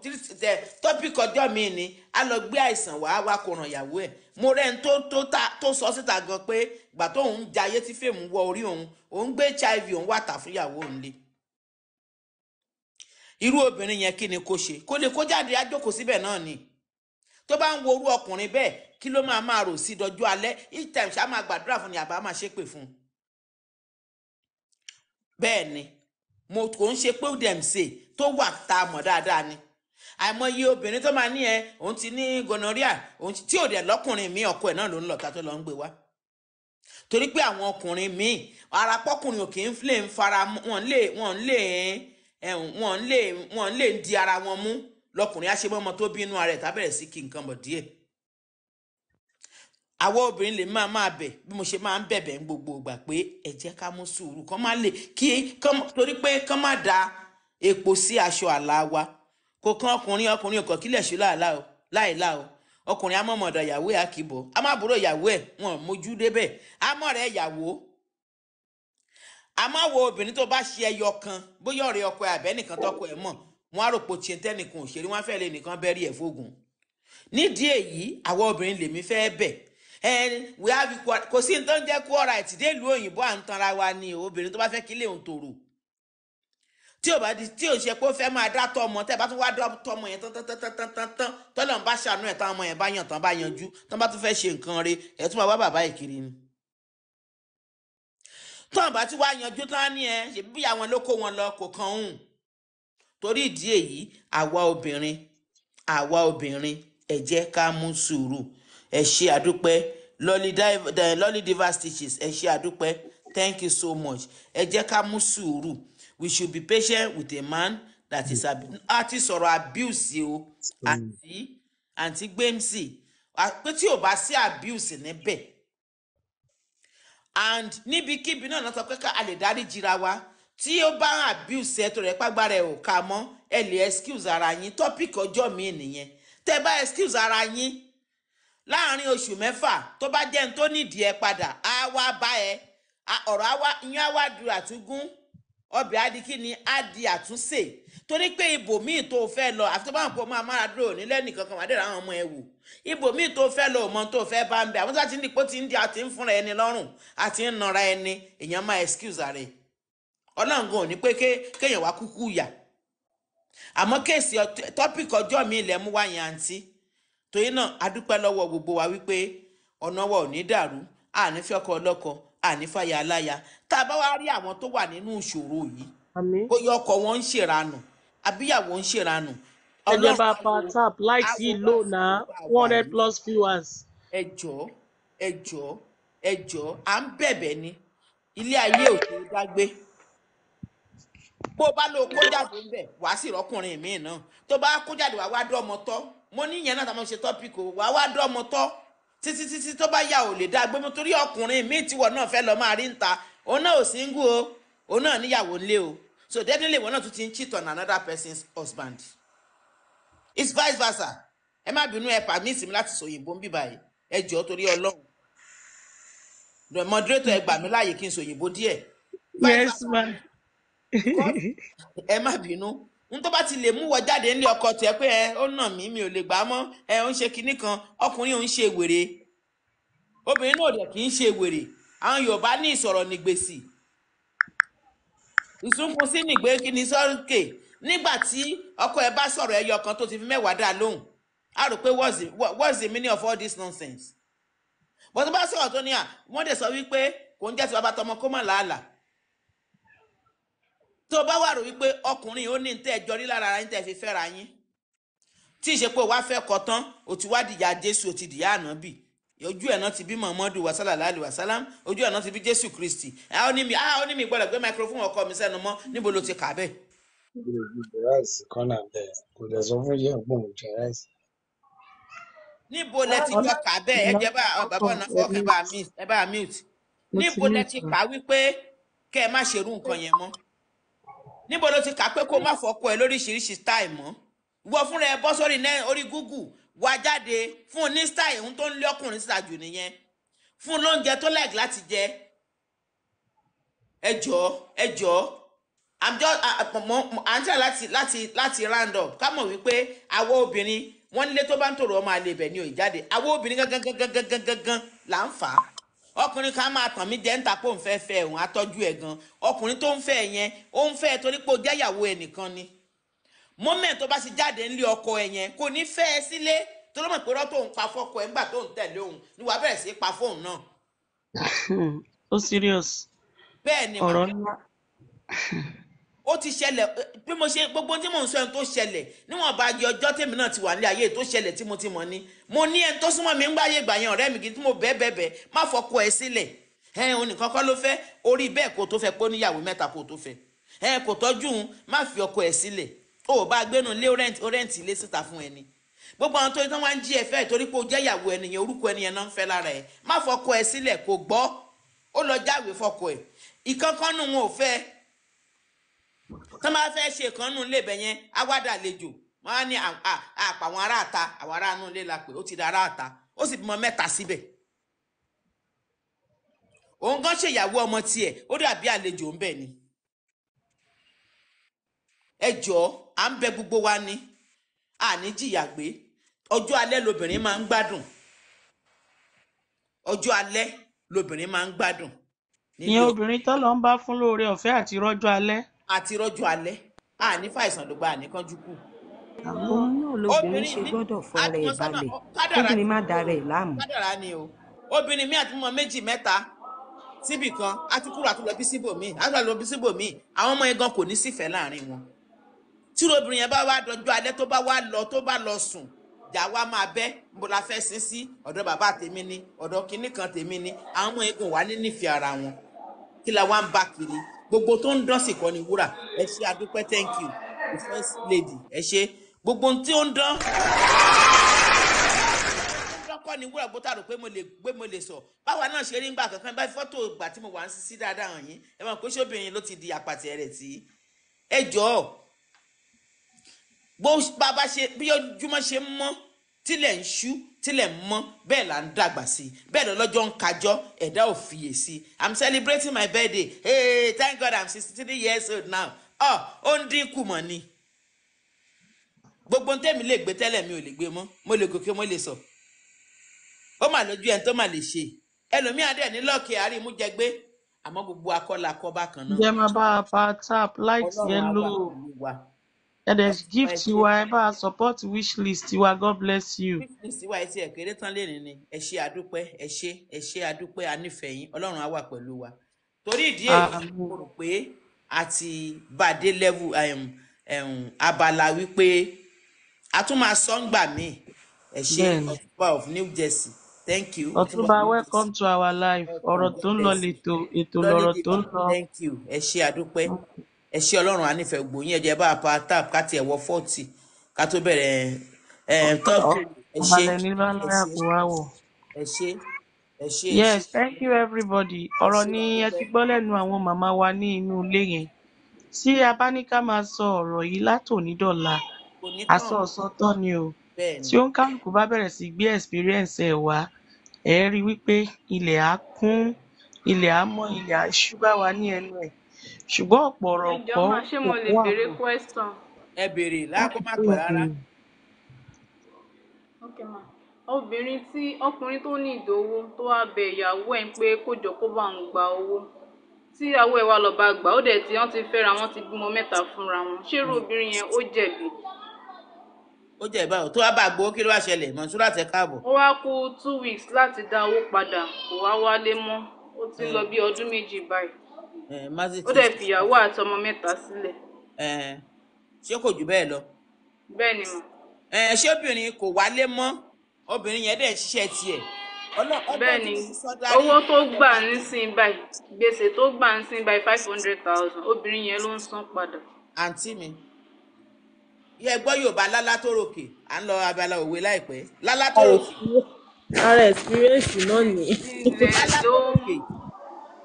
tọ́pìkì ọjọ́ mi ni á lọ gbé àìsàn wàá wá kó ràn ìyàwó ẹ̀ mo rẹ́ni tó tó ta tó sọ síta gan pé ìgbà tóun ń jayé tí fèmù wọ orí òun òun gbé hiv òun wà tà fúnyàwó òun lé irú obìnrin yẹn kí ni kó ṣe kó lè kó jáde ajókòó síbẹ̀ náà ni tó bá ń wo orú ọkùnrin bẹ́ẹ̀ kí ló máa máa rò sí dọjú alẹ́ each time ṣá máa gbàdúrà fún ni àbá máa ṣépè fún un bẹ́ẹ̀ ni mo kò ń ṣe pé ó dẹ̀ ń ṣe tó wà tá mọ̀ dáadáa ni àìmọye obìnrin tó máa ní ẹ òun ti ní gonorrhea òun tí ò dẹ̀ lọ́kùnrin mi ọkọ ẹ̀ náà ló ń lọ ta tó lọ ń gbé wá torí pé àwọn ọkùnrin míì ara pọ́kùnrin ò kì í lè ń fara wọn lè wọn lè wọn lè wọn lè di ara wọn mú lọkùnrin àṣemọ́mọ́ tó bínú ara ẹ̀ tábẹ̀rẹ̀ sí kí nǹkan bọ̀ díẹ̀ àwọn obìnrin lè máa máa bẹ̀ bí mo ṣe máa ń bẹ̀bẹ̀ ń gbogbo ìgbà pé ẹ jẹ́ ká mú sùúrù kán má lè kí torí pé kán má da epo sí aṣọ àlá wa kò kan ọkùnrin ọkùnrin ọkọ̀ kílẹ̀ ṣú láìlá o ọkùnrin amọ̀mọ̀ ọ̀dọ̀ ìyàwó ẹ̀ àkìbọ̀ amábúrò ìyàwó ẹ̀ wọn mójú débẹ̀ amọ̀ rẹ̀ ìyàwó àmọ́ wo obìnrin tó bá ṣe ẹyọ kan bóyá ọ̀rẹ́ ọkọ ẹ̀ àbẹ́nìkan tọkọ ẹ̀ mọ̀ wọn á rò pò tiẹ̀ tẹ́nìkan òṣèré wọn fẹ́ lè nìkan bẹ́rí ẹ̀ fógun nídìí èyí àwọn obìnrin lèmi fẹ́ bẹ̀ ẹn we have kò sí ní tó ń jẹ́ kó ọ̀rà ẹ̀ tìdé ìlú òyìnbó à ń tanra wa ni obìnrin tó bá fẹ́ kílé òun tòrò tí ò bá di tí ò ṣe pé ó fẹ́ máa dá tọ́ ọmọ tẹ́ bá tún wá dá tọ́ ọmọ yẹn tán tán tán tán tán tán tọ́lọ̀ ń bá ṣàánú ẹ̀ táwọn ọmọ yẹn bá yàn tán bá yanjú tán bá tún fẹ́ ṣe nǹkan re ẹ̀ tún máa wá bàbá yìí kiri ni. tán bá tún wá yanjú tán ní ẹ ṣe bí àwọn ló kó wọn lọ kò kàn ń torí ìdí èyí àwa obìnrin àwa obìnrin ẹ jẹ́ ká mú sùúrù ẹ ṣe àdúpẹ́ lolly divas teaches ẹ ṣe àdúpẹ́ thank you so much ẹ jẹ́ ká mú sùúrù we should be patient with a man that is hmm. a ti sọ̀rọ̀ abuse o hmm. àǹtí àǹtí gbẹ́mísì pé tí ò bá sí abuse níbẹ̀ and níbikíbi náà náà sọ pé ká a lè dárí jìra wa tí ó bá abuse ẹ tó rẹ pàgbára ẹ ò ká mọ́ ẹ lè excuse ara yín topic ọjọ́ mi nìyẹn tẹ́ bá excuse ara yín láàrin oṣù mẹ́fà tó bá jẹ́ ní tó nídìí ẹ padà á wá bá ẹ ọ̀rọ̀ ìyẹn á wá dùn àtúgún ọbẹ̀ adikí ni á di àtúnṣe torí pé ibòmíì tó fẹ́ lọ àfi tó máa ń dúró mọ́ amárádúró nílẹ̀ nìkan kan wàdé àwọn ọmọ ẹ wò ibòmíì tó fẹ́ lọ òmọ tó fẹ́ bá ń bẹ àwọn tó ti ń ti ń di àti ń fúnra ẹni lọ́rùn àti ń ẹni èèyàn máa excuse ní pé kéèyàn wá kúkú yà àmọ́ kéèsì tọ́pìkì ọjọ́ tá a bá wá rí àwọn tó wà nínú ìṣòro yìí bóyá ọkọ wọn ń ṣèranù àbíyàwó ń ṣèranù. ẹjẹ bá pa tap light yìí lò one hundred plus viewers. ẹ jọ̀ọ́ ẹ jọ̀ọ́ ẹ jọ̀ọ́ à ń bẹ̀bẹ̀ ni ilé ayé ò tó dágbé bó o bá lo kó jáde ńbẹ wàá sì rọkùnrin mi náà tó bá kó jáde wàá wá dọ́mọ tọ́ mo ní ìyẹn náà tá a máa ṣe tọ́pìkì o wàá wá dọ́mọ tọ́ títí títí tó bá yà ò lè dá gbé mo torí ọkùnrin mi tiwọ náà fẹ́ lọ máa rí ń ta òun o ò single o òun ni níyàwó nle o so definitely wọn náà tún ti ń cheat on another person's husband it's vice versa e ma binu e fà mí ìsinmi láti sòyìnbó ń bì báyìí ẹ jọ̀ọ́ torí Ọlọ́run the moderator ẹ gbà mí láàyè kí n sòyìnbó yes ma. ẹ má bínú n tó bá ti lè mú wọ jáde nílé ọkọ tẹ pé ẹ ó nà mí mi ò lè gbà á mọ ẹ ó ń ṣe kinní kan ọkùnrin ò ń ṣe wèrè obìnrin náà dẹ̀ kì í ṣe wèrè àwọn yorùbá ní ìsọ̀rọ̀ nígbèsì ìsúnkún sí nìgbé kí ni sọ́ọ̀kè nígbà tí ọkọ ẹ bá sọ̀rọ̀ ẹyọ kan tó ti fi mẹ́wàá dà lóhùn a rò pé what's the what's the meaning of all this nonsense But tó bá sọ̀rọ̀ tó ní à wọ́n dẹ̀ sọ wípé kò ń jẹ́ ti bàbá tọmọ kó mọ̀ làálà tó bá wà rò wípé ọkùnrin ó ní tẹ́ ẹ jọrí lára ara yín tẹ́ ẹ fi fẹ́ra yín tí ìṣepò wá fẹ́ kọ tán ó ti wá dìyà jésù ó ti dìyà ànábì ojú ẹ̀ náà ti bí muhammadu wasala alayhi wasalam ojú ẹ̀ náà ti bí jésù kristi a ó ní mi a ó ní mi gbọ́dọ̀ gbé microphone ọkọ mi sẹ́nu mọ́ níbo ló ti kà bẹ́ẹ̀. níbo lẹ ti jọ kà bẹ́ẹ̀ ẹ jẹ́ bá bàbá náà fọ́ ẹ bá mute ẹ mute níbo lẹ ti kà wípé kẹ́ ẹ má ṣerú nǹkan yẹn mọ́ níbo ló ti kà pé kó má fọkọ ẹ lóríṣiríṣi táì mọ́ wọ fúnra ẹ bọ́ sórí wá jáde fún un ní style ohun tó ń lé ọkùnrin síta jù nìyẹn fún un lóúnjẹ tó like láti jẹ ẹ jọ ẹ jọ i'm just à ń tẹ̀ láti láti láti round up ká mọ̀ wípé àwọn obìnrin wọ́n nílé tó bá ń tòrò ọmọ àlè ibẹ̀ ni ò jáde àwọn obìnrin gangan gangan gangan gangan là ń fà á ọkùnrin kan máa tàn mí jẹ́ ń ta pò ń fẹ́ fẹ́ òun àtọ́jú ẹ̀ gan ọkùnrin tó ń fẹ́ yẹn ó ń fẹ́ torí pé ó jẹ́ ìyàwó ẹnìkan ni moment tó bá ti jáde ńlé ọkọ ẹ yẹn kò ní fẹ́ ẹ sílé tó ló mọ̀ pé rọ́ tó ń pa fọ́kọ ẹ nígbà tó ń tẹ̀lé òun ni wàá bẹ̀rẹ̀ sí pa fóun náà. ó serious. bẹ́ẹ̀ ni ọ̀rọ̀ ńlá. ó ti ṣẹlẹ̀ bí mo ṣe gbogbo tí mò ń sọ ẹni tó ṣẹlẹ̀ níwọ̀n bá di ọjọ́ tèmi náà ti wà ní ayé tó ṣẹlẹ̀ tí mo ti mọ̀ ni mo ní ẹni tó súnmọ́ mi ń gbáyé ìgbà yẹn ọ̀rẹ́ mi kì í tí mo bẹ́ẹ̀ bẹ́ẹ̀ bẹ́ẹ̀ má fọ́kọ ẹ sílẹ̀ ẹ òun nìkan kọ́ ló fẹ́ orí bẹ́ẹ̀ kó tó fẹ́ pé ó níyàwó o ò bá gbénu lé ó rẹ́ǹtì ilé síta fún ẹni gbogbo àwọn tó ń tán wá ń jí ẹ fẹ́ torí pé o jẹ́ ìyàwó ẹnìyẹn orúkọ ẹnìyẹn náà ń fẹ́ lára ẹ má fọkọ ẹ sílẹ̀ kò gbọ́ ó lọ jáwèé fọkọ ẹ ìkankannu wọn ò fẹ́ tán bá fẹ́ ṣe ìkànnù lébẹ̀ yẹn á wá dà lejò wọn á ní àpà àwọn aráàta àwọn aráàánú ilé la pè ó ti da aráàta ó sì bímọ mẹ́ta síbẹ̀ òun gan ṣèyàwó ọmọ tiẹ̀ ó dàbí àlejò ń bẹ̀ ni ẹ jọ̀ọ́ à ń bẹ gbogbo wa ni àní jìyà gbé ọjọ́ alẹ́ lobìnrin máa ń gbádùn ọjọ́ alẹ́ lobìnrin máa ń gbádùn. ìyẹn obìnrin tó lọ ń bá fún lóore ọ̀fẹ́ àti rọ́jọ́ alẹ́. àti rọ́jọ́ alẹ́ àní fàìsàn ló gba àníkánjú kù. àwọn náà lobìnrin ṣe gbọ́dọ̀ fọra ẹ̀ balẹ̀ ni má dara ẹ̀ láàmú. kádàrá ni o obìnrin mi àti mọ méjì mẹ́ta síbì kan á ti kúrò àtúlọ́bí síbòmíì àtúlọ́bí síbòmíì àwọn ọmọ yẹn gan kò ní sífẹ̀ẹ́ láàrin wọn tí obìnrin yẹn bá wá dọjọ́ alẹ́ tó bá wá lọ tó bá lọ sùn jà wá máa bẹ́ mo la fẹ́ sin sí ọ̀dọ̀ bàbá tèmi ni ọ̀dọ̀ kinní kan tèmi ni àwọn ọmọ egun wà ní nífẹ̀ẹ́ ara wọn kí la wá ń bá kiri gbogbo tó ń dán sì kọ́ ni wúrà ẹ ṣe àdúpẹ́ thank you the first lady ẹ ṣe gbogbo tí ó ń dán kọ́ ni wúrà gbọ́tà rò pé mo lè gbé mo lè sọ báwa náà ṣe rí ń gbà kankan báyìí fọ́tò ìgbà tí mo wà ń sisi dáadáa hàn yín ẹ máa kó ṣóbìnrin ló ti di àpàtì rẹ̀ tí ẹ jọ̀ọ́ bó bàbá ṣe bí ojúmọ́ ṣe ń mọ́ tílẹ̀ ń ṣú tílẹ̀ ń mọ́ bẹ́ẹ̀ là ń dàgbà sí i bẹ́ẹ̀ lọ́jọ́ ń kájọ́ ẹ̀dá ò fiyè sí i i'm celebrating my birthday hey thank god i'm sixty three years old now ọ ó ń dínkù mọ́ ni gbogbo tẹ́mi lè gbé tẹ́lẹ̀ mi ò lè gbé mọ́ mo lè gòkè mo lè sọ ó mà lójú ẹni tó mà lè ṣe ẹlòmíì adé ní lọ́ọ̀kì àrímú jẹ gbé àmọ́ gbogbo akọ́lakọ́ bákan náà. jẹ́ máa bá a pa tap light yellow ẹ dẹ̀ gift tiwa ẹ bá support wish list tiwa god bless you. wish list etí ẹ̀kọ́ tán lẹ́rìn ni ẹ ṣé àdúpẹ́ ẹ ṣé ẹ ṣé àdúpẹ́ anífẹ̀yìn ọlọ́run á wà pẹ̀lú wa torí ìdí èyí mo rò pé àti bàdé lẹ́wù abala wípé a tún máa sọ ń gbà míì ẹ ṣé ọtúbà of new jersey thank you. ọtúbà welcome to our life ọ̀rọ̀ tó ń lọ lẹ́tọ̀ ètò lọ́rọ̀ tó ń lọ. thank you ẹ ṣé àdúpẹ́. Okay ẹ ṣé ọlọ́run á nífẹ̀ẹ́ gbò yín ẹ̀jẹ̀ bá a pa tap ká tiẹ̀ fọ́ọ̀tì ká tó bẹ̀rẹ̀ ẹ̀ tọ́pù ẹ ṣé ẹ ṣé yes thank you everybody ọ̀rọ̀ ni ẹ ti gbọ́ lẹ́nu àwọn màmá wa ní inú ilé yẹn tí a bá ní ká máa sọ ọ̀rọ̀ yìí látòní dọ̀la àsọ ọ̀sọ́ tọ́ ni o tí ó ń kálukú bá bẹ̀rẹ̀ sí gbé experience ẹ̀ wá ẹ̀ rí wípé ilẹ̀ á kún ilẹ̀ á mọ́ ilẹ̀ á ṣúgbà wá ní ẹnu ẹ̀ ṣùgbọ́n ọ̀pọ̀ ọ̀rọ̀ kọ́ ìjọba ṣé mo lè béèrè question. ẹ béèrè láàkó má pẹ́ rárá. okay ma obìnrin tí ọkùnrin tó ní ìdòwò tó wá bẹ ìyàwó ẹ̀ pé kó jọ kó bá òun gba owó tí ìyàwó ẹ̀ wá lọ bá gbà ó dẹ̀ tí wọ́n ti fẹ́ra wọn ti bímọ mẹ́ta fúnra wọn ṣé irú obìnrin yẹn ó jẹ̀bi ó jẹ ìbáwò tó wá bá gbowó kí ló wá ṣẹlẹ̀ mọṣúrà tẹ káàbọ̀. ó wá kú two weeks láti dá owó padà kò wá wálé mọ́ ó ti ń lọ bí ọdún méjì báyìí. Eh, ó dẹ̀ fìyàwó àtọmọ mẹ́ta sílẹ̀. Eh, ṣé kò jù bẹ́ẹ̀ lọ. bẹ́ẹ̀ ni mo. Eh, ṣé obìnrin kò wálé mọ́ obìnrin yẹn dẹ̀ ń ṣiṣẹ́ tiẹ̀. bẹ́ẹ̀ ni owó tó gbà nísìnyí báyìí gbèsè tó gbà nísìnyí báyìí five hundred thousand obìnrin yẹn ló ń san padà. àǹtí mi yẹ gbọ́ Yorùbá lálá tó ròkè à ń lọ abala òwe láìpẹ́ lálá tó ròkè. ara experience náà nìyí.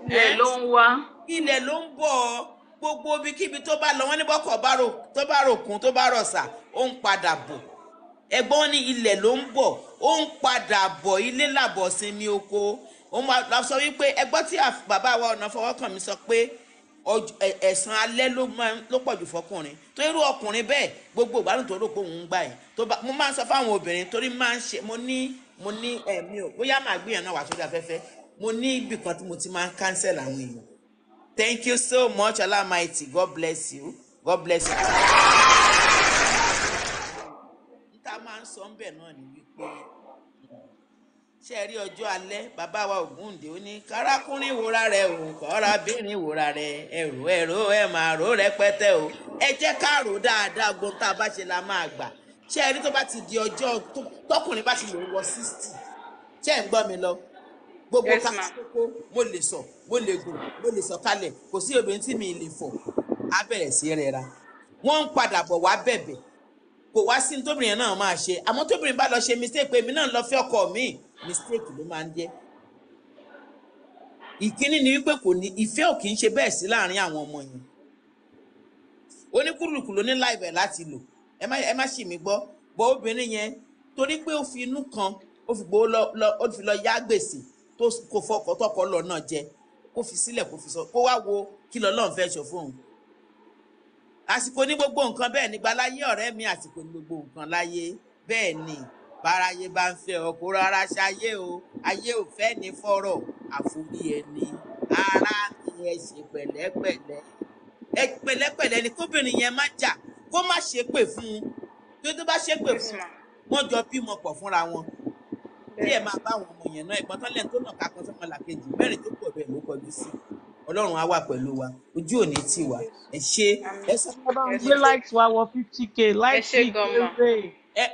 ilẹ̀ ló ń wá ilẹ̀ ló ń bọ̀ ọ́ gbogbo ibikíbi tó bá lọ wọ́n ní bọ́kọ̀ tó bá ròkun tó bá rọ̀ṣà ó ń padà bọ̀ ẹ̀gbọ́n ní ilẹ̀ ló ń bọ̀ ó ń padà bọ̀ ilé làbọ̀ ní oko òun la sọ wípé ẹgbọ́n tí bàbá wa ọ̀nà fọwọ́kàn mi sọ pé ẹ̀sán alẹ́ ló pọ̀ jù fọkùnrin tó irú ọkùnrin bẹ́ẹ̀ gbogbo ìgbádùn tó rò pé òun ń gbà yìí tó bá mo máa ń sọ fáwọn obìnrin torí máa ń ṣe mo ní mo ní ẹ̀mí o bóyá màá gbìyànjú náà wà afẹ́fẹ́ mo ní ibì kan tí mo ti máa ń cancel àwọn èèyàn Thank you so much, Allah Almighty. God bless you. God bless you. Níta máa ń sọ ńbẹ̀ náà ni wípé ṣe rí ọjọ́ alẹ́ bàbá wa Ògúndé ó ní kárákùnrin ìwòra rẹ o kọ́rábìnrin ìwòra rẹ ẹ̀rù ẹ̀rù ẹ̀ máa rò rẹpẹtẹ o ẹ jẹ́ ká rò dáadáa ogun tá a bá ṣe la máa gbà ṣe rí tó bá ti di ọjọ́ tọkùnrin bá ti lò wọ sixty ṣe ń gbọ́ mi lọ gbogbo kákókó mo lè sọ mo lè gùn mo lè sọ kalẹ̀ kò sí obìnrin tí mi lè fọ̀ á bẹ̀rẹ̀ sí rẹra wọ́n ń padà bọ̀ wá bẹ̀bẹ̀ kò wá sí tóbìnrin náà máa ṣe àmọ́ tóbìnrin bá lọ ṣe mistake pé èmi náà lọ fẹ́ ọkọ mi mistake ló máa ń jẹ́ ìkíní ni wípé kò ní ìfẹ́ ò kì í ṣe bẹ́ẹ̀ sí láàrin àwọn ọmọ yẹn oníkúrùkù ló ní láìbẹ̀ láti lò ẹ má ẹ má ṣì mí gbọ́ bọ́ obìnrin yẹn torí pé ó fi inú kan ó fi gbowó lọ ó fi lọ yá gbèsè tó kò fọkọ tọkọ lọ náà jẹ kó fi sílẹ̀ kó fi sọ kó wá wo kí lọ́lọ́run fẹ́ sọ fóun àsìkò ní gbogbo nǹkan bẹ́ẹ̀ nígbà láyé ọ̀rẹ́ mi àsìkò ní gbogbo nǹkan láyé bẹ́ẹ̀ ni báráyé bá ń fẹ́ ọkọ rárá ṣayé o ayé ò fẹ́ ní fọ́rọ̀ àforí ẹni ara ni ẹ ṣe pẹ̀lẹ́pẹ̀lẹ́ ẹ pẹ̀lẹ́pẹ̀lẹ́ ni kóbìnrin yẹn má jà kó má ṣépè fún un tó tó bá ṣépè fún un wọ́n jọ bímọ pọ̀ fúnra wọn tí ẹ máa bá àwọn ọmọ yẹn náà ẹ̀gbọ́n tọ́lẹ̀ tó nàka kan sọ́mọ làkejì mẹ́rin tó pọ̀ bẹ́ẹ̀ ló kọjú sí ọlọ́run á wà pẹ̀lú wa ojú òní tì wá ẹ ṣe ẹ sọ fún ọba ọdún yẹn láìsí wa wọ fifty k láìsí ìgbéró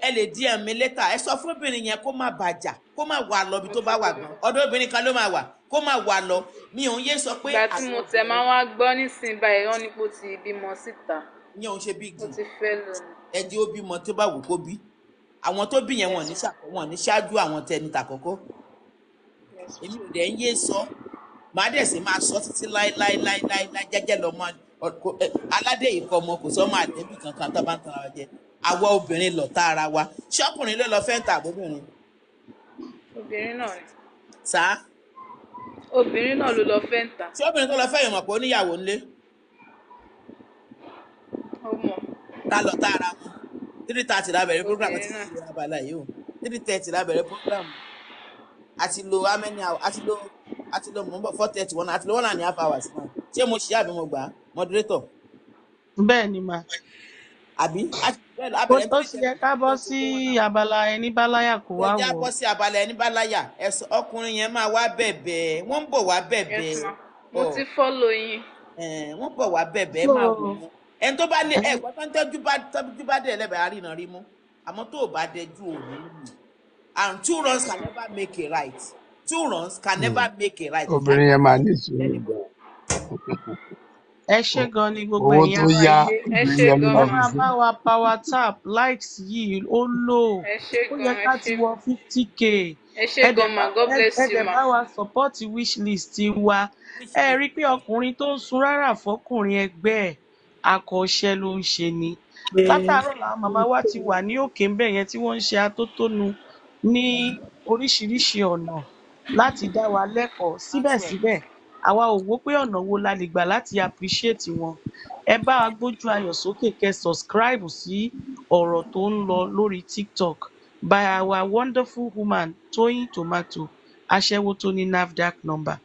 ẹ lè dí ẹ̀mí lẹ́tà ẹ sọ fún obìnrin yẹn kó má bàjà kó má wà lọ ibi tó bá wà gan ọ̀dọ̀ obìnrin kan ló má wà kó má wà lọ mi ò ń yé sọ pé. ìgbà tí mo tẹ̀ máa wá gbọ́ nísìnyí báyìí wọ́n ní kó ti bímọ síta. ìyẹn ò ń ṣe bí gùn ẹ di ó bímọ tó bá wù kó bí àwọn tó bí yẹn wọn ní ṣàkó wọn ní ṣáájú àwọn tẹni tàkọ́kọ́ èmi ò dẹ̀ ń yé sọ màá dẹ̀ sì máa sọ títí láíláíláíláí jẹ́jẹ́ lọ́mọ aládé ìkọ́ ọmọ kò sọ́mọ àdébì kankan tó bá ń tara jẹ àwa obìnrin lọ̀tá ara wa ṣọ́kùnrin ló lọ fẹ́ ń ta àbóbìnrin. obìnrin náà ni. sá. obìnrin náà ló lọ fẹ́ ń ta. ṣé obìnrin tó lọ fẹ́ yọ̀mọ̀ pé ó níyàwó ńlé. ó mọ̀. ta lọ̀tá ara wọn. three thirty la program ati three thirty la bàlá yìí o three thirty la bẹ̀rẹ̀ program ati lo how many hours ati lo ati lo four thirty one ati lo one and a half hours náà ṣé mo ṣe mo moderator. bẹ́ẹ̀ ni àbí àti ṣe yẹ ká sí abala ẹni kó wá ó sí abala ẹni ọkùnrin yẹn máa wá wá mo ti fọ́ lóyin. wá máa ẹni tó bá ní ẹ̀gbọ́n tó ń tẹ́jú bá tẹ́jú bá dẹ̀ lẹ́bẹ̀ẹ́ àrínà rí mú àmọ́ tó o bá dẹjú òní lù and two runs can never make a right two runs can hmm. never make a right. obìnrin yẹn máa ní sùúrù gan. ẹ ṣé gan ni gbogbo ẹ̀yin ara ilé ẹ ṣé gan ẹ máa bá wa power tap likes yìí ó lò ó yẹ ká ti wọ fifty k ẹ ṣé gan ma god bless you ma bá wa support wish list wa ẹ rí i pé ọkùnrin tó ń sun rárá fọkùnrin ẹgbẹ́ ẹ̀ akọ iṣẹ́ ló ń ṣe ni látàárọ̀ làwọn màmá wa ti wà ní òkè ńbẹ̀ yẹn tí wọ́n ń ṣe atótónu ní oríṣiríṣi ọ̀nà láti dá wa lẹ́kọ̀ọ́ síbẹ̀síbẹ̀ àwa ò wò pé ọ̀nà wo la lè gbà láti appreciate wọn ẹ bá wa gbójú ayọ̀ sókè kẹ́ subscribe sí ọ̀rọ̀ tó ń lọ lórí tiktok by our wonderful woman Toyin Tomato aṣẹ́wó tó ní nafdac number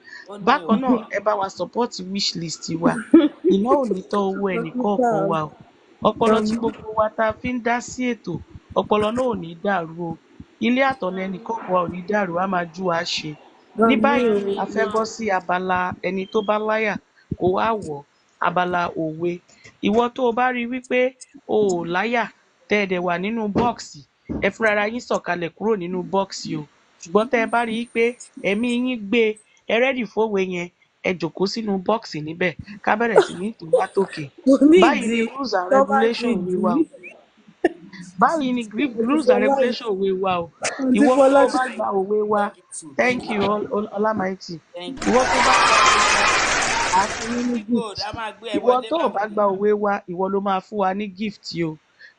bákan náà ẹ bá wa support wish list wa iná ò ní tán owó ẹnìkọ̀ọ̀kan wa o ọpọlọ tí gbogbo wa ta fi ń dá sí ètò ọpọlọ náà ò ní dàrú o ilé àtọ̀nà ẹnìkọ̀ọ̀kan wa ò ní dàrú a máa ju wa ṣe ní báyìí a fẹ́ bọ́ sí abala ẹni tó bá láyà kó wá wọ̀ abala òwe ìwọ tó o bá rí i wípé o ò láyà tẹ́ ẹ dẹ̀ wà nínú bọ́ọ̀sì ẹ fúnra ara yín sọ̀kalẹ̀ kúrò nínú bọ́ọ̀sì o ṣùgbọ́n tẹ́ ẹ bá rí i pé ẹ̀mí yín gbé ẹ rẹ́dì fòwe yẹn ẹ jókòó sínú bọ́ọ̀sì níbẹ̀ ká bẹ̀rẹ̀ sí ní tò látòkè báyìí ni rules and regulations wí wa o báyìí ni rules and regulations wí wa o ìwọ tó bá gba òwe wa thank you ọlámàìtì ìwọ tó bá gba òwe wa àti nínú gift ìwọ tó bá gba òwe wa ìwọ ló máa fún wa ní gift o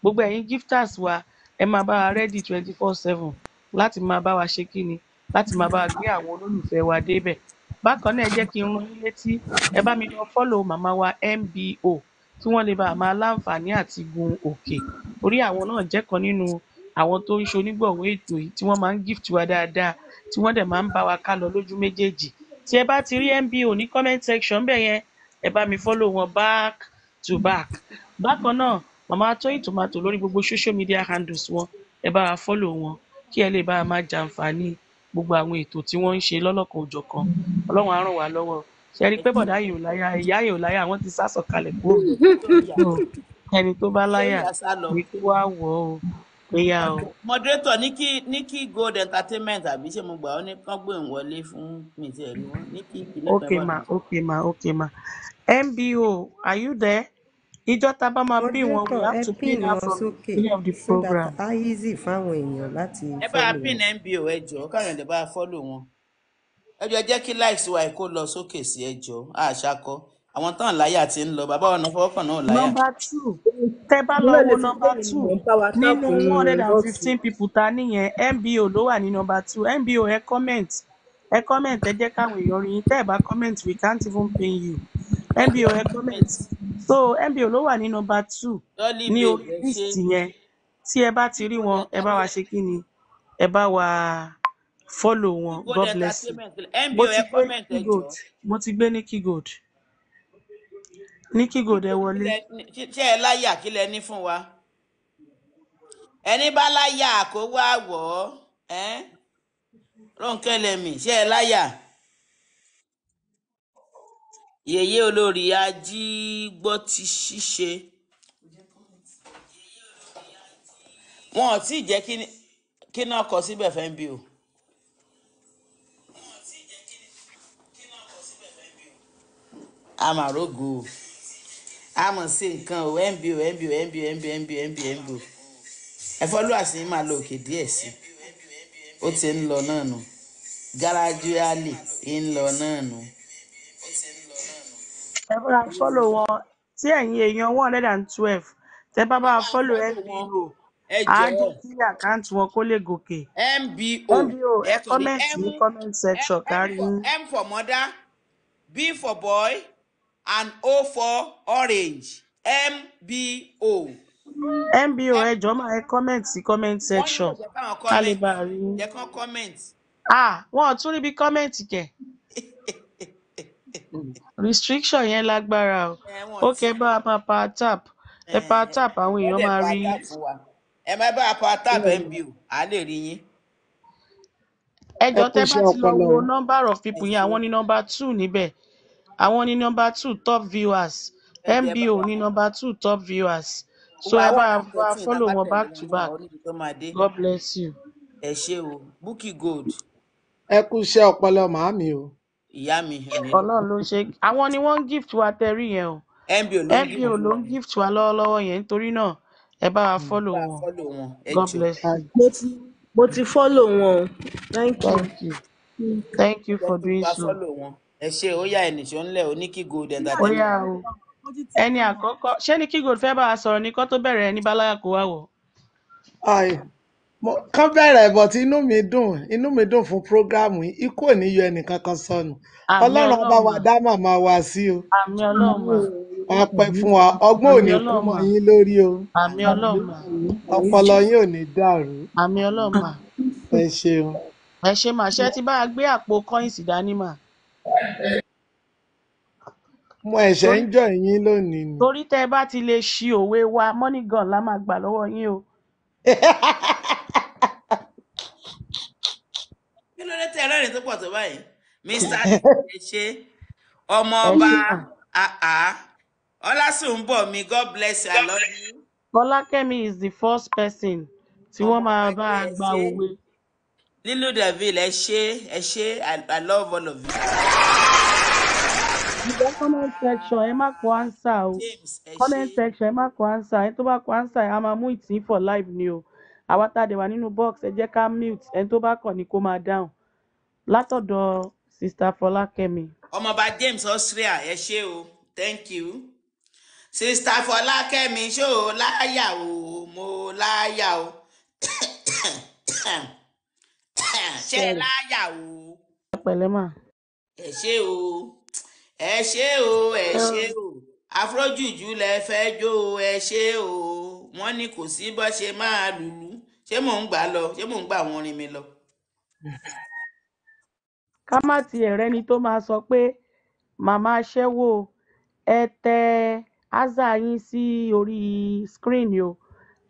gbogbo ẹ̀yin gifters wa ẹ máa bá wa ready twenty four seven láti máa bá wa ṣe kí ni láti máa bá wa gbé àwọn olólùfẹ́ wa débẹ̀ bákan náà ẹ jẹ́ kí n rán yín létí ẹ bá mi lọ fọ́lọ̀ màmá wa MBO kí wọ́n lè bá máa láǹfààní àti gun òkè orí àwọn náà jẹ́ kan nínú àwọn tó ń ṣe onígbọ̀wọ́ ètò yìí tí wọ́n máa ń gift wa dáadáa tí wọ́n dẹ̀ máa ń bá wa ká lọ lójú méjèèjì tí ẹ bá ti rí MBO ní comment section bẹ́ẹ̀ yẹn ẹ bá mi fọ́lọ̀ wọn back to back bákan náà màmá Tóyìn Tòmátò lórí gbogbo social media handles wọn ẹ bá wa fọ́lọ̀ wọn kí ẹ lè bá máa jàǹfààní gbogbo àwọn ètò tí wọ́n ń ṣe lọ́lọ́kan-ò-jọ̀kan ọlọ́run á ràn wá lọ́wọ́ ṣe rí i pé bọ̀dá yìí láyà ìyá yìí láyà wọ́n ti sásọ̀ kalẹ̀ kúrò ẹni tó bá láyà ni kó wá wọ̀ ọ́ péyà o. moderator ní kí gold entertainment àbí ṣé mo gbà ọ́ ní kán ìwọlé fún mi ti ẹ̀rí wọn ní okay ma okay ma okay ma MBO are you there? ìjọ tá a bá máa pín wọn we have to pín am from the beginning of the program. so easy fáwọn èèyàn láti follow wọn. ẹ bá a pín mbo ẹ jọ káwọn èèyàn bá a follow wọn ẹ jọ jẹ́ kí likes wa kó lọ sókè sí ẹ jọ àṣàkọ àwọn tán láyà ti ń lọ bàbá ọ̀nà fọwọ́kàn náà láyà. nọmba two tẹ bá lọ wo nọmba two nínú one hundred and fifteen people ta nìyẹn mbo ló wà ní nọmba two mbo ẹ comment ẹ comment ẹ jẹ́ káwọn èèyàn rí yín tẹ́ ẹ bá comment we can't even pay you mbo ẹ comment so mbo ló wà nínú batch two ní orí list yẹn tí ẹ bá ti rí wọn ẹ bá wa ṣe kí ni ẹ bá wa follow wọn god bless you mo ti gbé ní keygold mo ti gbé ní keygold ní keygold ẹ wọlé. ṣé ẹ láyà kí lẹ ní fún wa ẹni bá láyà kó wá wọ̀ ọ́ Ronke Lemi ṣé ẹ láyà yèyé olórí ajígbọ́ ti ṣíṣe wọn ò tí ì jẹ́ kí náà kọ síbẹ̀ fẹ́ ń bí o. amarogo àmọ̀ sí nǹkan o mbo mbo mbo mbo mbo mbo mbo ẹ̀fọ́ ló àsìn máa lo òkè díẹ̀ sí ó ti ń lọ náà nù gáràjúálì ń lọ náà nù ẹ bá fọ́lò wọn tí ẹ̀yin èèyàn one hundred and twelve tẹ bá bá fọ́lò nbo àájọ kí àkáǹtì wọn kó lè gòkè mbo ẹ kọ́mẹ̀ntì ní comment section kárí. m for mother b for boy and o for orange mbo. mbo ẹ jọ̀ọ́ máa ẹ comment sí comment section kálíbà rí. ah wọn ò tún ríbi comment kẹ. restriction yẹn lágbára o ó kẹ bá a máa pa tap ẹ pa tap àwọn èèyàn máa rí yín. ẹ má bá a pa tap mbu a lè rí yín. ẹjọ tẹ bá ti lọ wo number of people yẹn àwọn ní number two níbẹ̀ àwọn ní number two top viewers mbo ní number two top viewers so ẹ bá a follow wọn back to back god bless you. ẹ ṣé o Bukky Gold. ẹ kú iṣẹ́ ọpọlọ màámi o ìyá mi. ọlọ́run ló ṣe àwọn ni wọ́n ń gift wa tẹrí yẹn o mbo ló ń gift wa lọ́wọ́lọ́wọ́ yẹn nítorí náà ẹ bá wa mm, fọ́lò wọn god bless you. mo ti fọ́lò wọn o thank you thank you for doing so. ẹ ṣe ó yá ẹnìṣọ́ ńlẹ̀ oníkí gold entertainment. ó yá o ẹni àkọ́kọ́ ṣé ní kí gold fẹ́ bá a sọ̀rọ̀ ní kó tó bẹ̀rẹ̀ ẹni bá láyà kó wá wọ̀ kán bẹ̀rẹ̀ but inú mi dùn inú mi dùn fún prógráàmù yìí ikú ò ní yọ ẹnìkankan sọnù ọlọ́run bá wa dá màmá wa sí o àmín ọlọ́run wàá pẹ́ fún wa ọgbọ́n ò ní kú mọ́ yín lórí o àmín ọlọ́run ọpọlọ yín ò ní dàrú àmín ọlọ́run ẹ ṣeun. ẹ ṣe màá ṣe ti bá a gbé àpò kọ́ìnsì dání mà. mo ẹ̀ṣẹ̀ ń jọ yín lónìí ni. torí tẹ́ ẹ bá ti lè ṣi òwe wa money gun la máa gbà lọ́wọ́ yín o kí ló dé tí ẹlẹ́rìí tó pọ̀ tó báyìí mr ṣe ọmọ ọba àá ọlásùnbọ̀mí god bless you i love you. is the first person tí wọ́n máa bá a gba òwe. Lílù David ẹ ṣé ẹ ṣé I love all of you comment section ẹ má kọ answer o comment section ẹ má kọ answer ẹni tó bá kọ answer ẹ a máa mú ìtì for live ni o àwa wà nínú box ẹ jẹ́ ká mute ẹni tó bá kọ̀ ni kó máa dáhùn látọ̀dọ̀ sista Fọlákẹ́mi. ọmọọba James Austria ẹ ṣé o thank you sista Fọlákẹ́mi ṣó o láyà o mo láyà o ṣe láyà o. ẹ pẹ̀lẹ́ o ẹ ṣé o ẹ ṣé o afrojuju lẹ fẹ́ jó o ẹ ṣé o wọ́n ní kò sí bó ṣe máa lùlù ṣé mò ń gbà lọ ṣé mò ń gbà wọn rin mi lọ. ká má tiẹ̀ rẹ́ni tó máa sọ pé màmá aṣẹ́wó ẹ tẹ ásà yín sí orí screen o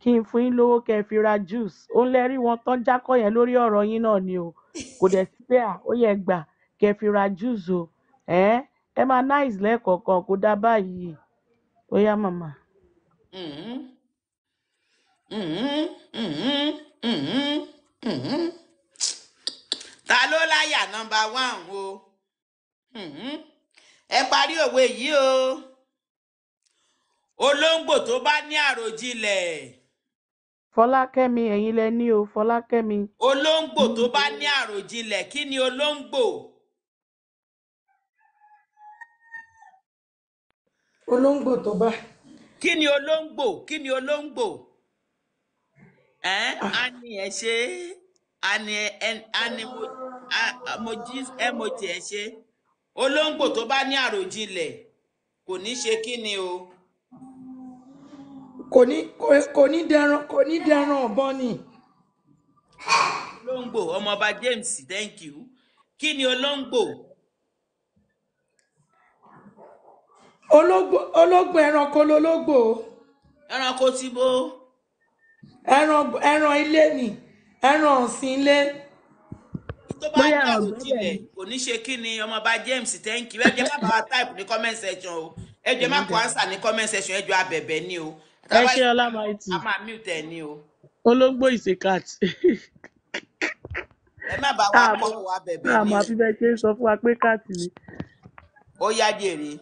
kí n fún yín lówó kẹ́ fi ra juice ó ń lẹ́rí wọn tán jákọ̀ yẹn lórí ọ̀rọ̀ yín náà ni o kò dẹ̀ sí pé à ó yẹ gbà kẹ́ fi ra juice o eh? ẹ máa ìsìlẹ̀ kọ̀ọ̀kan kó dá báyìí ó yá màmá. hmm hmm hmm hmm hmm ta ló láyà nọ́mbà 1 o hmm ẹ parí òwe yìí o olóńgbò tó bá ní àròjinlẹ̀. Fọlákẹ́mi ẹ̀yin lẹ ní o Fọlákẹ́mi. olóńgbò tó bá ní àròjinlẹ̀ kí ni olóńgbò. olóńgbò tó bá. kí ni olóńgbò kí ni olóńgbò ẹ á ní ẹ ṣe á mo jí ẹ ṣe olóńgbò tó bá ní àròjinlẹ̀ kò ní ṣe kí ni o. kò ní kò ní dẹran kò ní dẹran ọ̀bọ̀n ni. olóńgbò ọmọọba James thank you kí ni olóńgbò. ológbò ẹranko lológbò. ẹranko ti bo. ẹran ilé ni ẹran ọ̀sìn ilé. tó bá jẹ́ òjìlẹ̀ kò ní ṣe kí ni ọmọọba James thank you ẹ jẹ́ má bàa type ní comment section o ẹ jẹ́ má kọ answer ní comment section ẹ jọ abẹ̀bẹ̀ ni o. ẹ ṣe ọlámàìtì a máa mute ẹ ní o. ológbò is a cat. ẹ má bàa wá kọ́ wa bẹ̀bẹ̀ ah, ni. àmọ́ àfi bẹ́ẹ̀ ṣe é sọ fún wa pé káàtì ni. ó yá jèrè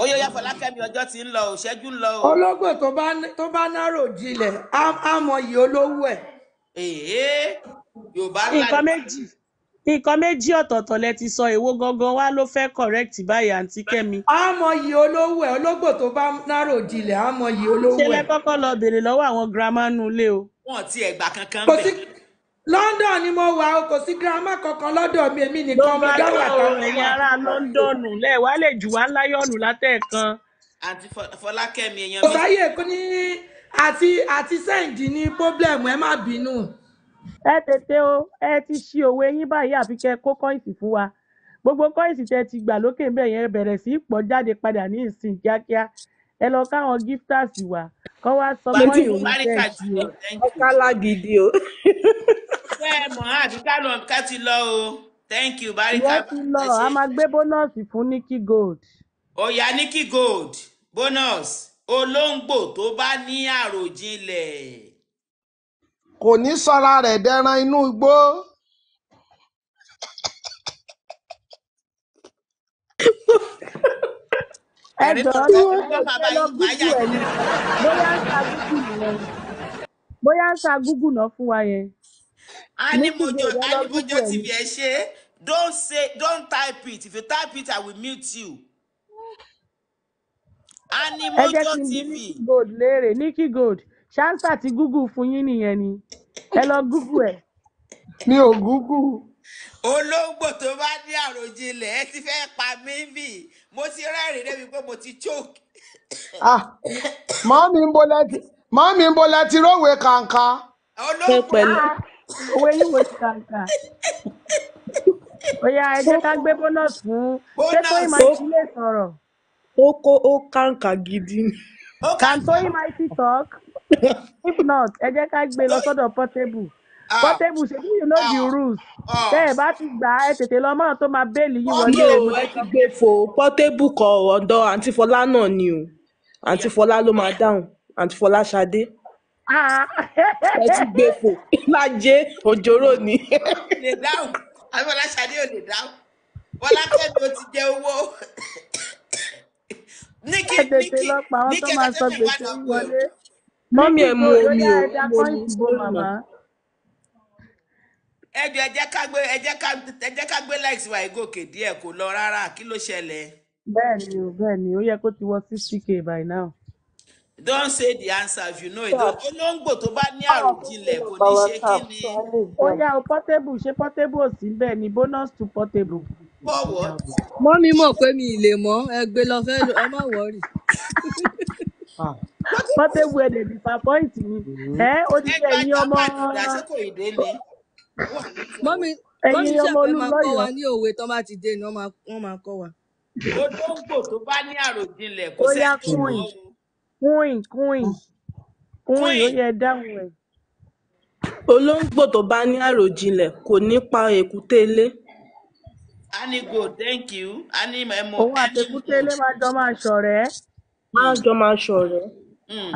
ó yẹ yá Fọlákẹ́mi ọjọ́ tí ń lọ ò ṣẹ́jú ń lọ o. ológbò tó bá náró jinlẹ̀ á mọyì olówó ẹ̀. èèyàn yorùbá ńlá nǹkan méjì nǹkan méjì ọ̀tọ̀ọ̀tọ̀ lẹ ti sọ èwo gangan wá ló fẹ́ correct báyìí àǹtí Kẹ́mi. á mọyì olówó ẹ̀ ológbò tó bá náró jinlẹ̀ á mọyì olówó ẹ̀. ṣé lẹ kọ́kọ́ lọ béèrè lọ́wọ́ àwọn girama nulẹ̀ o. wọn ò tiẹ̀ gbà kankan bẹ́ẹ̀ London ni mo wà o kò sí girama kankan lọ́dọ̀ mi èmi nìkan mo dá wà táwọn wà. ẹ̀yin ará London lẹ́ẹ̀wá lè jù wá láyọ̀nù látẹ̀kan. àǹtí Fọlákẹ́mi èèyàn mi. ọ̀sáyé kò ní àti àti sẹ́ǹdì ní pọ́blẹ́mù ẹ má bínú. ẹ tètè o ẹ ti ṣí òwe yín báyìí àfi kẹ́ kó kọ́ìsì fún wa gbogbo kọ́ìsì tẹ́ ti gbà lókè ń bẹ̀ yẹn bẹ̀rẹ̀ sí í pọ̀ jáde padà ní ìsìn kíákíá ẹ lọ káwọn gifters wá kọ́ wá sọ fún ìròyìn tẹ̀ sí o. ọ̀kálá gidi o. ṣé ẹ mọ̀ àbí ká ti lọ o thank you barika. wọ́n ti lọ a máa gbé bónọ́ọ̀sì fún Nikki Gold. ọ̀yà Nikki Gold bonus olóńgbò tó bá ní àròjinlẹ̀. kò ní sọra rẹ̀ dẹran inú igbó. ẹ jọ̀ọ́ tí wọ́n ṣe lọ gúgù ẹ̀ ni bóyá ń ta gúgù yẹn bóyá ń ta gúgù náà fún wa yẹn. animojo animojo tv ẹ ṣe don't say don't type it if you type it i will mute you. animojo tv. ẹ jẹ́ kí n bí nikki gold léèrè nikki gold ṣáńsà tí gúgù fún yín nìyẹn ni ẹ lọ gúgù ẹ̀. mi ò gúgù. olóńgbò tó bá ní àròjinlẹ̀ ẹ ti fẹ́ pa mí bì mo ti rẹ́rìn-ín pé mo ti choke. Ah, màámi ń ń bolẹ̀ ti rówe kàǹkà. olóńgbò ah, owó yìí wo ti kàǹkà. Oya ẹ ká gbé bónọ́ọ̀sì fún Ṣétóyìn Máìtì lè sọ̀rọ̀. Ó kó ó gidi. talk? If not, ẹ ká gbé lọ Portable. Portable ṣe bí you know the ah. rules. Bẹ́ẹ̀ ah. bá ti gbà ẹ tètè lọ mọ́ tó máa béèlì yín wọlé. Mi ò ẹ ti gbé fo Portable kọ ọ̀dọ̀ àǹtí Fọlá náà ni o. Àǹtí Fọlá ló máa dáhùn. Àǹtí Fọlá Ṣadé. Ah. Ẹ ti gbé fo. Lájẹ́ òjòrò ni. Lè dáhùn. Àbí Fọlá Ṣadé ò lè dáhùn. Bọ́lá Kẹ́mi ó ti jẹ owó níkì níkì níkì ẹ̀ka tó fi wá lọ wọlé. mọ́mí ẹ̀ mú omi o mú omi ẹjọ ẹ ká gbé ẹ ká ẹ ká gbé likes wa ìgòkè díẹ̀ kò lọ rárá kí ló ṣẹlẹ̀. bẹ́ẹ̀ni o bẹ́ẹ̀ni o yẹ kó ti wọ sixty k by now. don't say the answer if you know it olóńgbò tó bá ní àròjinlẹ̀ kò ní ṣe kí ó yá o portable ṣe portable ò sí bẹ́ẹ̀ ni bonus to portable. bọ́wọ̀. mọ́ mi mọ̀ pé mi ì lè mọ́ ẹ gbé lọ fẹ́ ẹ má wọ̀rì ah. portable ẹ̀ lè disappoint mi mm-hmm. ẹ ó ti ṣe ẹ̀yin ọmọ. ẹgbẹ́ ajá pàdùdà sí mọ́mí mọ́mí ẹ̀yin ọmọ ṣẹ̀fẹ̀ máa kọ́ olùlọ́yọ̀ wa ní òwe tán bá ti dé ni wọ́n máa wọ́n máa kọ́ wa. Odóńgbò tó bá ní àròjinlẹ̀ kò ó yá sẹ́ni tó mọ̀ kúnyìn ọ́. kúnyìn kúnyìn kúnyìn ó Queen, yẹ dáhùn ẹ̀. olóńgbò tó bá ní àròjinlẹ̀ kò ní pa èkúté ilé Annie thank you. Annie Memo, òun àti Annie èkúté go. ilé máa jọ máa ṣọ̀rẹ́ má jọ máa ṣọ̀rẹ́. Mm.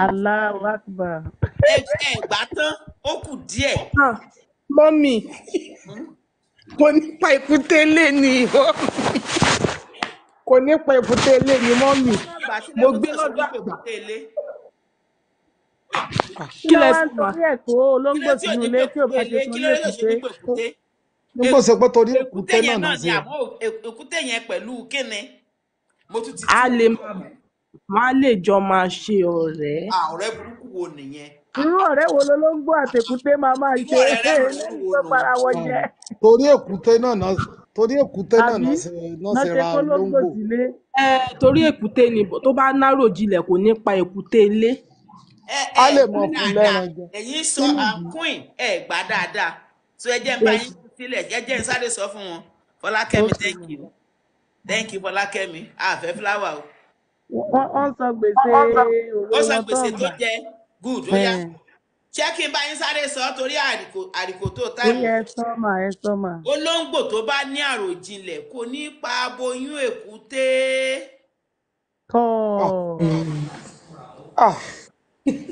Akbar. Ẹ ẹ gbà tán, ó kù díẹ̀. Ah mọ́mì kò nípa èkúté lé ní kò nípa èkúté lé ní mọ́mì mo gbé lọ́dọ̀ àgbà. kí lẹ sọ wá kí lẹ tó olóńgbò sínú ilé tí ò bá ti sún ilé èkúté. nígbà sọ pé torí èkúté náà náà sí. èkúté yẹn pẹ̀lú kíni mo tún ti. a lè máa lè jọ máa ṣe ọ̀rẹ́. ọ̀rẹ́ burúkú wo nìyẹn irú ọ̀rẹ́ wo lolóńgbò àtẹ̀kúté máa máa ṣe lẹ́yìn tó para wọn jẹ. torí èkúté náà náà torí èkúté náà náà ṣe ra lóńgbò. torí èkúté ni tó bá nárò jinlẹ̀ kò ní pa èkúté ilé. a lè mọ fún lẹ́ran jẹ. ẹ̀yin sọ àkúìn ẹ̀ gbà dáadáa tó ẹ jẹ́ ń bá yín sílẹ̀ ẹ ń sáré sọ fún wọn fọlákẹ́mi thank you thank you fọlákẹ́mi àfẹ́ fúláwà o. wọ́n sọ gbèsè tó ń good ó yá eh. ṣé kí n bá yín sáré sọ torí àrìkò tó táìmù. ẹ sọ mà ẹ sọ mà. olóńgbò tó bá ní àròjinlẹ̀ kò ní pa aboyún èkúté. tọ́ ah. Ah.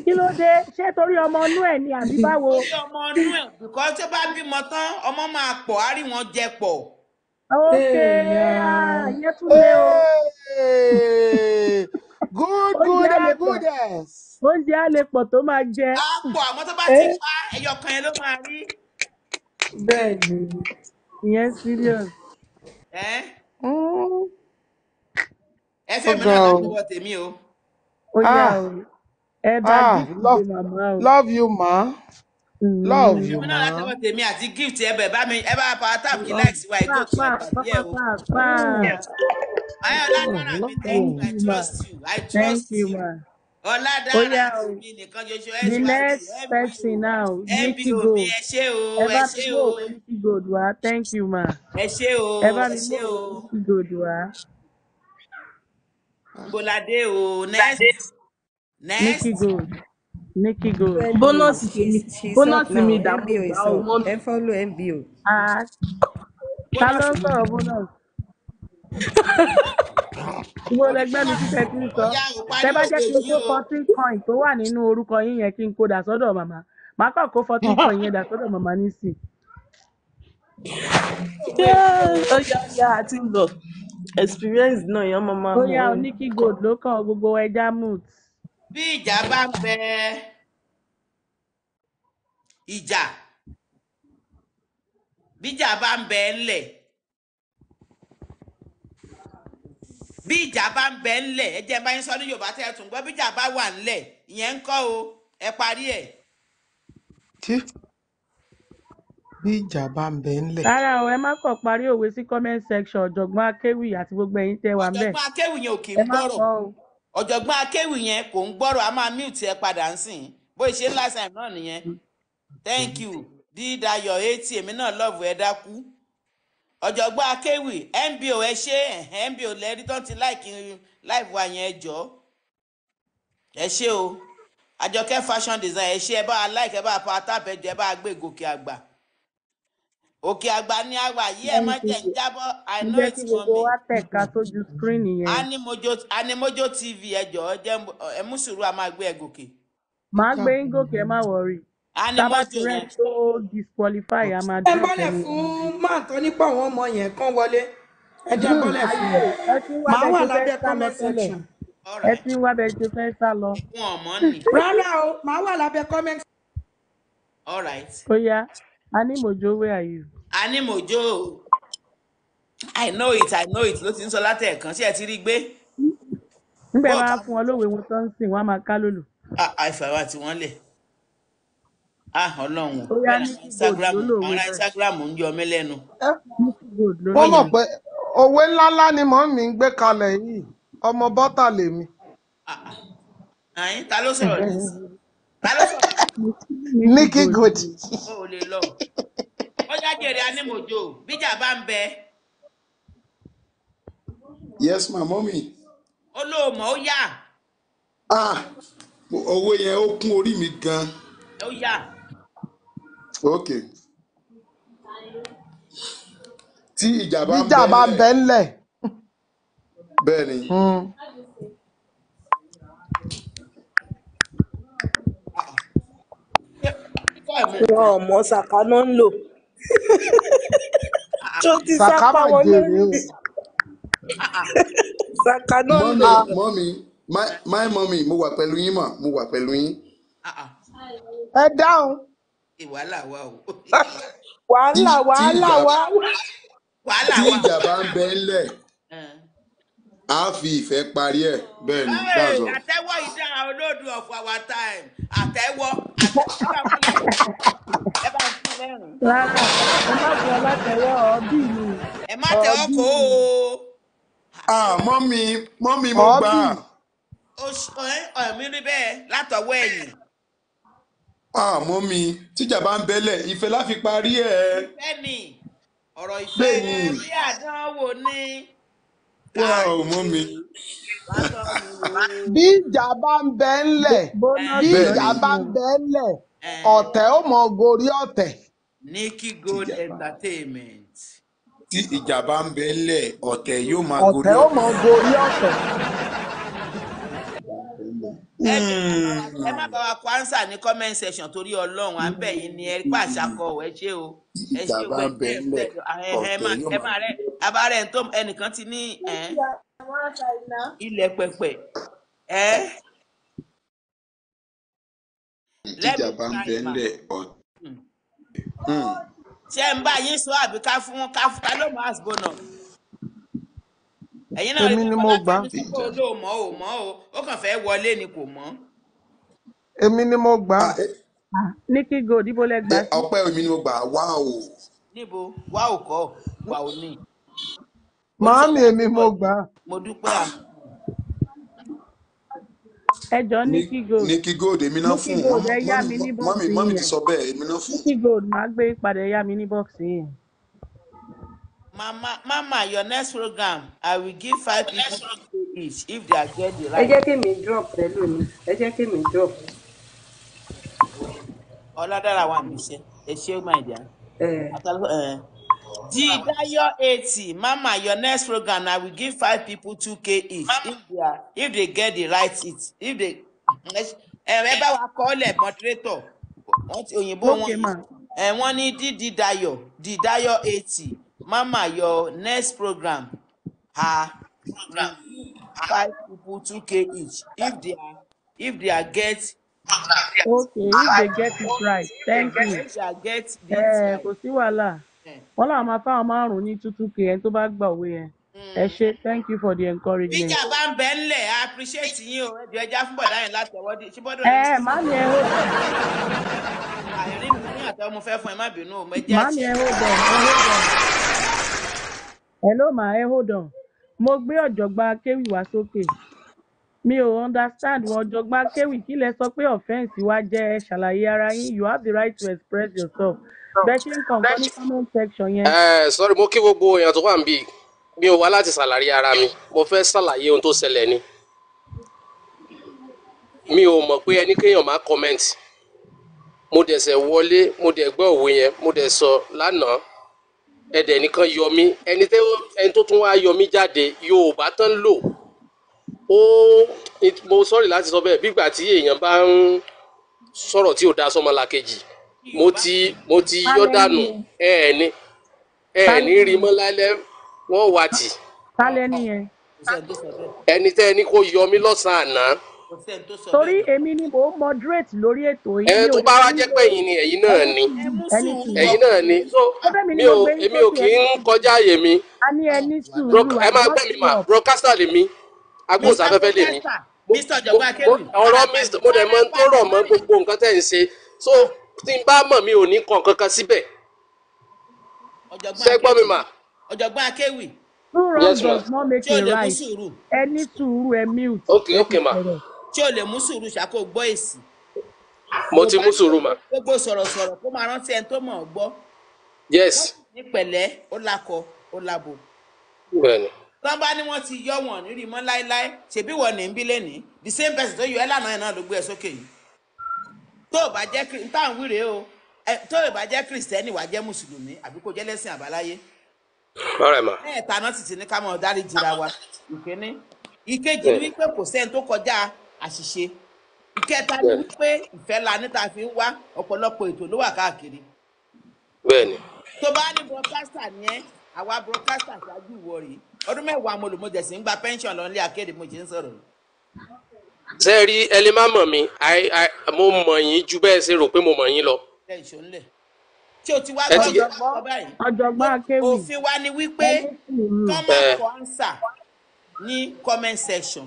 kí ló dé ṣé torí ọmọ inú ẹ ni àbí báwo. torí ọmọ inú ẹ kò tó bá bímọ tán ọmọ máa pọ̀ á rí wọn jẹ pọ̀. ok eh. ah, ìyẹn tún lé o. Eh. good good goodness oúnjẹ á lè pọ̀ tó máa jẹ. á pọ̀ àmọ́ tó bá ti Eh, ẹyọ kan yẹn ló máa rí. bẹ́ẹ̀ ni ìyẹn serious. Mm. ẹ Mm, mi náà ga o. tèmi o. ó ah. o ẹ bá ah, gift de love, màmá o. love you, ma. Mm. Love ẹsẹ̀ you, mi náà ma. látọwọ́ tèmi àti gift ẹ bẹ̀ bá mi ẹ bá power tap kí láìsí wa ètò kí ẹ pàdé ẹ o. Pàápàá Mm, Ayọ̀lá love dára mi you, thank you I trust you I trust you you. ma. Ọládàrá mi nìkan ṣoṣo the next person now Nikki Gold ẹ ṣé o ẹ ṣé o Nikki Gold wá thank you ma ẹ ṣé o ẹ bá mi Nikki Gold wá. Bolade o next next Nikki Gold Nikki Gold. Bónọ́sì tèmi bónọ́sì mi dàbí ọ̀sán ẹ fọ́lọ́ MBO. Ah, ta ló ń sọ̀rọ̀ bónọ́sì? Ìwọ lẹgbẹ́ mi títẹ̀ tí sọ. Tẹ bá jẹ́ kí n kó fourteen coin tó wà nínú orúkọ yín yẹn kí n kó dà sọ́dọ̀ màmá. Màá kàn kó fourteen coin yẹn dà sọ́dọ̀ màmá Experience náà yẹn ọmọ máa mú. Bóyá gold ló kàn gbogbo ẹja mute. Bí ìjà bá ń bẹ ìjà bá ń bí ìjà bá ń bẹ ńlẹ̀ ẹ jẹ́ báyìí sọ ní yorùbá tẹ́ ẹ tún gbọ́ bí ìjà bá wà ńlẹ̀ ìyẹn ń kọ́ o ẹ parí ẹ̀. bí ìjà bá ń bẹ ńlẹ̀. rárá o ẹ má kàn parí òwe sí comment section ọ̀jọ̀gbọ́n akéwì àti gbogbo ẹ̀yin tẹ́ wà ńbẹ̀. ọ̀jọ̀gbọ́n akéwì yẹn ò kì í gbọ́rọ̀ ọ̀jọ̀gbọ́n akéwì yẹn kò ń gbọ́rọ̀ a máa mute ẹ padà ń sìn bó ṣe last time náà nìyẹn thank you dídayọ̀ etí èmi náà love ẹ dákú ọ̀jọ̀gbọ́n akéwì mbo ẹ ṣe mbo lẹ́rí tán ti láìkí láìpẹ́ wa yẹn ẹ jọ ẹ ṣe o àjọkẹ́ fashion design ẹ ṣe ẹ bá a láìkẹ́ bá a pa tábẹ́ jọ ẹ bá a gbé gòkè àgbà òkè àgbà ni a yìí ẹ má jẹ́ ń jábọ́ i know it's coming. ǹjẹ́ kí gbogbo wa tẹ̀ka sójú skírínì yẹn. animojo tv ẹ jọ̀ọ́ ẹ mú sùúrù a máa gbé ẹ gòkè. màá gbé yín gòkè ẹ má wọrí a ní mọ́tò yẹn. tábàtì rẹ tó disqualify a máa dúró pẹ̀lú. ẹ bọ́lẹ̀ fún máa tán nípa àwọn ọmọ yẹn kán wọlé ẹ jẹ́ hmm. bọ́lẹ̀ fún un máa wà lábẹ́ comment section. ẹ ti ń wá bẹ ṣe fẹ́ sá lọ. rárá o máa wà lábẹ́ comment. all right. ó yá animojo where are you. Mojo. i know it i know it ló ti ń sọ látẹ̀ẹ̀kan ṣé ẹ ti rí gbé. níbẹ̀ máa fún ọ lóòwe wọn tó ń sìn wọn á máa ká lòlù. Ah, àìfàwà tí wọ́n lè. ah Ọlọ́run Instagram Instagram ń yọ mí mọ̀ ni mò gbé kalẹ̀ yìí ọmọ bọ́tà lèmi. Ah, ah. àyín ta ló sọ̀rọ̀ yìí ta ló sọ̀rọ̀ o lè lọ ọjà jèrè yes ma ó ah owó yẹn ó orí mi gan. ok tí ìjà bá ń bẹ bíjà bá ń bẹ ńlẹ̀ bẹ́ẹ̀ ni mm. wọn ò mọ sàká náà ń lò tó ti sápá wọn lórí jèrè náà ń lò. mọ́mí mọ́mí mo wà pẹ̀lú yín mà mo wà pẹ̀lú yín. ẹ dáhùn wàhálà wa o. wàhálà wàhálà wàhálà. wàhálà wa. tí ìjà bá ń bẹ ńlẹ̀ a fi ìfẹ́ parí ẹ̀ bẹ́ẹ̀ ni dáàzọ. àtẹ́wọ́ ìdá olóòdù of our time àtẹ́wọ́ ẹ bá ń fún lẹ́rìn. rárá ẹ má bọ̀ ọ́ látẹ̀wọ́ ọbí mi. ẹ má tẹ̀wọ́ kó o. Ah, mọ́mí mọ́mí mo gbà. ọ̀mí rí bẹ́ẹ̀ látọwọ́ ẹ̀yìn àmọ́ mi tíjà bá ń bẹ́lẹ̀ ìfẹ́ la fi parí ẹ̀. bẹ́ẹ̀ni ọ̀rọ̀ ìfẹ́ rí àdánwò ni. wá ò mọ́ mi. bí ìjà bá ń bẹ ńlẹ̀ bí ìjà bá ń bẹ ńlẹ̀ ọ̀tẹ̀ ó mọ gorí ọ̀tẹ̀. Nikki Gold Entertainment. tí ìjà bá ń bẹ ńlẹ̀ ọ̀tẹ̀ yóò máa gorí ọ̀tẹ̀. ọ̀tẹ̀ ó mọ gorí ọ̀tẹ̀. Hmm. ẹ má bá wa kọ ánsà ní comment section torí ọlọ́run à ń bẹ̀ yín ni ẹ pa àṣàkọ ẹ ṣe o ẹ ṣe o ẹ má rẹ abárẹ̀ tó ẹnìkan ti ní ilẹ̀ pẹ̀pẹ̀ ẹ. jíjà bá ń bẹ ńlẹ̀ ọ̀tún. Hmm. Hmm. ṣé ń bá yín sọ àbí ká fún ká fún ta ló máa gbóná ẹ̀yin náà èmi ni mo gbà á fi ìjà ló mọ̀ ò mọ̀ ò ó kàn fẹ́ wọlé ni kò mọ̀. èmi ni mo gbà ah, eh. ah, ní kí gold ibo lẹ gbà eh, sí. ọpẹ́ èmi ni mo gbà wá o. níbo wá ò kọ́ wà ò ní. màámi èmi mo gbà á. mo dúpẹ́ à. ẹjọ ní kí gold ní kí gold èmi náà fún un mọ́mí mọ́mí ti sọ bẹ́ẹ̀ èmi náà fún un. ní kí gold máa gbé padà yá mi ní bọ́ọ̀sì yẹn mama mama your next program i will give five people to each if they are get the right. ẹ jẹ́ kí mi drop pẹ̀lú mi ẹ jẹ́ kí mi drop. ọ̀làdára wà mí ṣe ẹ ṣe ó máa dìá. di dayo eighty mama your next program i will give five people two k each if they are if they get the right it if they ẹ bá wa kọ́ ọ́lẹ̀ moderator òyìnbó wọn ẹ wọ́n ní dídí dayo dídí dayo eighty mama your next program ha? program five people two k each if they are if they are get. okay if they get it right thank you if they are get eh, it right. kò sí wàhálà eh. wọn làwọn máa fáwọn márùnún ní two two k ẹni tó bá gbà owó yẹn hmm. ẹ ṣe thank you for the encouragement. bíjà bá ń bẹ ńlẹ̀ i appreciate yín o ẹjọ́ ẹja fún bọ̀dá yẹn láti ọwọ́ dé ṣíbọ́dọ̀ yẹn. Eh, ẹ má ní ẹ ó àìrí mi ní àtọ́ mo fẹ́ fún ẹ má bínú o. má ní ẹ ó bẹ̀ ẹ ó bẹ̀. Hello my ẹ eh, hold on. Mo gbé ọ̀jọ̀gbọ́n Akéwì wá sókè. Mi ò understand wọn ọ̀jọ̀gbọ́n Akéwì kí lẹ sọ pé offence wa jẹ́ ẹ ṣàlàyé ara yín. You have the right to express yourself. Bẹ́ẹ̀ ṣe ń kàn kọ́ ní comment section yẹn. ẹ sọrí mo kí gbogbo èèyàn tó wà ń bí mi ò wá láti ṣàlàyé ara mi mo fẹ́ ṣàlàyé ohun tó ṣẹlẹ̀ ni mi ò mọ̀ pé ẹni kéèyàn máa comment mo dẹ̀ wọlé mo dẹ̀ gbọ́ òwe yẹn mo dẹ̀ sọ lánàá ẹ̀dẹ̀ nìkan yọ mí ẹni tó ẹni tó tún wá yọ mí jáde yorùbá tán lò ó mo sọ́ọ̀rì láti sọ bẹ́ẹ̀ bígbà tí èèyàn bá ń sọ̀rọ̀ tí ò da sọ́mọlàkejì mo ti mo ti yọ dànù ẹ ẹ ní ẹ ẹ ní rí mọ́ lálẹ́ wọ́n wà tì. ẹni tẹ́ ẹni kò yọ mí torí èmi ni mò ń moderate lórí ètò yìí. ẹ tó bá wá jẹ́ pé ẹ̀yin ni ẹ̀yin náà ni ẹ̀yin náà ni so mi ò èmi ò kì í kọjá àyè mi ẹ máa gbẹ́ mi mà broadcaster lè mi agbóhùnsáfẹ́fẹ́ lè mi ọ̀rọ̀ mo dẹ̀ mọ̀ tó rọ̀ mọ́ gbogbo nǹkan tẹ̀ ń ṣe so tí n bá mọ̀ mi ò ní kàn kankan síbẹ̀ ṣẹ́gbọ́n mi mà. ọ̀jọ̀gbọ́n akéwì. two wrongs does not make a right ẹni sùúrù ẹ mute. ok ok ma tí ò lè mú sùúrù ṣàkó gbọ́ èsì. mo ti mú sùúrù mà. gbogbo sọ̀rọ̀sọ̀rọ̀ kó máa rántí ẹni tó mọ̀ ọ́ gbọ́. yes. ní pẹ̀lẹ́ ó lakọ ó labo. bẹ́ẹ̀ni. tán bá ní wọ́n ti yọ wọn nírí mọ́ láéláé ṣèbí wọ́n ní bí lẹ́ni the same person tó yọ ẹ́ lánàá yẹn náà ló gbé ẹ sókè yìí. tó o bá jẹ́ táwọn wíre o tó o bá jẹ́ kìrìsìtẹ́nì wàá jẹ́ mùsùlùmí àbí kó jẹ́ lẹ́sìn àbáláyé. ọ̀rẹ́ mà. ẹ̀ẹ̀ta náà sì ti ní ká mọ̀ dárí jìra wa ìkíní ìkejì ni wípé kò sẹ́ni tó kọjá àṣìṣe ìkẹta ni wípé ìfẹ́ la níta fi ń wá ọ̀pọ̀lọpọ̀ ètò ló wà káàkiri. bẹ́ẹ̀ni. tó bá ní broadcaster ni ẹ àwa broadcaster ṣáájú ìwọ rèé ọdún mẹ́wàá mo lò mo jẹ̀sí ń gba pension lọ nílé akéde mo jẹ́ ń sọ̀rọ̀. ṣé ẹ rí ẹni má mọ̀ mí mo mọ̀ yín ju bẹ́ẹ̀ ṣe rò pé mo mọ̀ yín lọ. ṣé o ti wá gbọ́ ọ̀jọ̀gbọ́n báyìí ọ̀jọ̀gbọ́n akéwì òfin wa ni comment section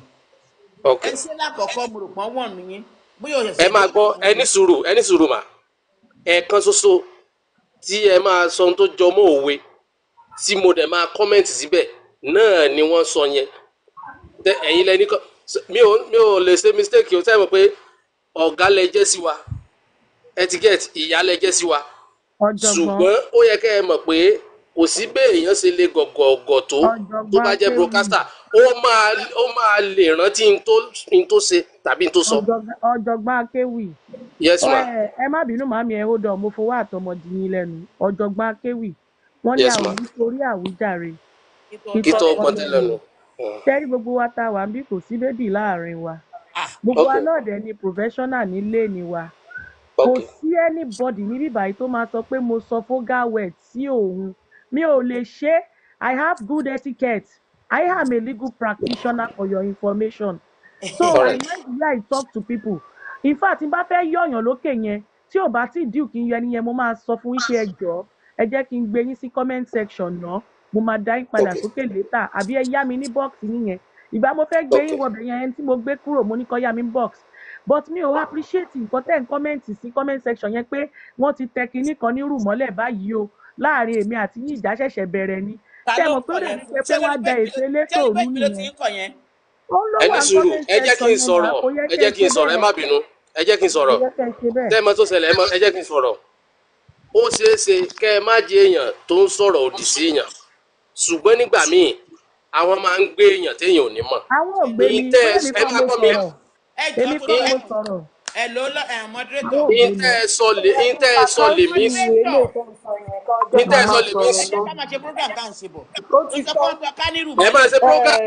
ẹ ṣe lákọ̀ọ́kọ́ mo rò pọ́n wọ̀n mí bóyá ọ̀yọ̀ sí. ẹ máa gbọ́ ẹ ní sùúrù ẹ ní sùúrù mà ẹ̀ẹ̀kan ṣoṣo tí ẹ máa sọ ohun tó jọ mọ́ òwe tí mo dẹ̀ máa kọ́mẹ̀ntì síbẹ̀ náà ni wọ́n sọ yẹn ẹ̀yin lẹ́ni kọ́ mi ò mi ò lè ṣe mistake o sẹ́yìn mọ̀ pé ọ̀gá lẹ jẹ́ sí wa etiquette ìyá lẹ jẹ́ sí wa ṣùgbọ́n ó yẹ kẹ́ ẹ mọ̀ pé kò sí bẹ́ẹ̀ èèyàn ṣe lè gọ̀gọ̀gọ̀ tó tó bá jẹ́ broadcaster ó máa ó máa lè rántí n tó ṣe tàbí n tó sọ. ọ̀jọ̀gbọ́n akéwì. yes ma. ẹ má bínú màmí ẹ ó dọ̀ mo fowó àtọmọdé yín lẹ́nu ọ̀jọ̀gbọ́n akéwì wọ́n ní àwùjọ torí àwùjáre. kítọ́ ọgbọ́n tẹ́lẹ̀ nù. tẹ́rí gbogbo wa ta wà ń bí kò sí bébì láàrin wa ah, gbogbo wa náà dẹ̀ ni professional nílé ni wa kò sí anybody níbí báyìí tó máa sọ pé mo sọ fógáwẹ̀ tí òun mi ò lè ṣe i have good etiquette i am a legal practitioner for your information so i like the way i talk to people in fact n bá fẹ́ yọ̀yàn lókè yẹn tí ò bá tí dìú kí n yọ ẹni yẹn mo máa sọ fún yín pé ẹ jẹ́ kí n gbé yín sí comment section náà mo máa dá yín padà sókè létà àbí ẹ yá mi ní bọ́ọ̀sì nìyẹn ìgbà mo fẹ́ gbé yín wọbẹ̀ yẹn ẹni tí mo gbé kúrò mo ní kó yá mi box but mi ò appreciate nǹkan tẹ́ ń comment sí comment section yẹn pé wọ́n ti tẹ kinní kan ní rùmọ́lẹ̀ báyìí o láàrin èmi àti yín ìjà ṣẹ̀ṣẹ̀ bẹ̀rẹ̀ ni ṣé mo tó lè ṣe da ètò elétò òru nìyẹn. ẹni sùúrù ẹ jẹ́ kí n sọ̀rọ̀ ẹ jẹ́ kí n sọ̀rọ̀ ẹ má bínú ẹ jẹ́ kí n sọ̀rọ̀ tẹ́ẹ̀mọ́ tó ṣẹlẹ̀ ẹ jẹ́ kí n sọ̀rọ̀ ó ṣeé ṣe kẹ́ ẹ má jẹ́ èèyàn tó ń sọ̀rọ̀ òdì sí èèyàn ṣùgbọ́n ẹ ló lọ ẹ mọdúrétọ. ìtẹ́ ẹ sọ lè ìtẹ́ ẹ sọ lè mí sí. ìtẹ́ ẹ sọ lè mí sí. ká máa ṣe program ká ń ṣe bọ̀. ẹ máa ṣe program.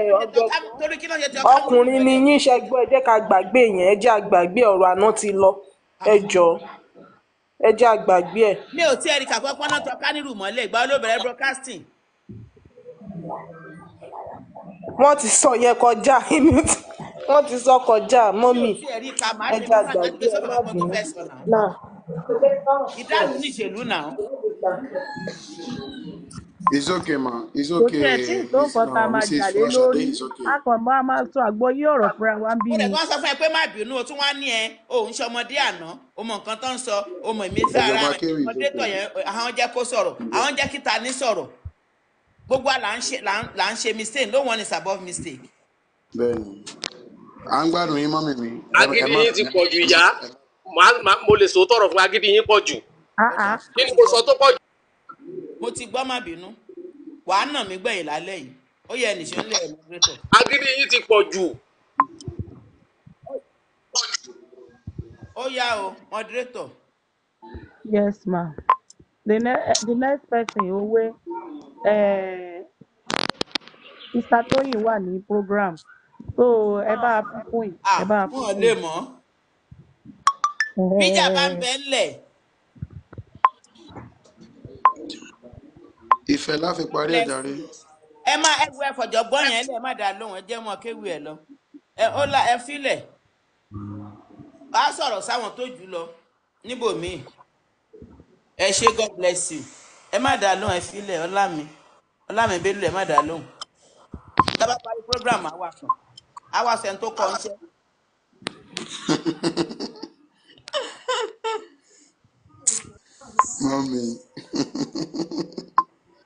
ọkùnrin ni yín ṣẹgbọ́n ẹ jẹ́ ká gbàgbé yẹn ẹ jẹ́ àgbàgbé ọ̀rọ̀ àná ti lọ ah. ẹ jọ ẹ jẹ́ àgbàgbé ẹ̀. mi ò tí ẹ rí kàkọ́ pọ́nà tó kánírù mọ́lẹ̀ ìgbà olóbẹ̀rẹ̀ broadcasting. wọ́n ti sọ yẹn kọjá inú tí wọ́n ti sọ kọjá mọ́mì ẹja àgbàgbé ọlọ́bìnrin náà. ìdáhùn ní ìṣèlú náà. It's okay, ma. It's okay. Kò tí ẹ̀ tí tó nǹkan tá a máa jà lé lórí. A kàn máa máa sọ àgbọ́yé ọ̀rọ̀ fúnra wa ń bí ni. Ó lè wọ́n sọ fún ẹ pé má bínú o tún wá ní ẹ òun ṣe ọmọdé àná o mọ nǹkan tó ń sọ o mọ ìmísí ara rẹ̀ ọmọdé tọ̀ yẹn àwọn jẹ́ kó sọ̀rọ̀ àwọn jẹ́ kíta ní sọ̀rọ̀ gbogbo à là ń ṣe mistake no one is above mistake. Bẹ́ẹ̀ni à ń gbádùn yín mọ́mì mi. agídí yín ti pọ̀ jù ìyá mo lè sọ tọrọ fún agídí yín pọ̀ jù ah, ah. kí ni mo sọ tó pọ̀ jù. mo ti gbọ́ má bínú wàá nà mí gbẹ̀yìn lálẹ́ yìí ó yẹ ẹnì sọ́nlẹ̀ ẹ̀ mọ́tò. agídí yín ti pọ̀ jù. ó yá o moderator. yes ma the, ne the next person owó ẹ eh, Mr. Toyin wà ní program so ẹ bá a fún queen ah, ẹ bá a fún wọn lè mọ bíjà bá ń bẹ ńlẹ̀. ìfẹ́ la fi parí ẹ̀ jàre. ẹ má ẹ wọ ẹfọ̀jọ̀gbọ́n yẹn lẹ́ẹ̀ má dà lóhùn ẹ jẹ́ mọ́ kéwì ẹ lọ ẹ ó la ẹ filẹ̀ á sọ̀rọ̀ sáwọn tó jù lọ níbòmíì ẹ ṣe god bless you ẹ má dà lóhùn ẹ filẹ̀ ọlá mi ọlá mi bẹ́ẹ̀ lù ẹ má dà lóhùn tá bá parí program àwa kan àwa sẹ́ni tó kọ́ iṣẹ́. mọ́mí.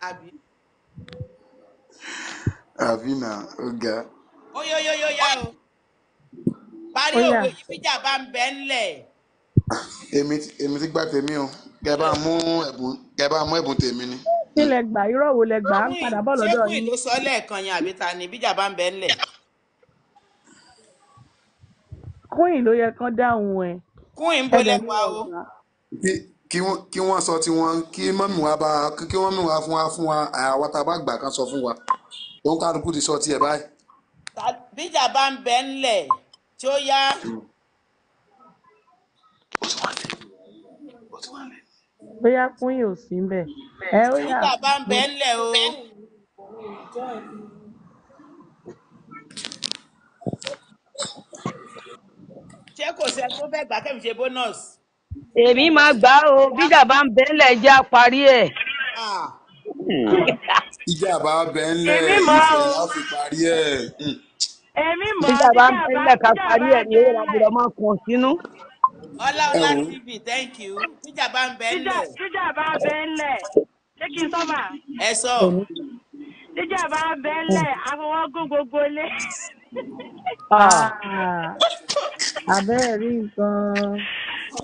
àbí. àbí nà ó ga. óyóyóyóyá o parí òwe yìí fíjà bá ń bẹ ńlẹ̀. èmi ti gbà tèmi o kẹ bá mú ẹ̀bùn kẹ bá mú tèmi ni. kí lẹ gbà irọ́ wo lẹ gbà ń padà bọ́ lọ́dọ̀ yìí. ṣé kò ìlú lẹ́ẹ̀kan yẹn àbí ta ni bíjà bá ń bẹ ńlẹ̀ queen ló yẹ kán dáhùn ẹ. queen bó lè wá o. kí wọ́n sọ tí wọ́n kí mọ́mí wa bá kí wọ́n mí wa fún wa fún wa àwa tá a bá gbà kan sọ fún wa òun kálukú ti sọ tiẹ̀ báyìí. bíjà bá ń bẹ ńlẹ̀ tí ó yá. ó ti wá lẹ̀ ó ti wá lẹ̀ bóyá kún yìí ò sí bẹ ẹ bá ń bẹ ńlẹ̀ o ṣé kò sẹ́ tó fẹ́ gbà kẹ́mi ṣe bonus. èmi máa gbà ó bíjà bá ń bẹ́ńlẹ̀ jẹ́ àparí ẹ̀. bíjà bá bẹ́ńlẹ̀ ìfẹ́ láti parí ẹ̀. Hmm. Hmm. èmi mọ̀ bíjà bá bẹ́ńlẹ̀ ká parí ẹ̀ ìwé àbúrò máa kàn sínú. ọlá ọlá tv thank you bíjà bá ń bẹ́ńlẹ̀. bíjà bá bẹ́ńlẹ̀ ṣé kí n sọ́mà. ẹ sọ. bíjà bá bẹ́ńlẹ̀ àfọwọ́gún gbogbo lé. Àbẹ́rẹ́ ah. ah. rí nǹkan.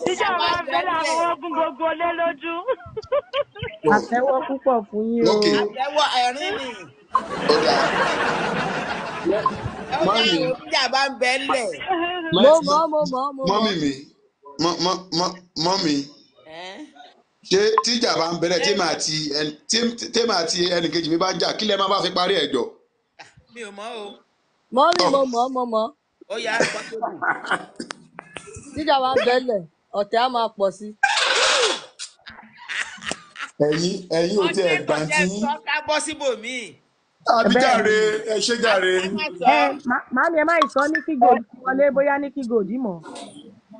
Tíṣà máa ń fẹ́ láwọn ogun gbogbo lé lójú. Àtẹ́wọ́ púpọ̀ fún yín o. Okay. Àtẹ́wọ́ ẹ̀rín ni. Ó dà. Mọ́mì. Tíṣà bá ń bẹ́ lẹ̀. Mo mọ̀ mo mọ̀ mo mọ̀. Mọ́mì mi, mọ́mì. Ṣé tíjà bá ń bẹ̀rẹ̀ tí màá ti ẹnìkejì mi bá jà kí lẹ máa bá fi parí ẹ̀jọ́? Mi ò mọ̀ o mọ́ rí mo oh. mọ̀ mo mọ̀ ó yá Portable. jíjà wa bẹ́lẹ̀ ọ̀tẹ̀ á máa pọ̀ sí. ẹ̀yin ẹ̀yin ò tiẹ̀ gbà ń tí. ọjọ́ ìkọ̀jẹ́ sọ ká Portable mi. àbíjàre ẹ ṣé jàre. ẹ màá mi ẹ má ìsọ ní kí gold wọlé bóyá ní kí gold mọ.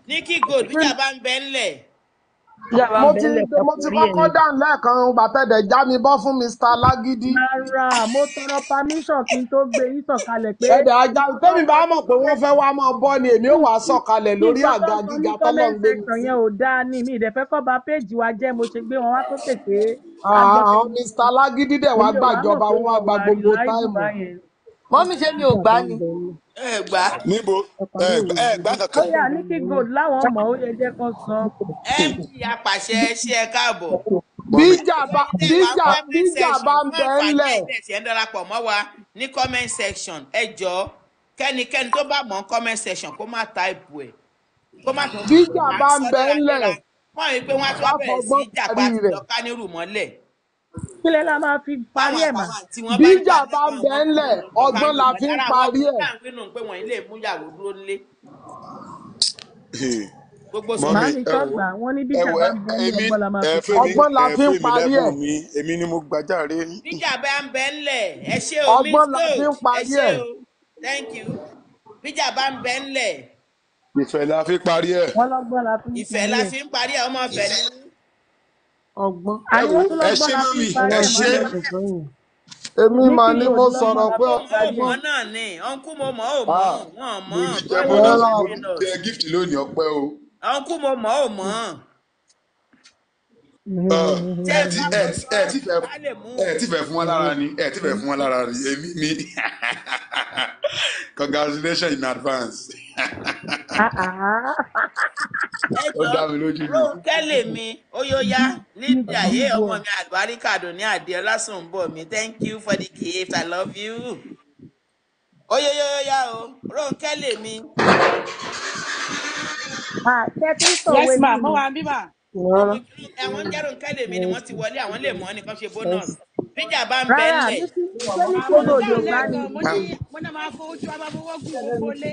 ní kí gold bíjà bá ń bẹ ńlẹ̀ mo ti mo ti kọ́kọ́ dáhùn lẹ́ẹ̀kan gbàtẹ́dẹ̀ já mi bọ́ fún Mr. Lagidi. rárá mo tọrọ permission kí n tó gbé yín sọ̀kalẹ̀ pé. ẹ̀dẹ̀ ajá tẹ́mi bá mọ̀ pé wọ́n fẹ́ wá máa bọ́ ni èmi ò wá sọ̀kalẹ̀ lórí àga gíga tọ́lọ̀ ń gbé mi. ìtọ́lẹ̀ yẹn ò dáa ni mi ìdẹ̀fẹ́ kọ́ ba péèjì wa jẹ́ mo ṣe gbé wọn wá tó tètè. àwọn Mr. Lagidi dẹ̀ wá gbàjọba wọn wá gba gbogbo táìmù mọ́mí ṣé mi ò gbá ni. ẹ gbá. níbo ẹ gbá kankan. ó yà ní kí gold láwọn ọmọ ó yẹ jẹ́ kó sọ. mp apàṣẹ ṣe ẹ káàbọ̀. bíjà bá bíjà bíjà bá ń bẹ ńlẹ̀. ẹ ń darapọ̀ mọ́ wa ní comment section ẹ jọ kẹ́nikẹ́ni tó bá mọ̀ comment section kó má ta ìbò ẹ̀ kó má tó. bíjà bá ń bẹ ńlẹ̀. wọ́n rí i pé wọ́n á tún bẹ̀rẹ̀ sí ìjà pàtó lọ́kánírù mọ́lẹ̀ kílẹ̀ la máa fi parí ẹ̀ mà. bíjà bá bẹ́ ń ọgbọ́n la fi ń parí ẹ̀. màámi kọ́gbà wọ́n ní bíjà bá ń lẹ̀ ọgbọ́n ọgbọ́n la fi ń parí ẹ̀. èmi ni mo gbàjáre. bíjà bá ń bẹ́ ń ẹ ṣé o mi tó ẹ ṣé o thank bá ń bẹ́ ń lẹ̀. la fi parí ẹ̀. ìfẹ́ la fi ń parí ẹ̀ ọmọ ìfẹ́ ọgbọ́n. àwọn tó lọ́gbọ́n la fi ń parẹ́ ẹ̀ mọ́lẹ̀ ṣùgbọ́n yìí. èmi mà ní mo sọ̀rọ̀ pé ọgbọ́n. ọmọ náà ni ọ̀nkú mo mọ̀ ọ́ mọ̀ wọ́n mọ̀. mo jẹ́ mo lọ sí oh, ah, oh, jẹ oh, gift lónìí ọpẹ́ o. ọ̀nkú mo mọ̀ ọ́ mọ̀. ẹ ti fẹ́ fún wọn lára ni ẹ ti fẹ́ fún wọn lára ni èmi ni congratulations in advance. Ah, ah ẹjọ́ kẹ́lẹ̀ mi oyóyá lídìí ayé ọmọ mi àgbáríkà dòní àdé ọlásùnbọ̀ mi thank you for the gift i love you oyóyóyá o Rónkẹ́ lèmi. yes ma mo wà bíbà. àwọn ń jẹ́ Rónkẹ́ lèmi ni wọ́n ti wọlé àwọn lè mọ́ nìkan ṣe bonus bíjà bá ń bẹ́ẹ̀ lẹ̀. rárá mi ti ní kí ló dé òdò bá mi. mo ní máa fowó tí wàá bá fowó gùn owó lé.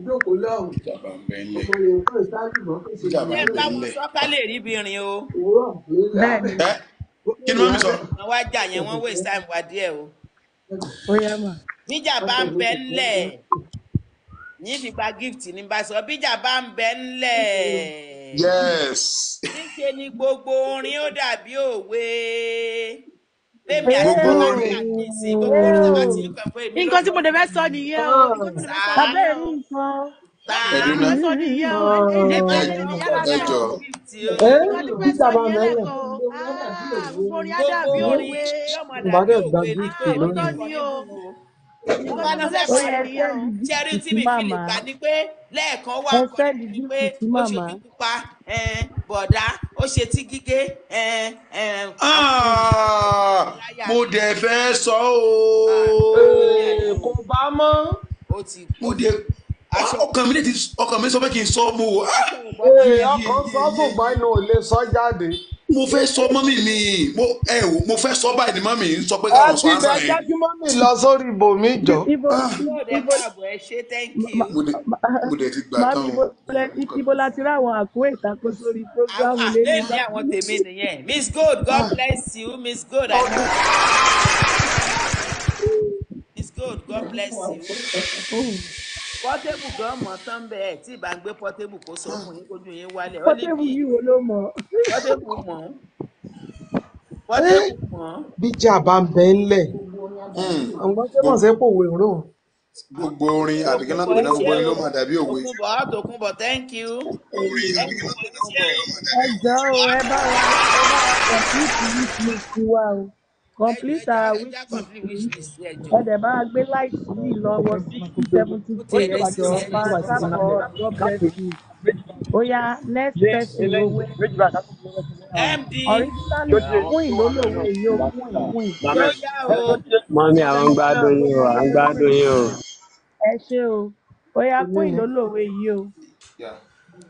ìjókòó lọ́hùn ń bẹ ńlẹ̀ ọmọ yorùbá ìsáàlùmọ́ gift ní bá sọ bíjà bá ń bẹ ńlẹ̀ yes níṣe ni gbogbo orin ó dàbí òwe nǹkan tí mo dẹ̀ fẹ́ sọ nìyẹn o nǹkan tí mo dẹ̀ fẹ́ sọ nìyẹn o ẹjọ ìbàdàn gbàgbé ìlú lónìí nǹkan náà fẹ́ ṣe rí o ṣe rí tí mi fi lè gbà ni pé lẹ́ẹ̀kan wá ah! mo dẹ̀ fẹ́ sọ ooo. ọkàn mi ti ọkàn mi sọ pé kí n sọ mo. Ah! ọkàn sọ fún gbanu ò lè sọ jáde mo fẹ́ sọ mọ́mì mi mo ẹ o mo fẹ́ sọ báyìí ni mọ́mì sọ pé káwọn sọ àṣà yẹn. ẹ ti bẹ jákí lọ sórí ibòmí jọ. ibo ọdẹ kọlàbọ ah. ẹ ṣe thank you. mo dẹ ti gbà tán o. ibo la ti ráwọn àkó ìtàkó sórí programu ah, ah, lẹ́nu. lẹ́nu àwọn tèmi nìyẹn miss gold god bless you miss gold miss gold god bless you. Oh pọtébù gan mọ tán bẹ ẹ tí ìbá ń gbé pọtébù kó sọ fún yín kójú yín wálẹ̀ ó lè bí pọtébù yìí wo ló mọ pọtébù mọ pọtébù eh? mọ. bíjà bá ń bẹ ńlẹ̀ hmm. ọgbọ́n tó mọ̀ sẹ́pọ̀ òwe rò. gbogbo orin àbíkẹ́lá pẹ̀lú gbogbo orin ló máa dàbí òwe. tòkunbọ̀ tòkunbọ̀ thank you. orin àbíkẹ́lá pẹ̀lú gbogbo orin ló máa dàbí òwe. ẹ jọ̀ọ́ ẹ bá wa ẹ bá wa pọ̀ sí ìtìlú ti wa o complete our wishlist ẹ̀dẹ̀ bá a gbé láìsí yìí lọ́wọ́ sixty seventy eight ọjọ́ bá a sábọ̀ ọjọ́ bẹ́ẹ̀ ó yá next person ló wé ọ̀rísítàlì fún ìlólòwò èyí ó fún ìfún ìfún. mọ́mí àwọn ń gbádùn yín o à ń gbádùn yín o. ẹ ṣé o ó yá fún ìlólòwò èyí o.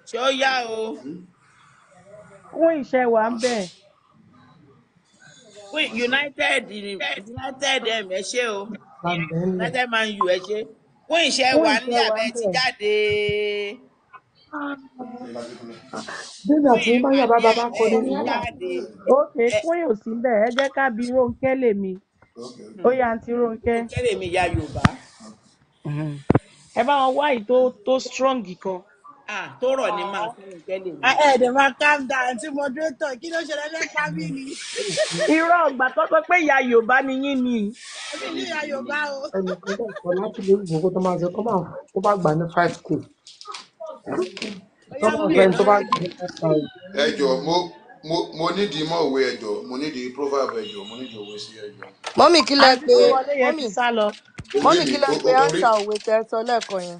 ṣé ó yá o. fún ìṣẹ̀wà ń bẹ̀ united united m ẹ ṣé o united man u ẹ ṣé fún ìṣe wa ní abẹ ti jáde. Bíbà tí Báyọ̀ bàbá bá kọ nínú ìyá. Ókè Kúnyìn ò sí bẹ́ẹ̀, ẹ jẹ́ ká bi Rónkẹ́ lèmi. Ó yá àǹtí Rónkẹ́. Rónkẹ́ lèmi ya Yorùbá. Ẹ bá wọn wá èyí tó strong kan tó rọ̀ ní máa fẹ́ràn tẹ́lẹ̀ mi. ẹ ẹ̀dẹ̀ máa calm down tí moderator kí ló ṣẹlẹ̀ fẹ́ pa mí ni. irọ́ ọgbà tó sọ pé ìyá yorùbá ni yín ni. ẹbí ní ìyá yorùbá o. ẹnìkan bẹ́ẹ̀ kọ́ láti lórí ìgbòho tó máa ṣe kó bá gbà ní five k. ẹ jọ mo mo mo nídìí mọ òwe ẹjọ mo nídìí proverb ẹjọ mo nídìí òwe sí ẹjọ. mọ́mì kí lẹ pé mọ́mì kí lẹ pé answer òwe tẹ́ sọ lẹ́ẹ̀kan yẹn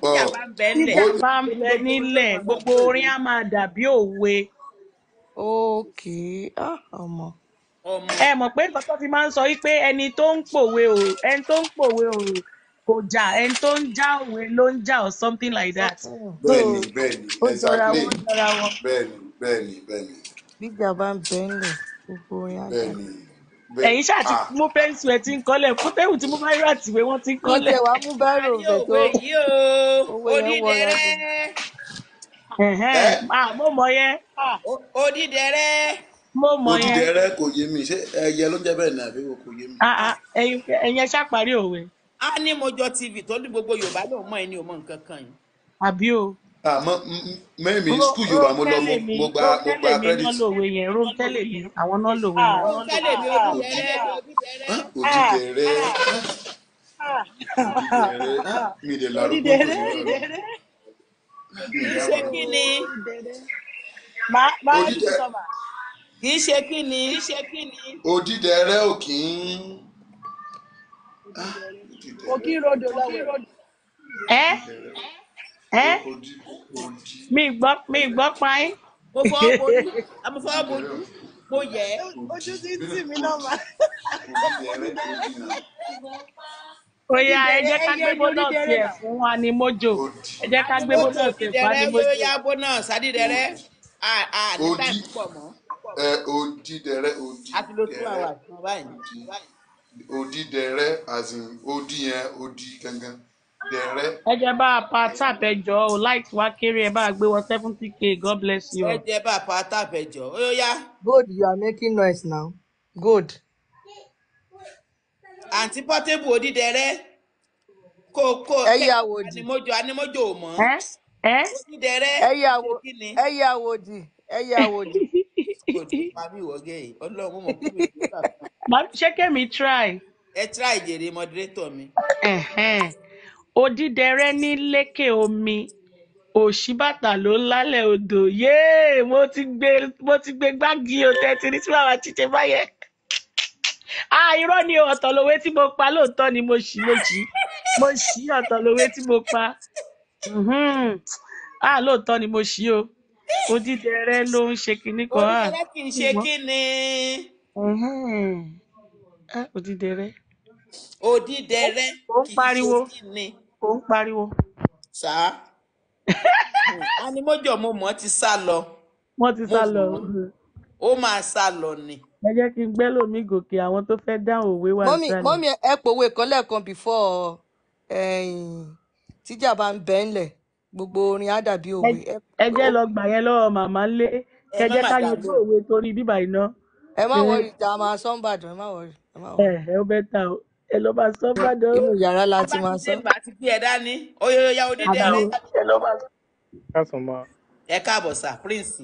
bá ń bẹ nílẹ̀ gbogbo orin á máa dàbí òwe. ókè ah, ọmọ. ẹ mọ̀ pé nǹkan tó fi máa ń sọ yìí pé ẹni tó ń pòwe o ẹni tó ń pòwe o kò jà ẹni tó ń já òwe ló ń jà or something like that. bẹ́ẹ̀ni bẹ́ẹ̀ni exactly bẹ́ẹ̀ni bẹ́ẹ̀ni bẹ́ẹ̀ni. bíjà bá ń bẹ nílẹ̀ gbogbo orin á dàbí ẹ̀yin ṣáà ti ah. mú pẹ́ǹsì ẹ̀ ti ń kọ́lẹ̀ fún tẹ́wù tí mo bá yọ àtìwé wọ́n ti ń kọ́lẹ̀. ìjẹ̀wá mú bẹ́rù òbẹ̀ tó owó yẹn wọ ẹ̀ ah, mo mọ̀ yẹn. Ah. odidẹrẹ. mo mọ̀ yẹn. odidẹrẹ kò yé mi ṣé ẹyẹ ló ń jẹ bẹ́ẹ̀ náà àbí kò yé mi. ẹ̀yin ẹṣá parí òwe. a ní Mojo TV tó ní gbogbo Yorùbá lòun mọ ẹni ò mọ nǹkan kan yìí. àbí o. Ah, mẹ́rin skul yorùbá mo lọ mo gba mo gba credit. ronke lèmi yẹn ronke lèmi àwọn náà lòwe yẹn. ronke lèmi òdìdẹrẹ òdìdẹrẹ mi lè larúkọ òdìdẹrẹ. ṣé kí ni máa ń sọ̀mà kì í ṣe kí ni. òdìdẹrẹ ò kì í. òkì rodo lọ́wọ́. ẹ́ ẹ́ mi gbọ́ mi gbọ́ pa yín. mo fọwọ́ bojú mo fọwọ́ bojú mo yẹ. ojú ti ń tì mí náà mà. Oya ẹ jẹ́ ká gbé bónọ́ọ̀sì ẹ̀ fún Animojo. Ẹ jẹ́ ká gbé bónọ́ọ̀sì ẹ̀ fún a Bóyá bónọ́ọ̀sì Adídẹrẹ́ àdìgbà pọ̀ mọ́. Odídẹrẹ́ Odídẹrẹ́ Odídẹrẹ́ as in odi yẹn odi gangan dẹ̀rẹ́. ẹ jẹ́ bá a pa tap ẹjọ́ o láìsí wá kéré ẹ bá a gbé wọ seventy k god bless you. ẹ jẹ́ bá a pa tap ẹjọ́ ó yá. good you are making noise now good. àǹtí pọ́tébù odídẹrẹ́ kó kó animojo animojo ò mọ́. ẹ ẹ odídẹrẹ́ kí ni. ẹ yà wò di ẹ yà wò di. kò tí ì pa mí wọ gẹ́yìn ọlọ́run mọ̀ kí mi ò tó tà. ṣé kẹ́mi try. ẹ try jèrè moderator mi ọ̀dídẹrẹ́ ní lékè-omi òṣíbàtà ló ń lálẹ̀ odò yéè mo ti gbé gbági ọ̀tẹ̀ tí ní tí màmá ti ṣe báyẹn. a irọ́ ni ọ̀tọ̀ lòwe tí mo pa lóòótọ́ ni mo ṣì mo ṣì mo ṣì ọ̀tọ̀ lòwe tí mo pa a lóòótọ́ ni mo ṣì o ọ̀dídẹrẹ́ ló ń ṣe kinní kan. ọ̀dídẹrẹ́ kì í ṣe kinní. ọ̀dídẹrẹ́. Odídẹrẹ́ kò ń kì í pariwo ṣe kí ni. kò ń pariwo mo mọ̀ ti sá lọ. wọ́n ti sá lọ. Mo mọ̀ ó máa sá lọ ni. ẹ jẹ́ kí n gbẹ́ lómi gòkè àwọn tó fẹ́ dáhùn òwe wà mọ́mí nísàlẹ̀ mọ́mí ẹ pòwe kan lẹ́ẹ̀kan before ẹ̀yìn tíjà bá ń bẹ́ ńlẹ̀ gbogbo orin á dàbí òwe. Ẹ- ẹ jẹ́ lọ gbà yẹn lọ́wọ́ màmá ńlé Ẹ kẹ má jẹ́ ká yanjú òwe torí bíbà iná ẹ má wọrí ìjà máa sọ́ńbàdàn ẹ má wọrí. ẹ ẹ ó bẹ́ ta o ẹ lọ máa sọ bàdàn. inú yàrá la ti máa sọ. bá a ti gbé ẹ dání oyoyoya odidi àrùn. ẹ lọ máa sọ. káàsán ma. ẹ káàbọ̀ sà prince.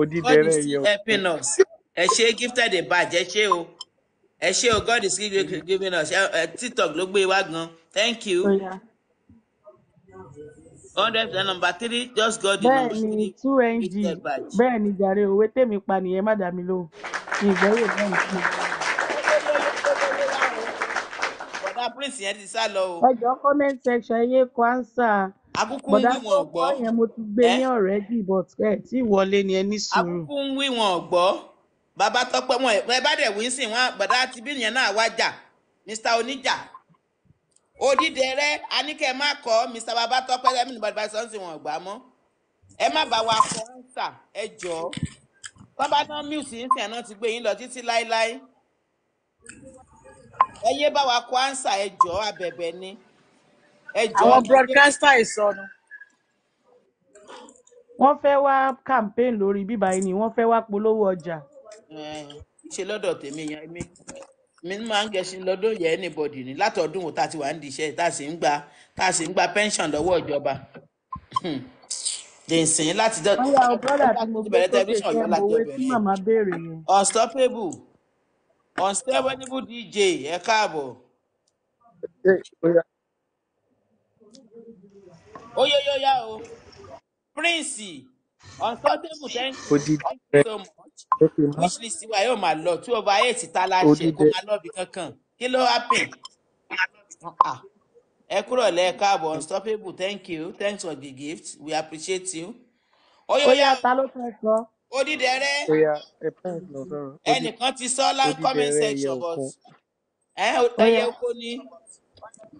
odidere yẹ o. helping us ẹ ṣe gifted a badge ẹ ṣe o ẹ ṣe o god is giving us ẹ tiktok ló gbé wá gan thank you. Oh, yeah hundred and number three just got the number three two ng bẹ́ẹ̀ ni jàre òwe tèmi pa nìyẹn má dà mí lóhùn ní ìgbẹ́wò bẹ́ẹ̀ ni. prince yẹn ti sá lọ o. ẹ comment section yé kó ánsà akúkú ń wí wọn gbọ́ bọ̀dá tó yẹn mo ti gbé ní already but ẹ tí ìwọlé ni ẹ ní sùúrù. akúkú ń wí wọn gbọ́ bàbá tọpẹ wọn ẹ bá dẹ̀ wíńsìn wọn bọ̀dá ti bí yẹn náà wá jà mr oníjà odídẹrẹ aníkẹ má kọ mr bàbá tọpẹ lẹmìnì bàbá sọǹsì wọn gbà mọ́ ẹ má bá wa kọ ánsà ẹ jọ̀ọ́ tọ́ba náà mute yín sìn ẹ̀ náà ti gbé yín lọ títí láéláé ẹ yé bá wa kó ánsà ẹ jọ abẹ̀bẹ̀ ni ẹ jọ. àwọn broadcaster ìsọnù. wọ́n fẹ́ wá campaign lórí bíbá yìí ni wọ́n fẹ́ wá polówó ọjà. ṣe lọ́dọ̀ tèmi yan mi mi máa ń gẹṣin lọ́dún yẹn anybody ni látọ̀dún wo tá a ti wà ń di iṣẹ́ tá a sì ń gba tá a sì ń gba pension lọ́wọ́ ìjọba dèsìn hmm. láti dọ̀ bẹ̀rẹ̀ tẹlifíṣàn yọ láti ọbẹ̀ ni unstoppable. Unstable DJ, ẹ káàbọ̀. Ṣé bóyá Ó yá yá yá o. Prince, Unstable, thank you. odidi Thank you so much. ló fi mọ́ Which list wa yóò máa lọ? Two over eight ta la ṣe kó máa lọ bí kankan. Kí ló happen? Ah, ah. Ẹ kúrò lẹ́ ẹ káàbọ̀ thank you. Thanks for the gift. We appreciate you. Ó yá ó yá yá ta ló fẹ́ sọ? odídẹrẹ ẹnìkan ti sọ lá comment section but ẹyẹ oko ni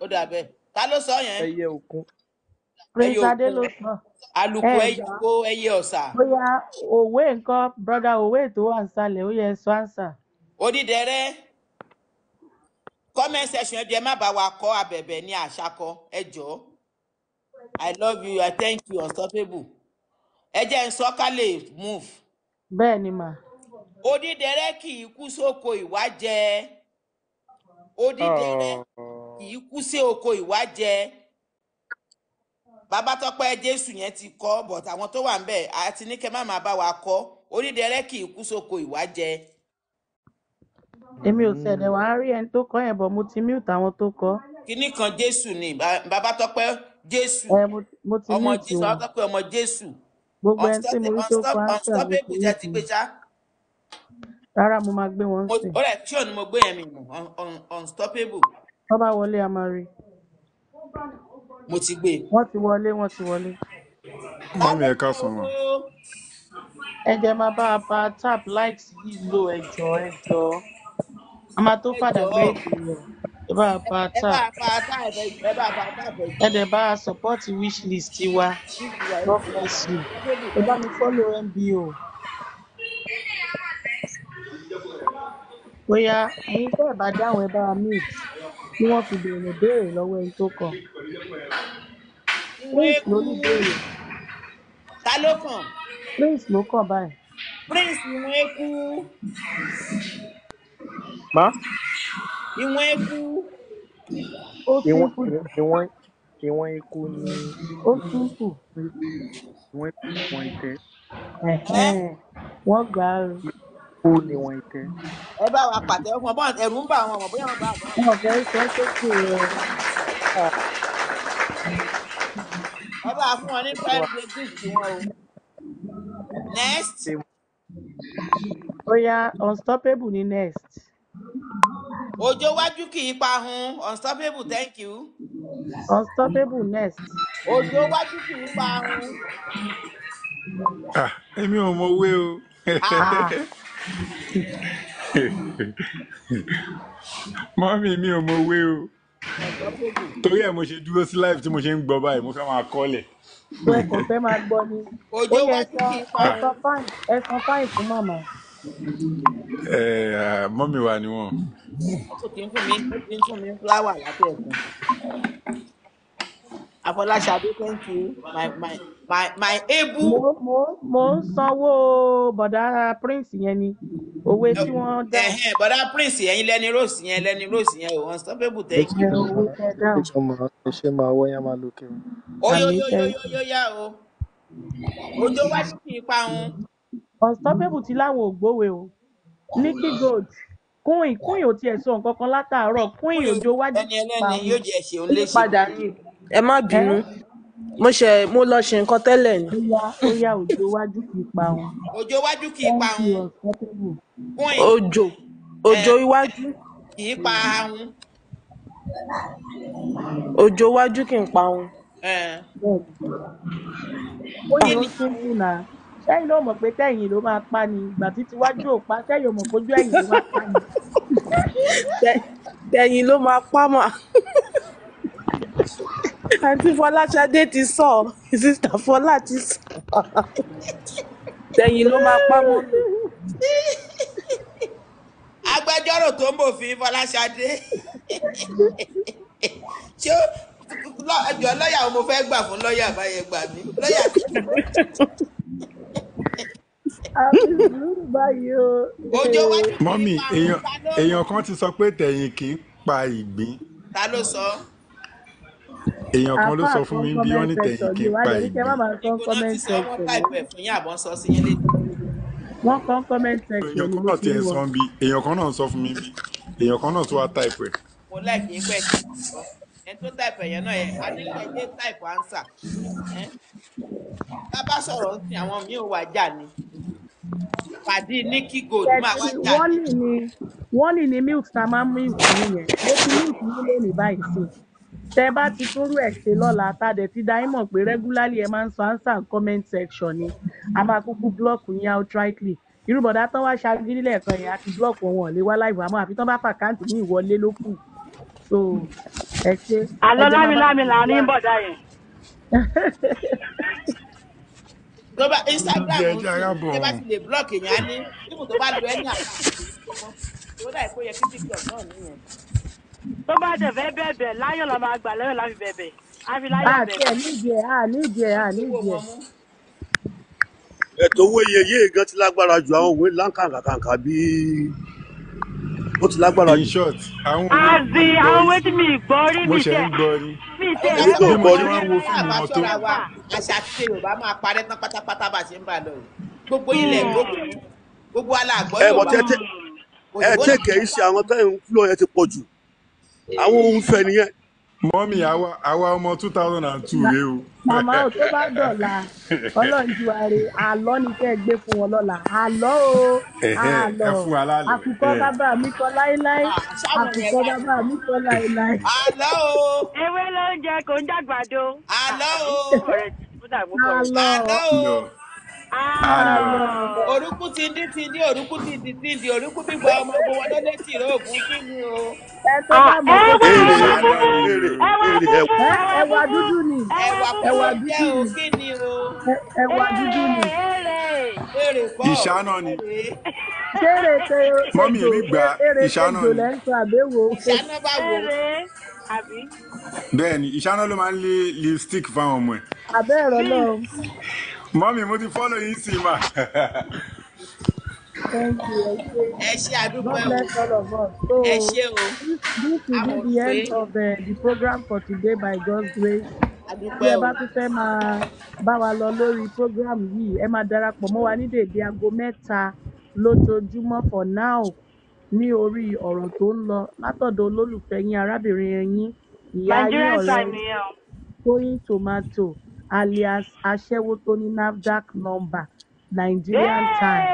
ó dàbẹ ta ló sọ yẹn. ẹyẹ okun. praise adé ló sọ. alùpùpù ẹyẹ oko ẹyẹ ọ̀sà. bóyá òwe nǹkan brother òwe tó wà nísàlẹ̀ ó yẹ sọ ànsà. odídẹrẹ comment section ẹjọ ẹ má bá wa kọ abẹ̀bẹ̀ ní àṣà kọ ẹjọ i love you i thank you unstoppable ẹ jẹ́ ń sọ ká lè move. bẹ́ẹ̀ ni mà. odídẹrẹ kì í kú sóko ìwájẹ odídẹrẹ kì í kú sí oko ìwájẹ babatọpẹ jésù yẹn ti kọ but àwọn tó wà ń bẹ àti ní kẹ má má bá wa kọ odídẹrẹ kì í kú sóko ìwájẹ. èmi ò ṣẹ̀dẹ̀ wá rí ẹni tó kọ́ yẹn bọ̀ mo ti mute àwọn tó kọ́. kinní kan jésù ni babatọpẹ jésù ọmọ jésù ọmọ jésù gbogbo ẹni tí mo rí tó pa á ṣe ní ìpín rárá mo máa gbé wọn sìn ọ̀rẹ́ tí ò ní mo gbé yẹn mi unstoppable tó bá wọlé a máa rí mo ti gbé e. wọn ti wọlé wọn ti wọlé mọ́mí ọmọ ẹ mi káàsán máa bá a pa tap likes yìí lò ẹjọ ẹjọ a máa tó ẹ gbé ìpè rẹ ẹ bá a bá a tà ẹ dẹ̀ bá a support wish list wa God bless you ẹ bá mi follow MBO. bóyá ẹ̀yin tẹ́ ẹ̀ bá dáhùn ẹ bá a meet kí wọ́n fi béèrè béèrè lọ́wọ́ ẹni tó kàn. prince ló ní béèrè. ta ló kàn. prince ló kàn báyìí. prince ni wọ́n kú. má ìwọ̀n eku ó túkù ìwọ̀n ìwọ̀n eku ni ó túkù ìwọ̀n eku ni ìwọ̀n ìtẹ́. wọ́n gbà á rò. ó ní ìwọ̀n ìtẹ́. ẹ bá wa pàtẹ́wọ́ fún ọ bọ́n ẹ̀rù ń bà wọn bóyá wọn bá wọn. wọn fẹ́ sọ sókè rẹ. ẹ bá fún wọn ní five degrees tí wọn o. next. ó yá unstoppable ni next. Ọjọ́ iwájú kì í parun. Unstoppable, thank you. Unstoppable next. Ọjọ́ iwájú kì í parun. Ah, èmi ò mọ owó o. Ah. Mọ́mí mi ò mọ owó o. Torí ẹ̀ mo ṣe dúró sí live tí mo ṣe ń gbọ́ báyìí, mo fẹ́ máa kọ́lẹ̀. Wẹ́ẹ̀kọ̀ fẹ́ máa gbọ́ ni. Ẹ̀sán fáìn fún màmá ẹ ẹ mọ́mì wa ni wọ́n. òkè ń fún mi ń fún mi fúláwà látẹ̀ ẹ̀kún. Afọláṣadé thank you my my my my ebu. mo mo mo ń sanwó bọ̀dá prince yẹn ni owó tí wọ́n dá. bọ̀dá prince yẹn lẹ́ni rose yẹn lẹ́ni rose yẹn o wọ́n sanfẹ́bù tẹ̀ kí. ṣé máa wọ́ yá máa lókè. ó yóò yóò yóò yóò yá o. òjò wá sí kí n pa òun unstoppable ti láwọn ò gbówe o Nicky Gold queen queen ò tiẹ̀ sọ nǹkan kan látàárọ̀ queen òjò wájú ẹni ẹlẹ́ni yóò jẹ́ ṣe òun léṣe padà ní ẹ má bínú mo ṣe mo lọ ṣe nǹkan tẹ́lẹ̀ ni. ó yá òjò wájú kì í pa wọn. òjò wájú kì í pa wọn. òjò òjò iwájú kì í pa wọn. òjò iwájú kì í pa wọn. ó yẹ ní kí n kú náà sẹ́yìn ló mọ̀ pé tẹ̀yìn ló máa pa ni ìgbà tí tiwájú ò pa sẹ́yìn ò mọ̀ kójú ẹ̀yìn ló máa pa ni. tẹ̀yìn ló máa pa mà àǹtí fọláṣadé ti sọ sísítà fọlá ti sọ tẹ̀yìn ló máa pa mọ́. agbẹjọ́rò tó ń bò fi fọláṣadé ṣé ẹjọ́ lọ́ọ̀yà mo fẹ́ gbà fún lọ́ọ̀yà báyẹn gbà mí lọ́ọ̀yà tó ń bò mọ́mì èèyàn kan ti sọ pé tẹ̀yìn kì í pa ìgbín. ta ló sọ. èèyàn kan ló sọ fún mi bí wọ́n ní tẹ̀yìn kì í pa ìgbín. èèyàn kan náà sọ fún mi bí èèyàn kan náà tó wá type ẹ̀. mo láì fi ń pẹ̀ kí n sọ ẹ tó táìpù ẹ̀yẹ náà yẹ adílẹ̀ táìpù ánsà tá bá sọ̀rọ̀ sí àwọn míì wà jà ni pàdé níkì gold máa wá jà ni. wọ́n lì ní milk tá a máa ń mú ìwé yẹn ó ti milk ní lónìí báyìí sí tẹ bá ti tóru ẹ ṣe lọ́la tàdé ti dá yín mọ̀ pé regularly ẹ máa ń sọ answer comment section ni a máa kúkú blọọkù yín outrightly irú bọ̀dá tán wá ṣagídí lẹ́ẹ̀kan yẹn àti blọọkù wọn ò lè wá láìwá mọ́ àfi tán bá fàkáǹtì ní ìwọlé ló so ẹ ṣe. àlọ́ lámilámi là ń rí bọ̀dá yẹn. tó bá instagram tó bá ti lè block èèyàn á ní níbo tó bá lu ẹni àkáǹtì tó dà kó yẹ kí tiktok náà nìyẹn. tó bá dẹ̀ fẹ́ bẹ̀bẹ̀ láyọ̀ la máa gbà lẹ́yìn láfi bẹ̀bẹ̀ àfi láyọ̀ ah, bẹ̀bẹ̀. àti ẹ̀ nídìí ẹ̀ à ah, nídìí ẹ̀ à ah, nídìí ẹ̀. ètò owó iye yéé gan ti lágbára ju àwọn òwe láǹkàǹkàǹkà bíi ó ti lágbára jù. in short àwọn àti àwọn wetin mi gbọ́ rí mi tẹ́ mi tẹ́ ẹ̀ ló gbọ́ rí mi tẹ́ àbáṣọ́ra wa àṣà àti yorùbá máa parẹ́ tán pátápátá bá a ṣe ń bà lọ gbogbo ilẹ̀ hmm. gbogbo aláàgbọ́ yorùbá ẹ tẹ́kẹ̀ẹ́ iṣẹ́ àwọn tẹ́yìn fúlọ̀ yẹn ti pọ̀ jù àwọn ohun fẹ́ nìyẹn mọ́mí àwa ọmọ two thousand and two rèé o. màmá ò tó bá dọ̀la ọlọ́njúware àlọ́ ni kẹ́ ẹ gbé fún wọn lọ́la àlọ́ o àlọ́ àkùkọ bàbá mi kọ láéláé àkùkọ bàbá mi kọ láéláé. àlọ́ o. ewé ló kò ń dàgbàdo. àlọ́ o. àlọ́ o. Ah. orúkú ti dín ti dín orúkú ti dín ti dín orúkú bí gba ọmọ ogun wọlé létí rẹ ògùn kí ni o. ẹwà dúdú ni ẹwà dúdú ni ẹwà dúdú ni ìṣáná ni mọ́mí mi gbà ìṣáná ni ìṣáná bá wò àbí. bẹ́ẹ̀ni ìṣáná ló máa ń lé lipstick fáwọn ọmọ ẹ. àbẹ́ ẹ̀rọ mọ́mí mo ti fọ́lọ̀ yín sí ma. ẹ ṣe àdúgbò ẹ ṣe o. this will be the end of the, eh, the program for today by God's grace. bí ẹ bá tún fẹ́ máa bá wa lọ lórí program yìí ẹ máa darapọ̀ mọ́ wa ní dèdè aago mẹ́ta lójoojúmọ́ for now ní orí ọ̀rọ̀ tó ń lọ látọ̀dọ̀ olólùfẹ́ yín arábìnrin yín ìyá ayé ọ̀rẹ́ Tóyìn Tomato alias aṣẹ́wó tó ní nafdac nọ́mbà nigerian time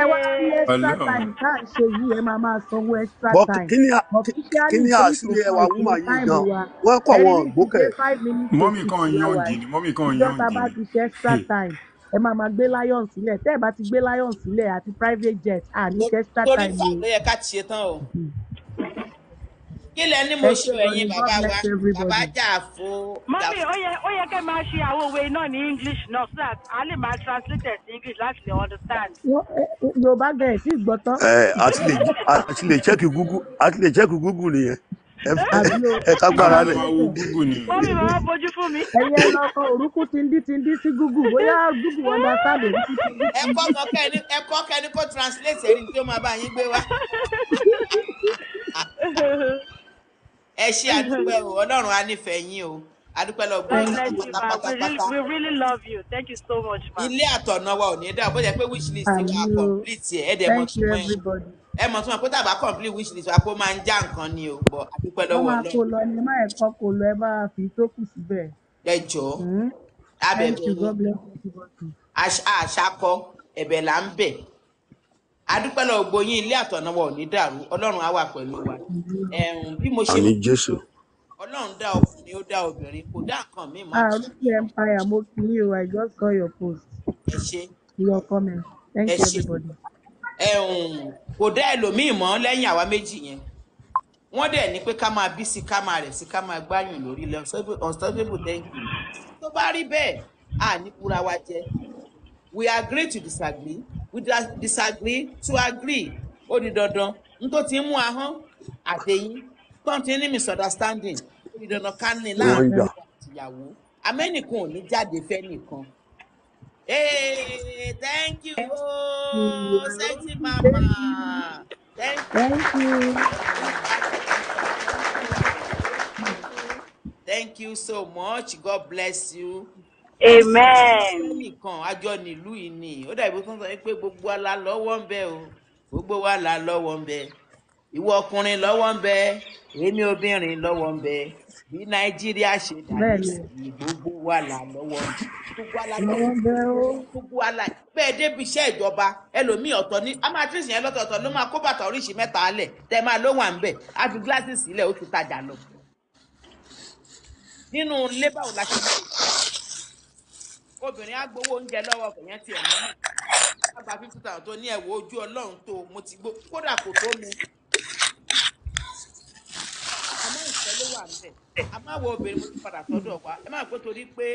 ẹ wá sí extra time tá à ń ṣe yìí ẹ máa máa sanwó extra bọ time kí ni kí ni àṣírí ẹwà wúmà yìí gan wọn kọ àwọn ògbókẹ. mọ́mì kan yan ògì ni mọ́mì kan yan ògì ni. ìjọba bá ti ṣe extra time ẹ máa máa gbé lion sílẹ̀ tẹ́ ẹ bá ti gbé lion sílẹ̀ àti private jet àní extra time. torí fà ló yẹ ká tiẹ̀ tán o. Hmm kí lẹ ní mo ṣe ẹ̀yin bàbá wa bàbá Jàfó. mọ́mí ó yẹ ó yẹ kẹ́ máa ṣe àwọn òwe náà ní english náà so that a lè máa translate it sí english láti lè understand. yorùbá gẹ̀ ẹ́ sì gbọ́ tán. ẹ a ti lè check google a ti lè check google nìyẹn ẹ kágbára rẹ. wọ́n mi máa bójú fún mi. ẹyẹ ọkọ òrukú ti ń dí ti sí google bóyá google wọn dá sáàlì òrukú ti ń dí. ẹ̀kọ́ kan kó translate ẹni tí ó máa bá yín gbé wá. ẹ ṣe àdúpẹ́ o ọlọ́run á nífẹ̀ẹ́ yín o adúpẹ́ lọ gbọ́n we really love you thank you so much ma. ilé àtọ̀nà wa ò ní dà bó jẹ́ pé wish list wa complete ẹ̀ ẹ̀dẹ̀ mọ̀ tún mọ̀ ẹ̀ mọ̀ tún mọ̀ pé tàbá complete wish list wa kó máa ń já nǹkan ni o bọ̀ adúpẹ́ lọ́wọ́ lọ. ọmọ àkọlọ ni má ẹ̀ kò lọ ẹ bá a fi tó síbẹ̀. ẹ jọ abẹ àṣàkọ ẹ̀bẹ̀ là ń bẹ̀ adúpẹ́ lọ gbogbo yín ilé àtọ̀nàwọ̀ ní dàrú ọlọ́run á wà pẹ̀lú wa bí mo ṣe mọ̀ ọlọ́run dá ọkùnrin ó dá obìnrin kò dá nǹkan mi mọ́. ah rupi empire mo kì í o i just saw your post. ẹ ṣe your comment thank you everybody. kò dá ẹlòmíì mọ́ lẹ́yìn àwa méjì yẹn wọ́n dẹ̀ ní pé ká máa bí sí ká máa rẹ̀ sí ká máa gbáyùn lórí lọ unstoppable thank you tó bá rí bẹ́ẹ̀ à wa jẹ we agree to disagree we disagree to agree ó di dandan n tó ti ń mú ahọ́n àtẹ̀yìn tó ti ń ní misunderstanding ó di dandan ká ní láàrin ìgbà àtìyàwó amẹ́nìkan ò ní jáde fẹ́ nìkan. thank you, oh, sexy mama. Thank you. Thank you. Thank you so much. God bless you amen. nìkan àjọ nílùú yìí ni ó dàbí kó sọ pé gbogbo wa lọ́wọ́ ń bẹ o gbogbo wa la lọ́wọ́ ń bẹ ìwọ ọkùnrin lọ́wọ́ ń bẹ èmi obìnrin lọ́wọ́ ń bẹ bí nàìjíríà ṣe dàbí gbogbo wa là lọ́wọ́ gbogbo wa gbogbo wa là bẹ́ẹ̀ débi iṣẹ́ ìjọba ẹlòmíì ọ̀tọ̀ ní amátírísì yẹn lọ́tọ̀ọ̀tọ̀ ló máa kó bàtà oríṣi mẹ́ta alẹ̀ tẹ́ máa ló wà ń bẹ̀ á fi gíláàsì sílẹ̀ ó ti tajà lọ. nínú ilé báwo obìnrin á gbowó oúnjẹ lọ́wọ́ kò yẹn tiẹ̀ mọ́ lábàá fifty thousand tó ní ẹ̀wọ̀ ojú ọlọ́run tó mo ti gbó kódà kò tó mu. àmọ́ ìfẹ́ ló wà níbẹ̀ a máa wo obìnrin mo ti padà sọ́dọ̀ wa ẹ máa gbé torí pé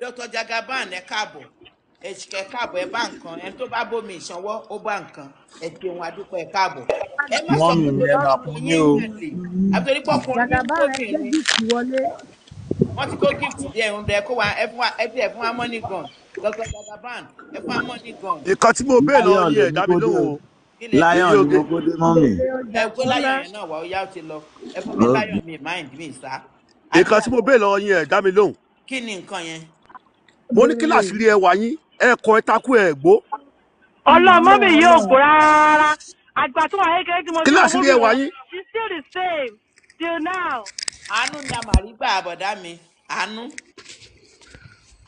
dr jagaban ẹ káàbọ̀ ẹ̀ṣẹ̀ káàbọ̀ ẹ bá nǹkan ẹni tó bá bómi ìsanwó ó bá nǹkan ẹ̀kẹ́ wọn adúpọ̀ ẹ káàbọ̀. ẹ má sọ pé lọ́rùn yín ń tẹ̀lé àbẹ̀rẹ̀ pọ̀ kọ́ wọ́n ti kó gift díẹ̀ ń bẹ kó wa ẹ fún wa ẹ bí wa money gun dr sagaban ẹ fún wa money gun. ìkan tí mo béèrè lọ́wọ́ yẹ dábì lóhùn lion ni mo gbọ́dọ̀ mọ mi. ẹ kó lion yẹn náà wà ó yá ó ti lọ ẹ fún mi lion mi mind mi sá. ìkan tí mo béèrè lọ́wọ́ yẹn dá mi lóhùn. kí ni nǹkan yẹn. mo ní kíláàsì ilé ẹwà yín ẹ kọ ẹ takú ẹ gbó. ọlọ́mọ mi yóò gbó rárá àgbà tó wà kékeré tí mo ti wà mọ́ mi wọ́n she still the same till now. Anu ni àmàrígbà àbọ̀dá mi anu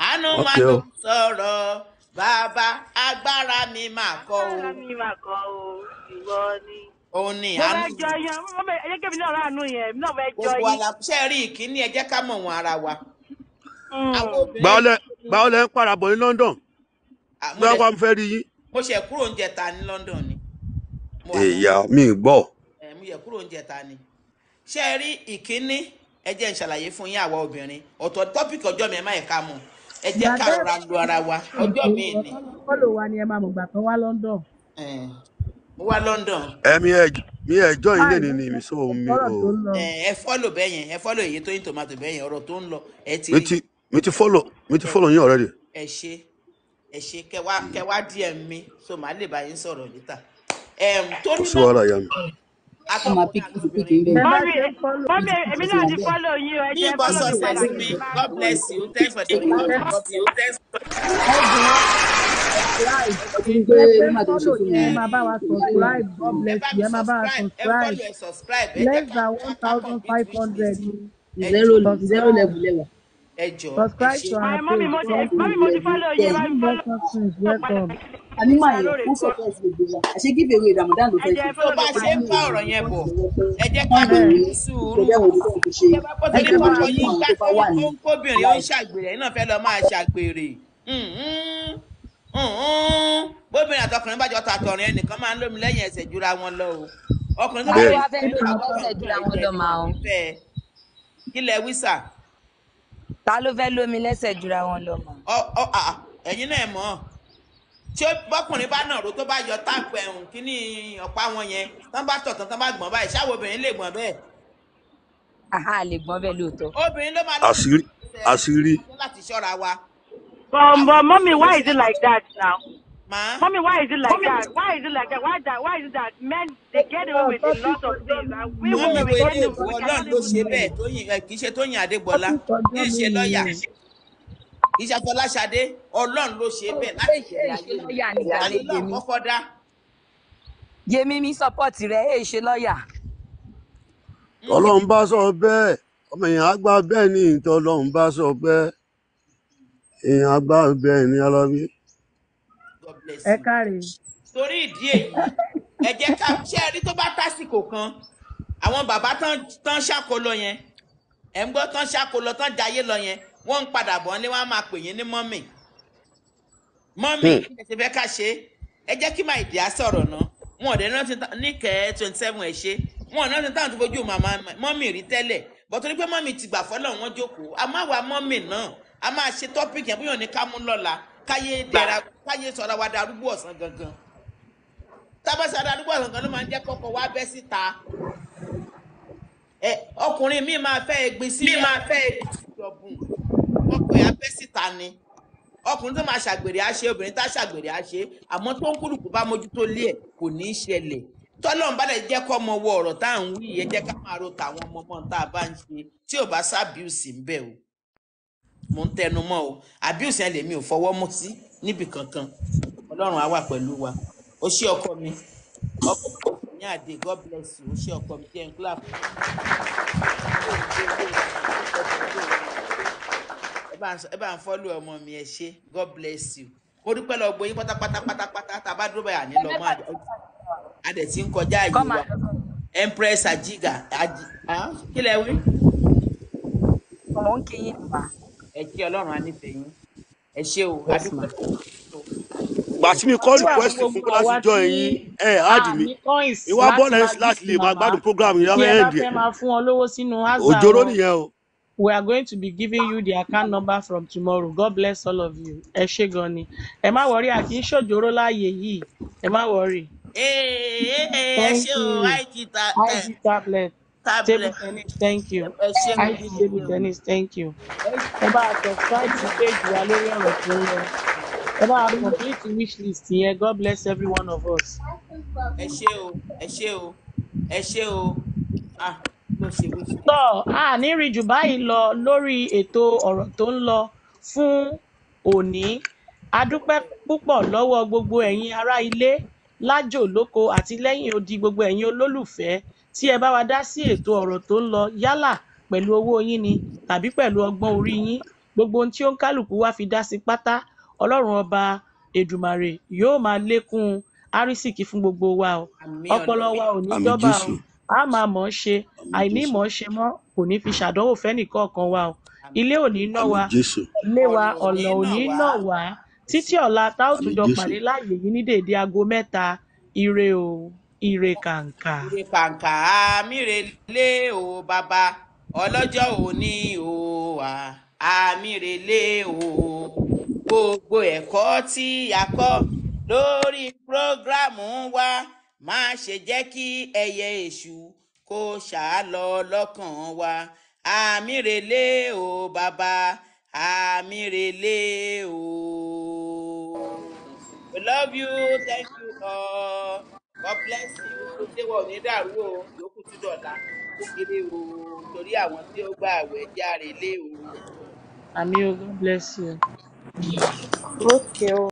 àánú máa ń sọ̀rọ̀ bàbá agbára mi máa kọ́ o. agbára mi máa kọ́ o ìwọ ni. òun ni anu. mo fẹ́ jọ yan mo fẹ́ ẹjẹ́ kébì náà ráàánú yẹn mi náà fẹ́ jọ yín. gbogbo àlàfíṣẹ́ rí ìkíní ẹ ká mọ̀ wọn ara wa. Hmm. báwo lẹ ń parabọ̀ ní London bí wọ́n wá ń fẹ́ rí yín. mo ṣe kúrò ń jẹta ní London ni. èèyàn mi gbọ́. mo ṣe kúrò ń jẹta ni ṣé ẹ rí ìkíní ẹ jẹ́ n ṣàlàyé fún yín àwa obìnrin ọ̀tọ̀ tọ́pìkì ọjọ́ mi ẹ má ẹ̀ka mu ẹ jẹ́ ká rọra lu ara wa ọjọ́ mi ni. fọ́lò wa ni ẹ máa mọ̀ gbà tán wá London. mo wá London. ẹ̀mí mi ẹjọ́ ilé ni ni mi sọ mi o. ẹ fọ́lò bẹ́ẹ̀ yẹn ẹ fọ́lò èyí tó yín tòmátò bẹ́ẹ̀ yẹn ọ̀rọ̀ tó ń lọ ẹ ti mi ti fọ́lò mi ti fọ́lò yín already. ẹ ṣe ẹ ṣe kẹwàá kẹwàá díẹ̀ mi so màá lè bá yín sọ̀rọ̀ níta. tó ní náà wọ́n máa píkì píkì ń bẹ̀. mọ́mí mọ́mí èmi náà ti fọ́lọ̀ yín o ẹ jẹ́ fọ́lọ̀ mi padà. mi God bless you thanks for the God you thanks for Gbé nígbà tó ń ṣe fún mi. Ẹ máa bá wa subscribe, God bless you, ẹ máa bá wa subscribe. Less than one thousand five hundred. Zero zero level level ẹ jọ ẹ ṣe. mọ́mí mo ti fọ́lọ́ yẹ bá mi fọ́lọ́. Anima yẹn kú sọ̀tọ̀ ìṣègbè wa. Àṣé give away Ramadan ló fẹ́ ṣe. Tó bá ṣe ń bá ọ̀rọ̀ yẹn bọ̀, ẹ jẹ́ ká lè ní sùúrù. Ẹ jẹ́ wọn ní kókò wà ní. Kóbìnrin ó ń ṣàgbèrè, iná fẹ́ lọ máa ṣàgbèrè. Bóbìnrin àtọkùnrin bàjọ́ ta tọ̀rin ẹnìkan máa ń lómi lẹ́yìn ẹsẹ̀ jura wọn lọ o. Ọkùnrin tó bá wà fẹ́ lómi lẹ́yìn ẹsẹ̀ jura wọn lọ máa o. Ilẹ̀ wísà ta ló fẹ́ lómi lẹ́sẹ̀ jura wọn lọ mọ́. náà mọ̀ tí bọ́kùnrin bá nàró tó bá yọ táàpù ẹ̀hún kínní ọ̀pá wọn yẹn tán bá tọ̀tàn tán bá gbọ̀n báyìí ṣáà obìnrin lè gbọ̀n bẹ́ẹ̀. àhá lè gbọ́n bẹ́ẹ̀ lóòótọ́. obìnrin ló máa lọ sí ẹsẹ̀ láti ṣọ́ra wa. bọ̀m̀bọ̀ mọ́mí why is it like that now? Ma? Mommy, why is it like that? Why is it like that? Why that? Why is it that men they get away with a lot of things and we women we get away with Ọlọ́run ló ṣe bẹ́ẹ̀ Tóyìn kì í ṣe Tóyìn Adégbọlá kì í ṣe lọ́ọ̀yà kì í ṣe Afọláṣadé Ọlọ́run ló ṣe bẹ́ẹ̀ láti ṣe lọ́ọ̀yà nígbà hmm. lẹ́yìn mi Yemi mi sọpọ́ọ̀tì rẹ̀ ẹ̀ ṣe lọ́ọ̀yà. Ọlọ́run bá sọ bẹ́ẹ̀ ọmọ èèyàn á gbà bẹ́ẹ̀ ní ìtọ́ Ọlọ́run bá sọ bẹ́ẹ̀ èèyàn á gbà bẹ́ẹ̀ ní alábí bless you. ẹ káre. torí ìdí èyí ẹ jẹ́ ká ṣé ẹ rí tó bá tásìkò kan àwọn bàbá tán ṣàkólọ yẹn ẹ̀ ń gbọ́ tán ṣàkólọ tán jayé lọ yẹn wọ́n ń padà bọ̀ nílé wọ́n á máa pè yín ní mọ́mì mọ́mì hmm. kí ẹ ti fẹ́ ká ṣe ẹ jẹ́ kí máa ìdíyà sọ̀rọ̀ náà wọn ò dé náà ti ní kẹ́ẹ́ twenty seven ẹ̀ ṣe wọn ò náà ti táwọn tó fojú màmá mọ́mì rí tẹ́lẹ̀ bọ́tò ní pé mọ́mì ti gbà fọ́lọ́ wọn jókòó a máa wá mọ́mì náà a máa ṣe tọ́pìkì yẹn bóyá ò ní ká mú lọ́la káyé dẹ̀ra káyé sọ̀rọ̀ wa darúgbó ọ̀sán gangan tábàṣà darúgbó ọ̀sán gangan ló máa ń jẹ́ kọ́kọ́ wá bẹ́ síta ẹ ọkùnrin mi máa fẹ́ egbin sí mi máa fẹ́ ìjọ̀bùn ọkùnrin abẹ́ síta ni ọkùnrin tó máa ṣàgbèrè àṣe obìnrin tá ṣàgbèrè àṣe àmọ́ tó ń kúlùkù bá mójútó lé ẹ̀ kò ní í ṣẹlẹ̀ tọ́lọ́run bá jẹ́ kọ́ ọmọ wọ ọ̀rọ̀ tá à ń wí yẹn jẹ́ ká máa ro tàwọn ọmọ ọmọ tá a bá ń ṣe tí ò bá sábìùsì ń bẹ̀ o mò ń tẹnu mọ́ o àbíùsì yẹn lèmi ò fọwọ́ mọ́ sí níbi kankan ọlọ́run á wà pẹ̀lú wa ó ṣé ọkọ mi ọkọ mi àdé god bless you ó ṣé ọkọ mi ten clap. ẹ bá ń fọ́lù ọmọ mi ẹ ṣé god bless you mo dúpẹ́ lọ gbóyin pátápátá pátápátá tá a bá dúró báyà ní lọ́mọ adẹ̀ tí ń kọjá àyè wa empress ajiga kí lẹ wí. mo ń kí yín. ẹ kí ọlọ́run á nífẹ̀ẹ́ yín ẹ ṣe o àdúgbò gbà mi kọ́ request fún ah, kó láti jọ ẹ̀yin ẹ̀ áàdì mi ìwà bọ́ọ̀lù ẹ̀ láti lè máa gbádùn program yìí láwọn ẹ̀ǹdì ẹ̀ òjòrò nìyẹn o. We are going to be giving you the account number from tomorrow. God bless all of you. Ẹ ṣé gan ni. Ẹ má wọrí àti ìṣòjòrò láàyè yìí. Ẹ má wọrí. Ẹ ṣé o, IG tablet. IG tablet thank you ivy table tennis thank you ẹ bá a subscribe to complete wish list yẹn god bless every one of us. ẹ ṣé o ẹ ṣé o ẹ ṣé o tọ́ a ní rí jù báyìí lọ lórí ètò ọ̀rọ̀ tó ń lọ fún òní a dúpẹ́ púpọ̀ lọ́wọ́ gbogbo ẹ̀yin ará ilé lájò lóko àti lẹ́yìn odi gbogbo ẹ̀yin olólùfẹ́ tí ẹ bá wa dá sí ètò ọ̀rọ̀ tó ń lọ yálà pẹ̀lú owó yín ni tàbí pẹ̀lú ọgbọ́n orí yín gbogbo ohun tí ó ń kálukú wá fi dá sí pátá ọlọ́run ọba èdùmàrè yóò máa lékún árísìkí fún gbogbo wa o ọpọlọ wa ò ní dọ́bà o a máa mọ̀ ọ́ ṣe àìní mọ̀ ọ́ ṣe mọ́ kò ní fi ṣàdánwò fẹ́nìkọ̀ọ̀kan wa o ilé ò ní ná wa ilé wa ọ̀nà ò ní ná wa títí ọ̀la tá jọ pàdé láàyè yìí ní déédéé aago mẹ́ta ire o ire kàǹkà. ire kàǹkà amírelé o Baba, ọlọ́jọ́ òní o à amírelé o gbogbo ẹ̀kọ́ tí a kọ́ lórí prógrámù wa má ṣe jẹ́ kí ẹyẹ èṣù kó ṣàlọ lọ́kàn wa amírelé o Baba, amirele o. We love you. Thank you all. God bless you kó tí wọn ní dàrú o yòókù tún dọ̀la kiri o torí àwọn tí ó gbà àwẹ̀ járe lé o. àmì o God bless you. okay o.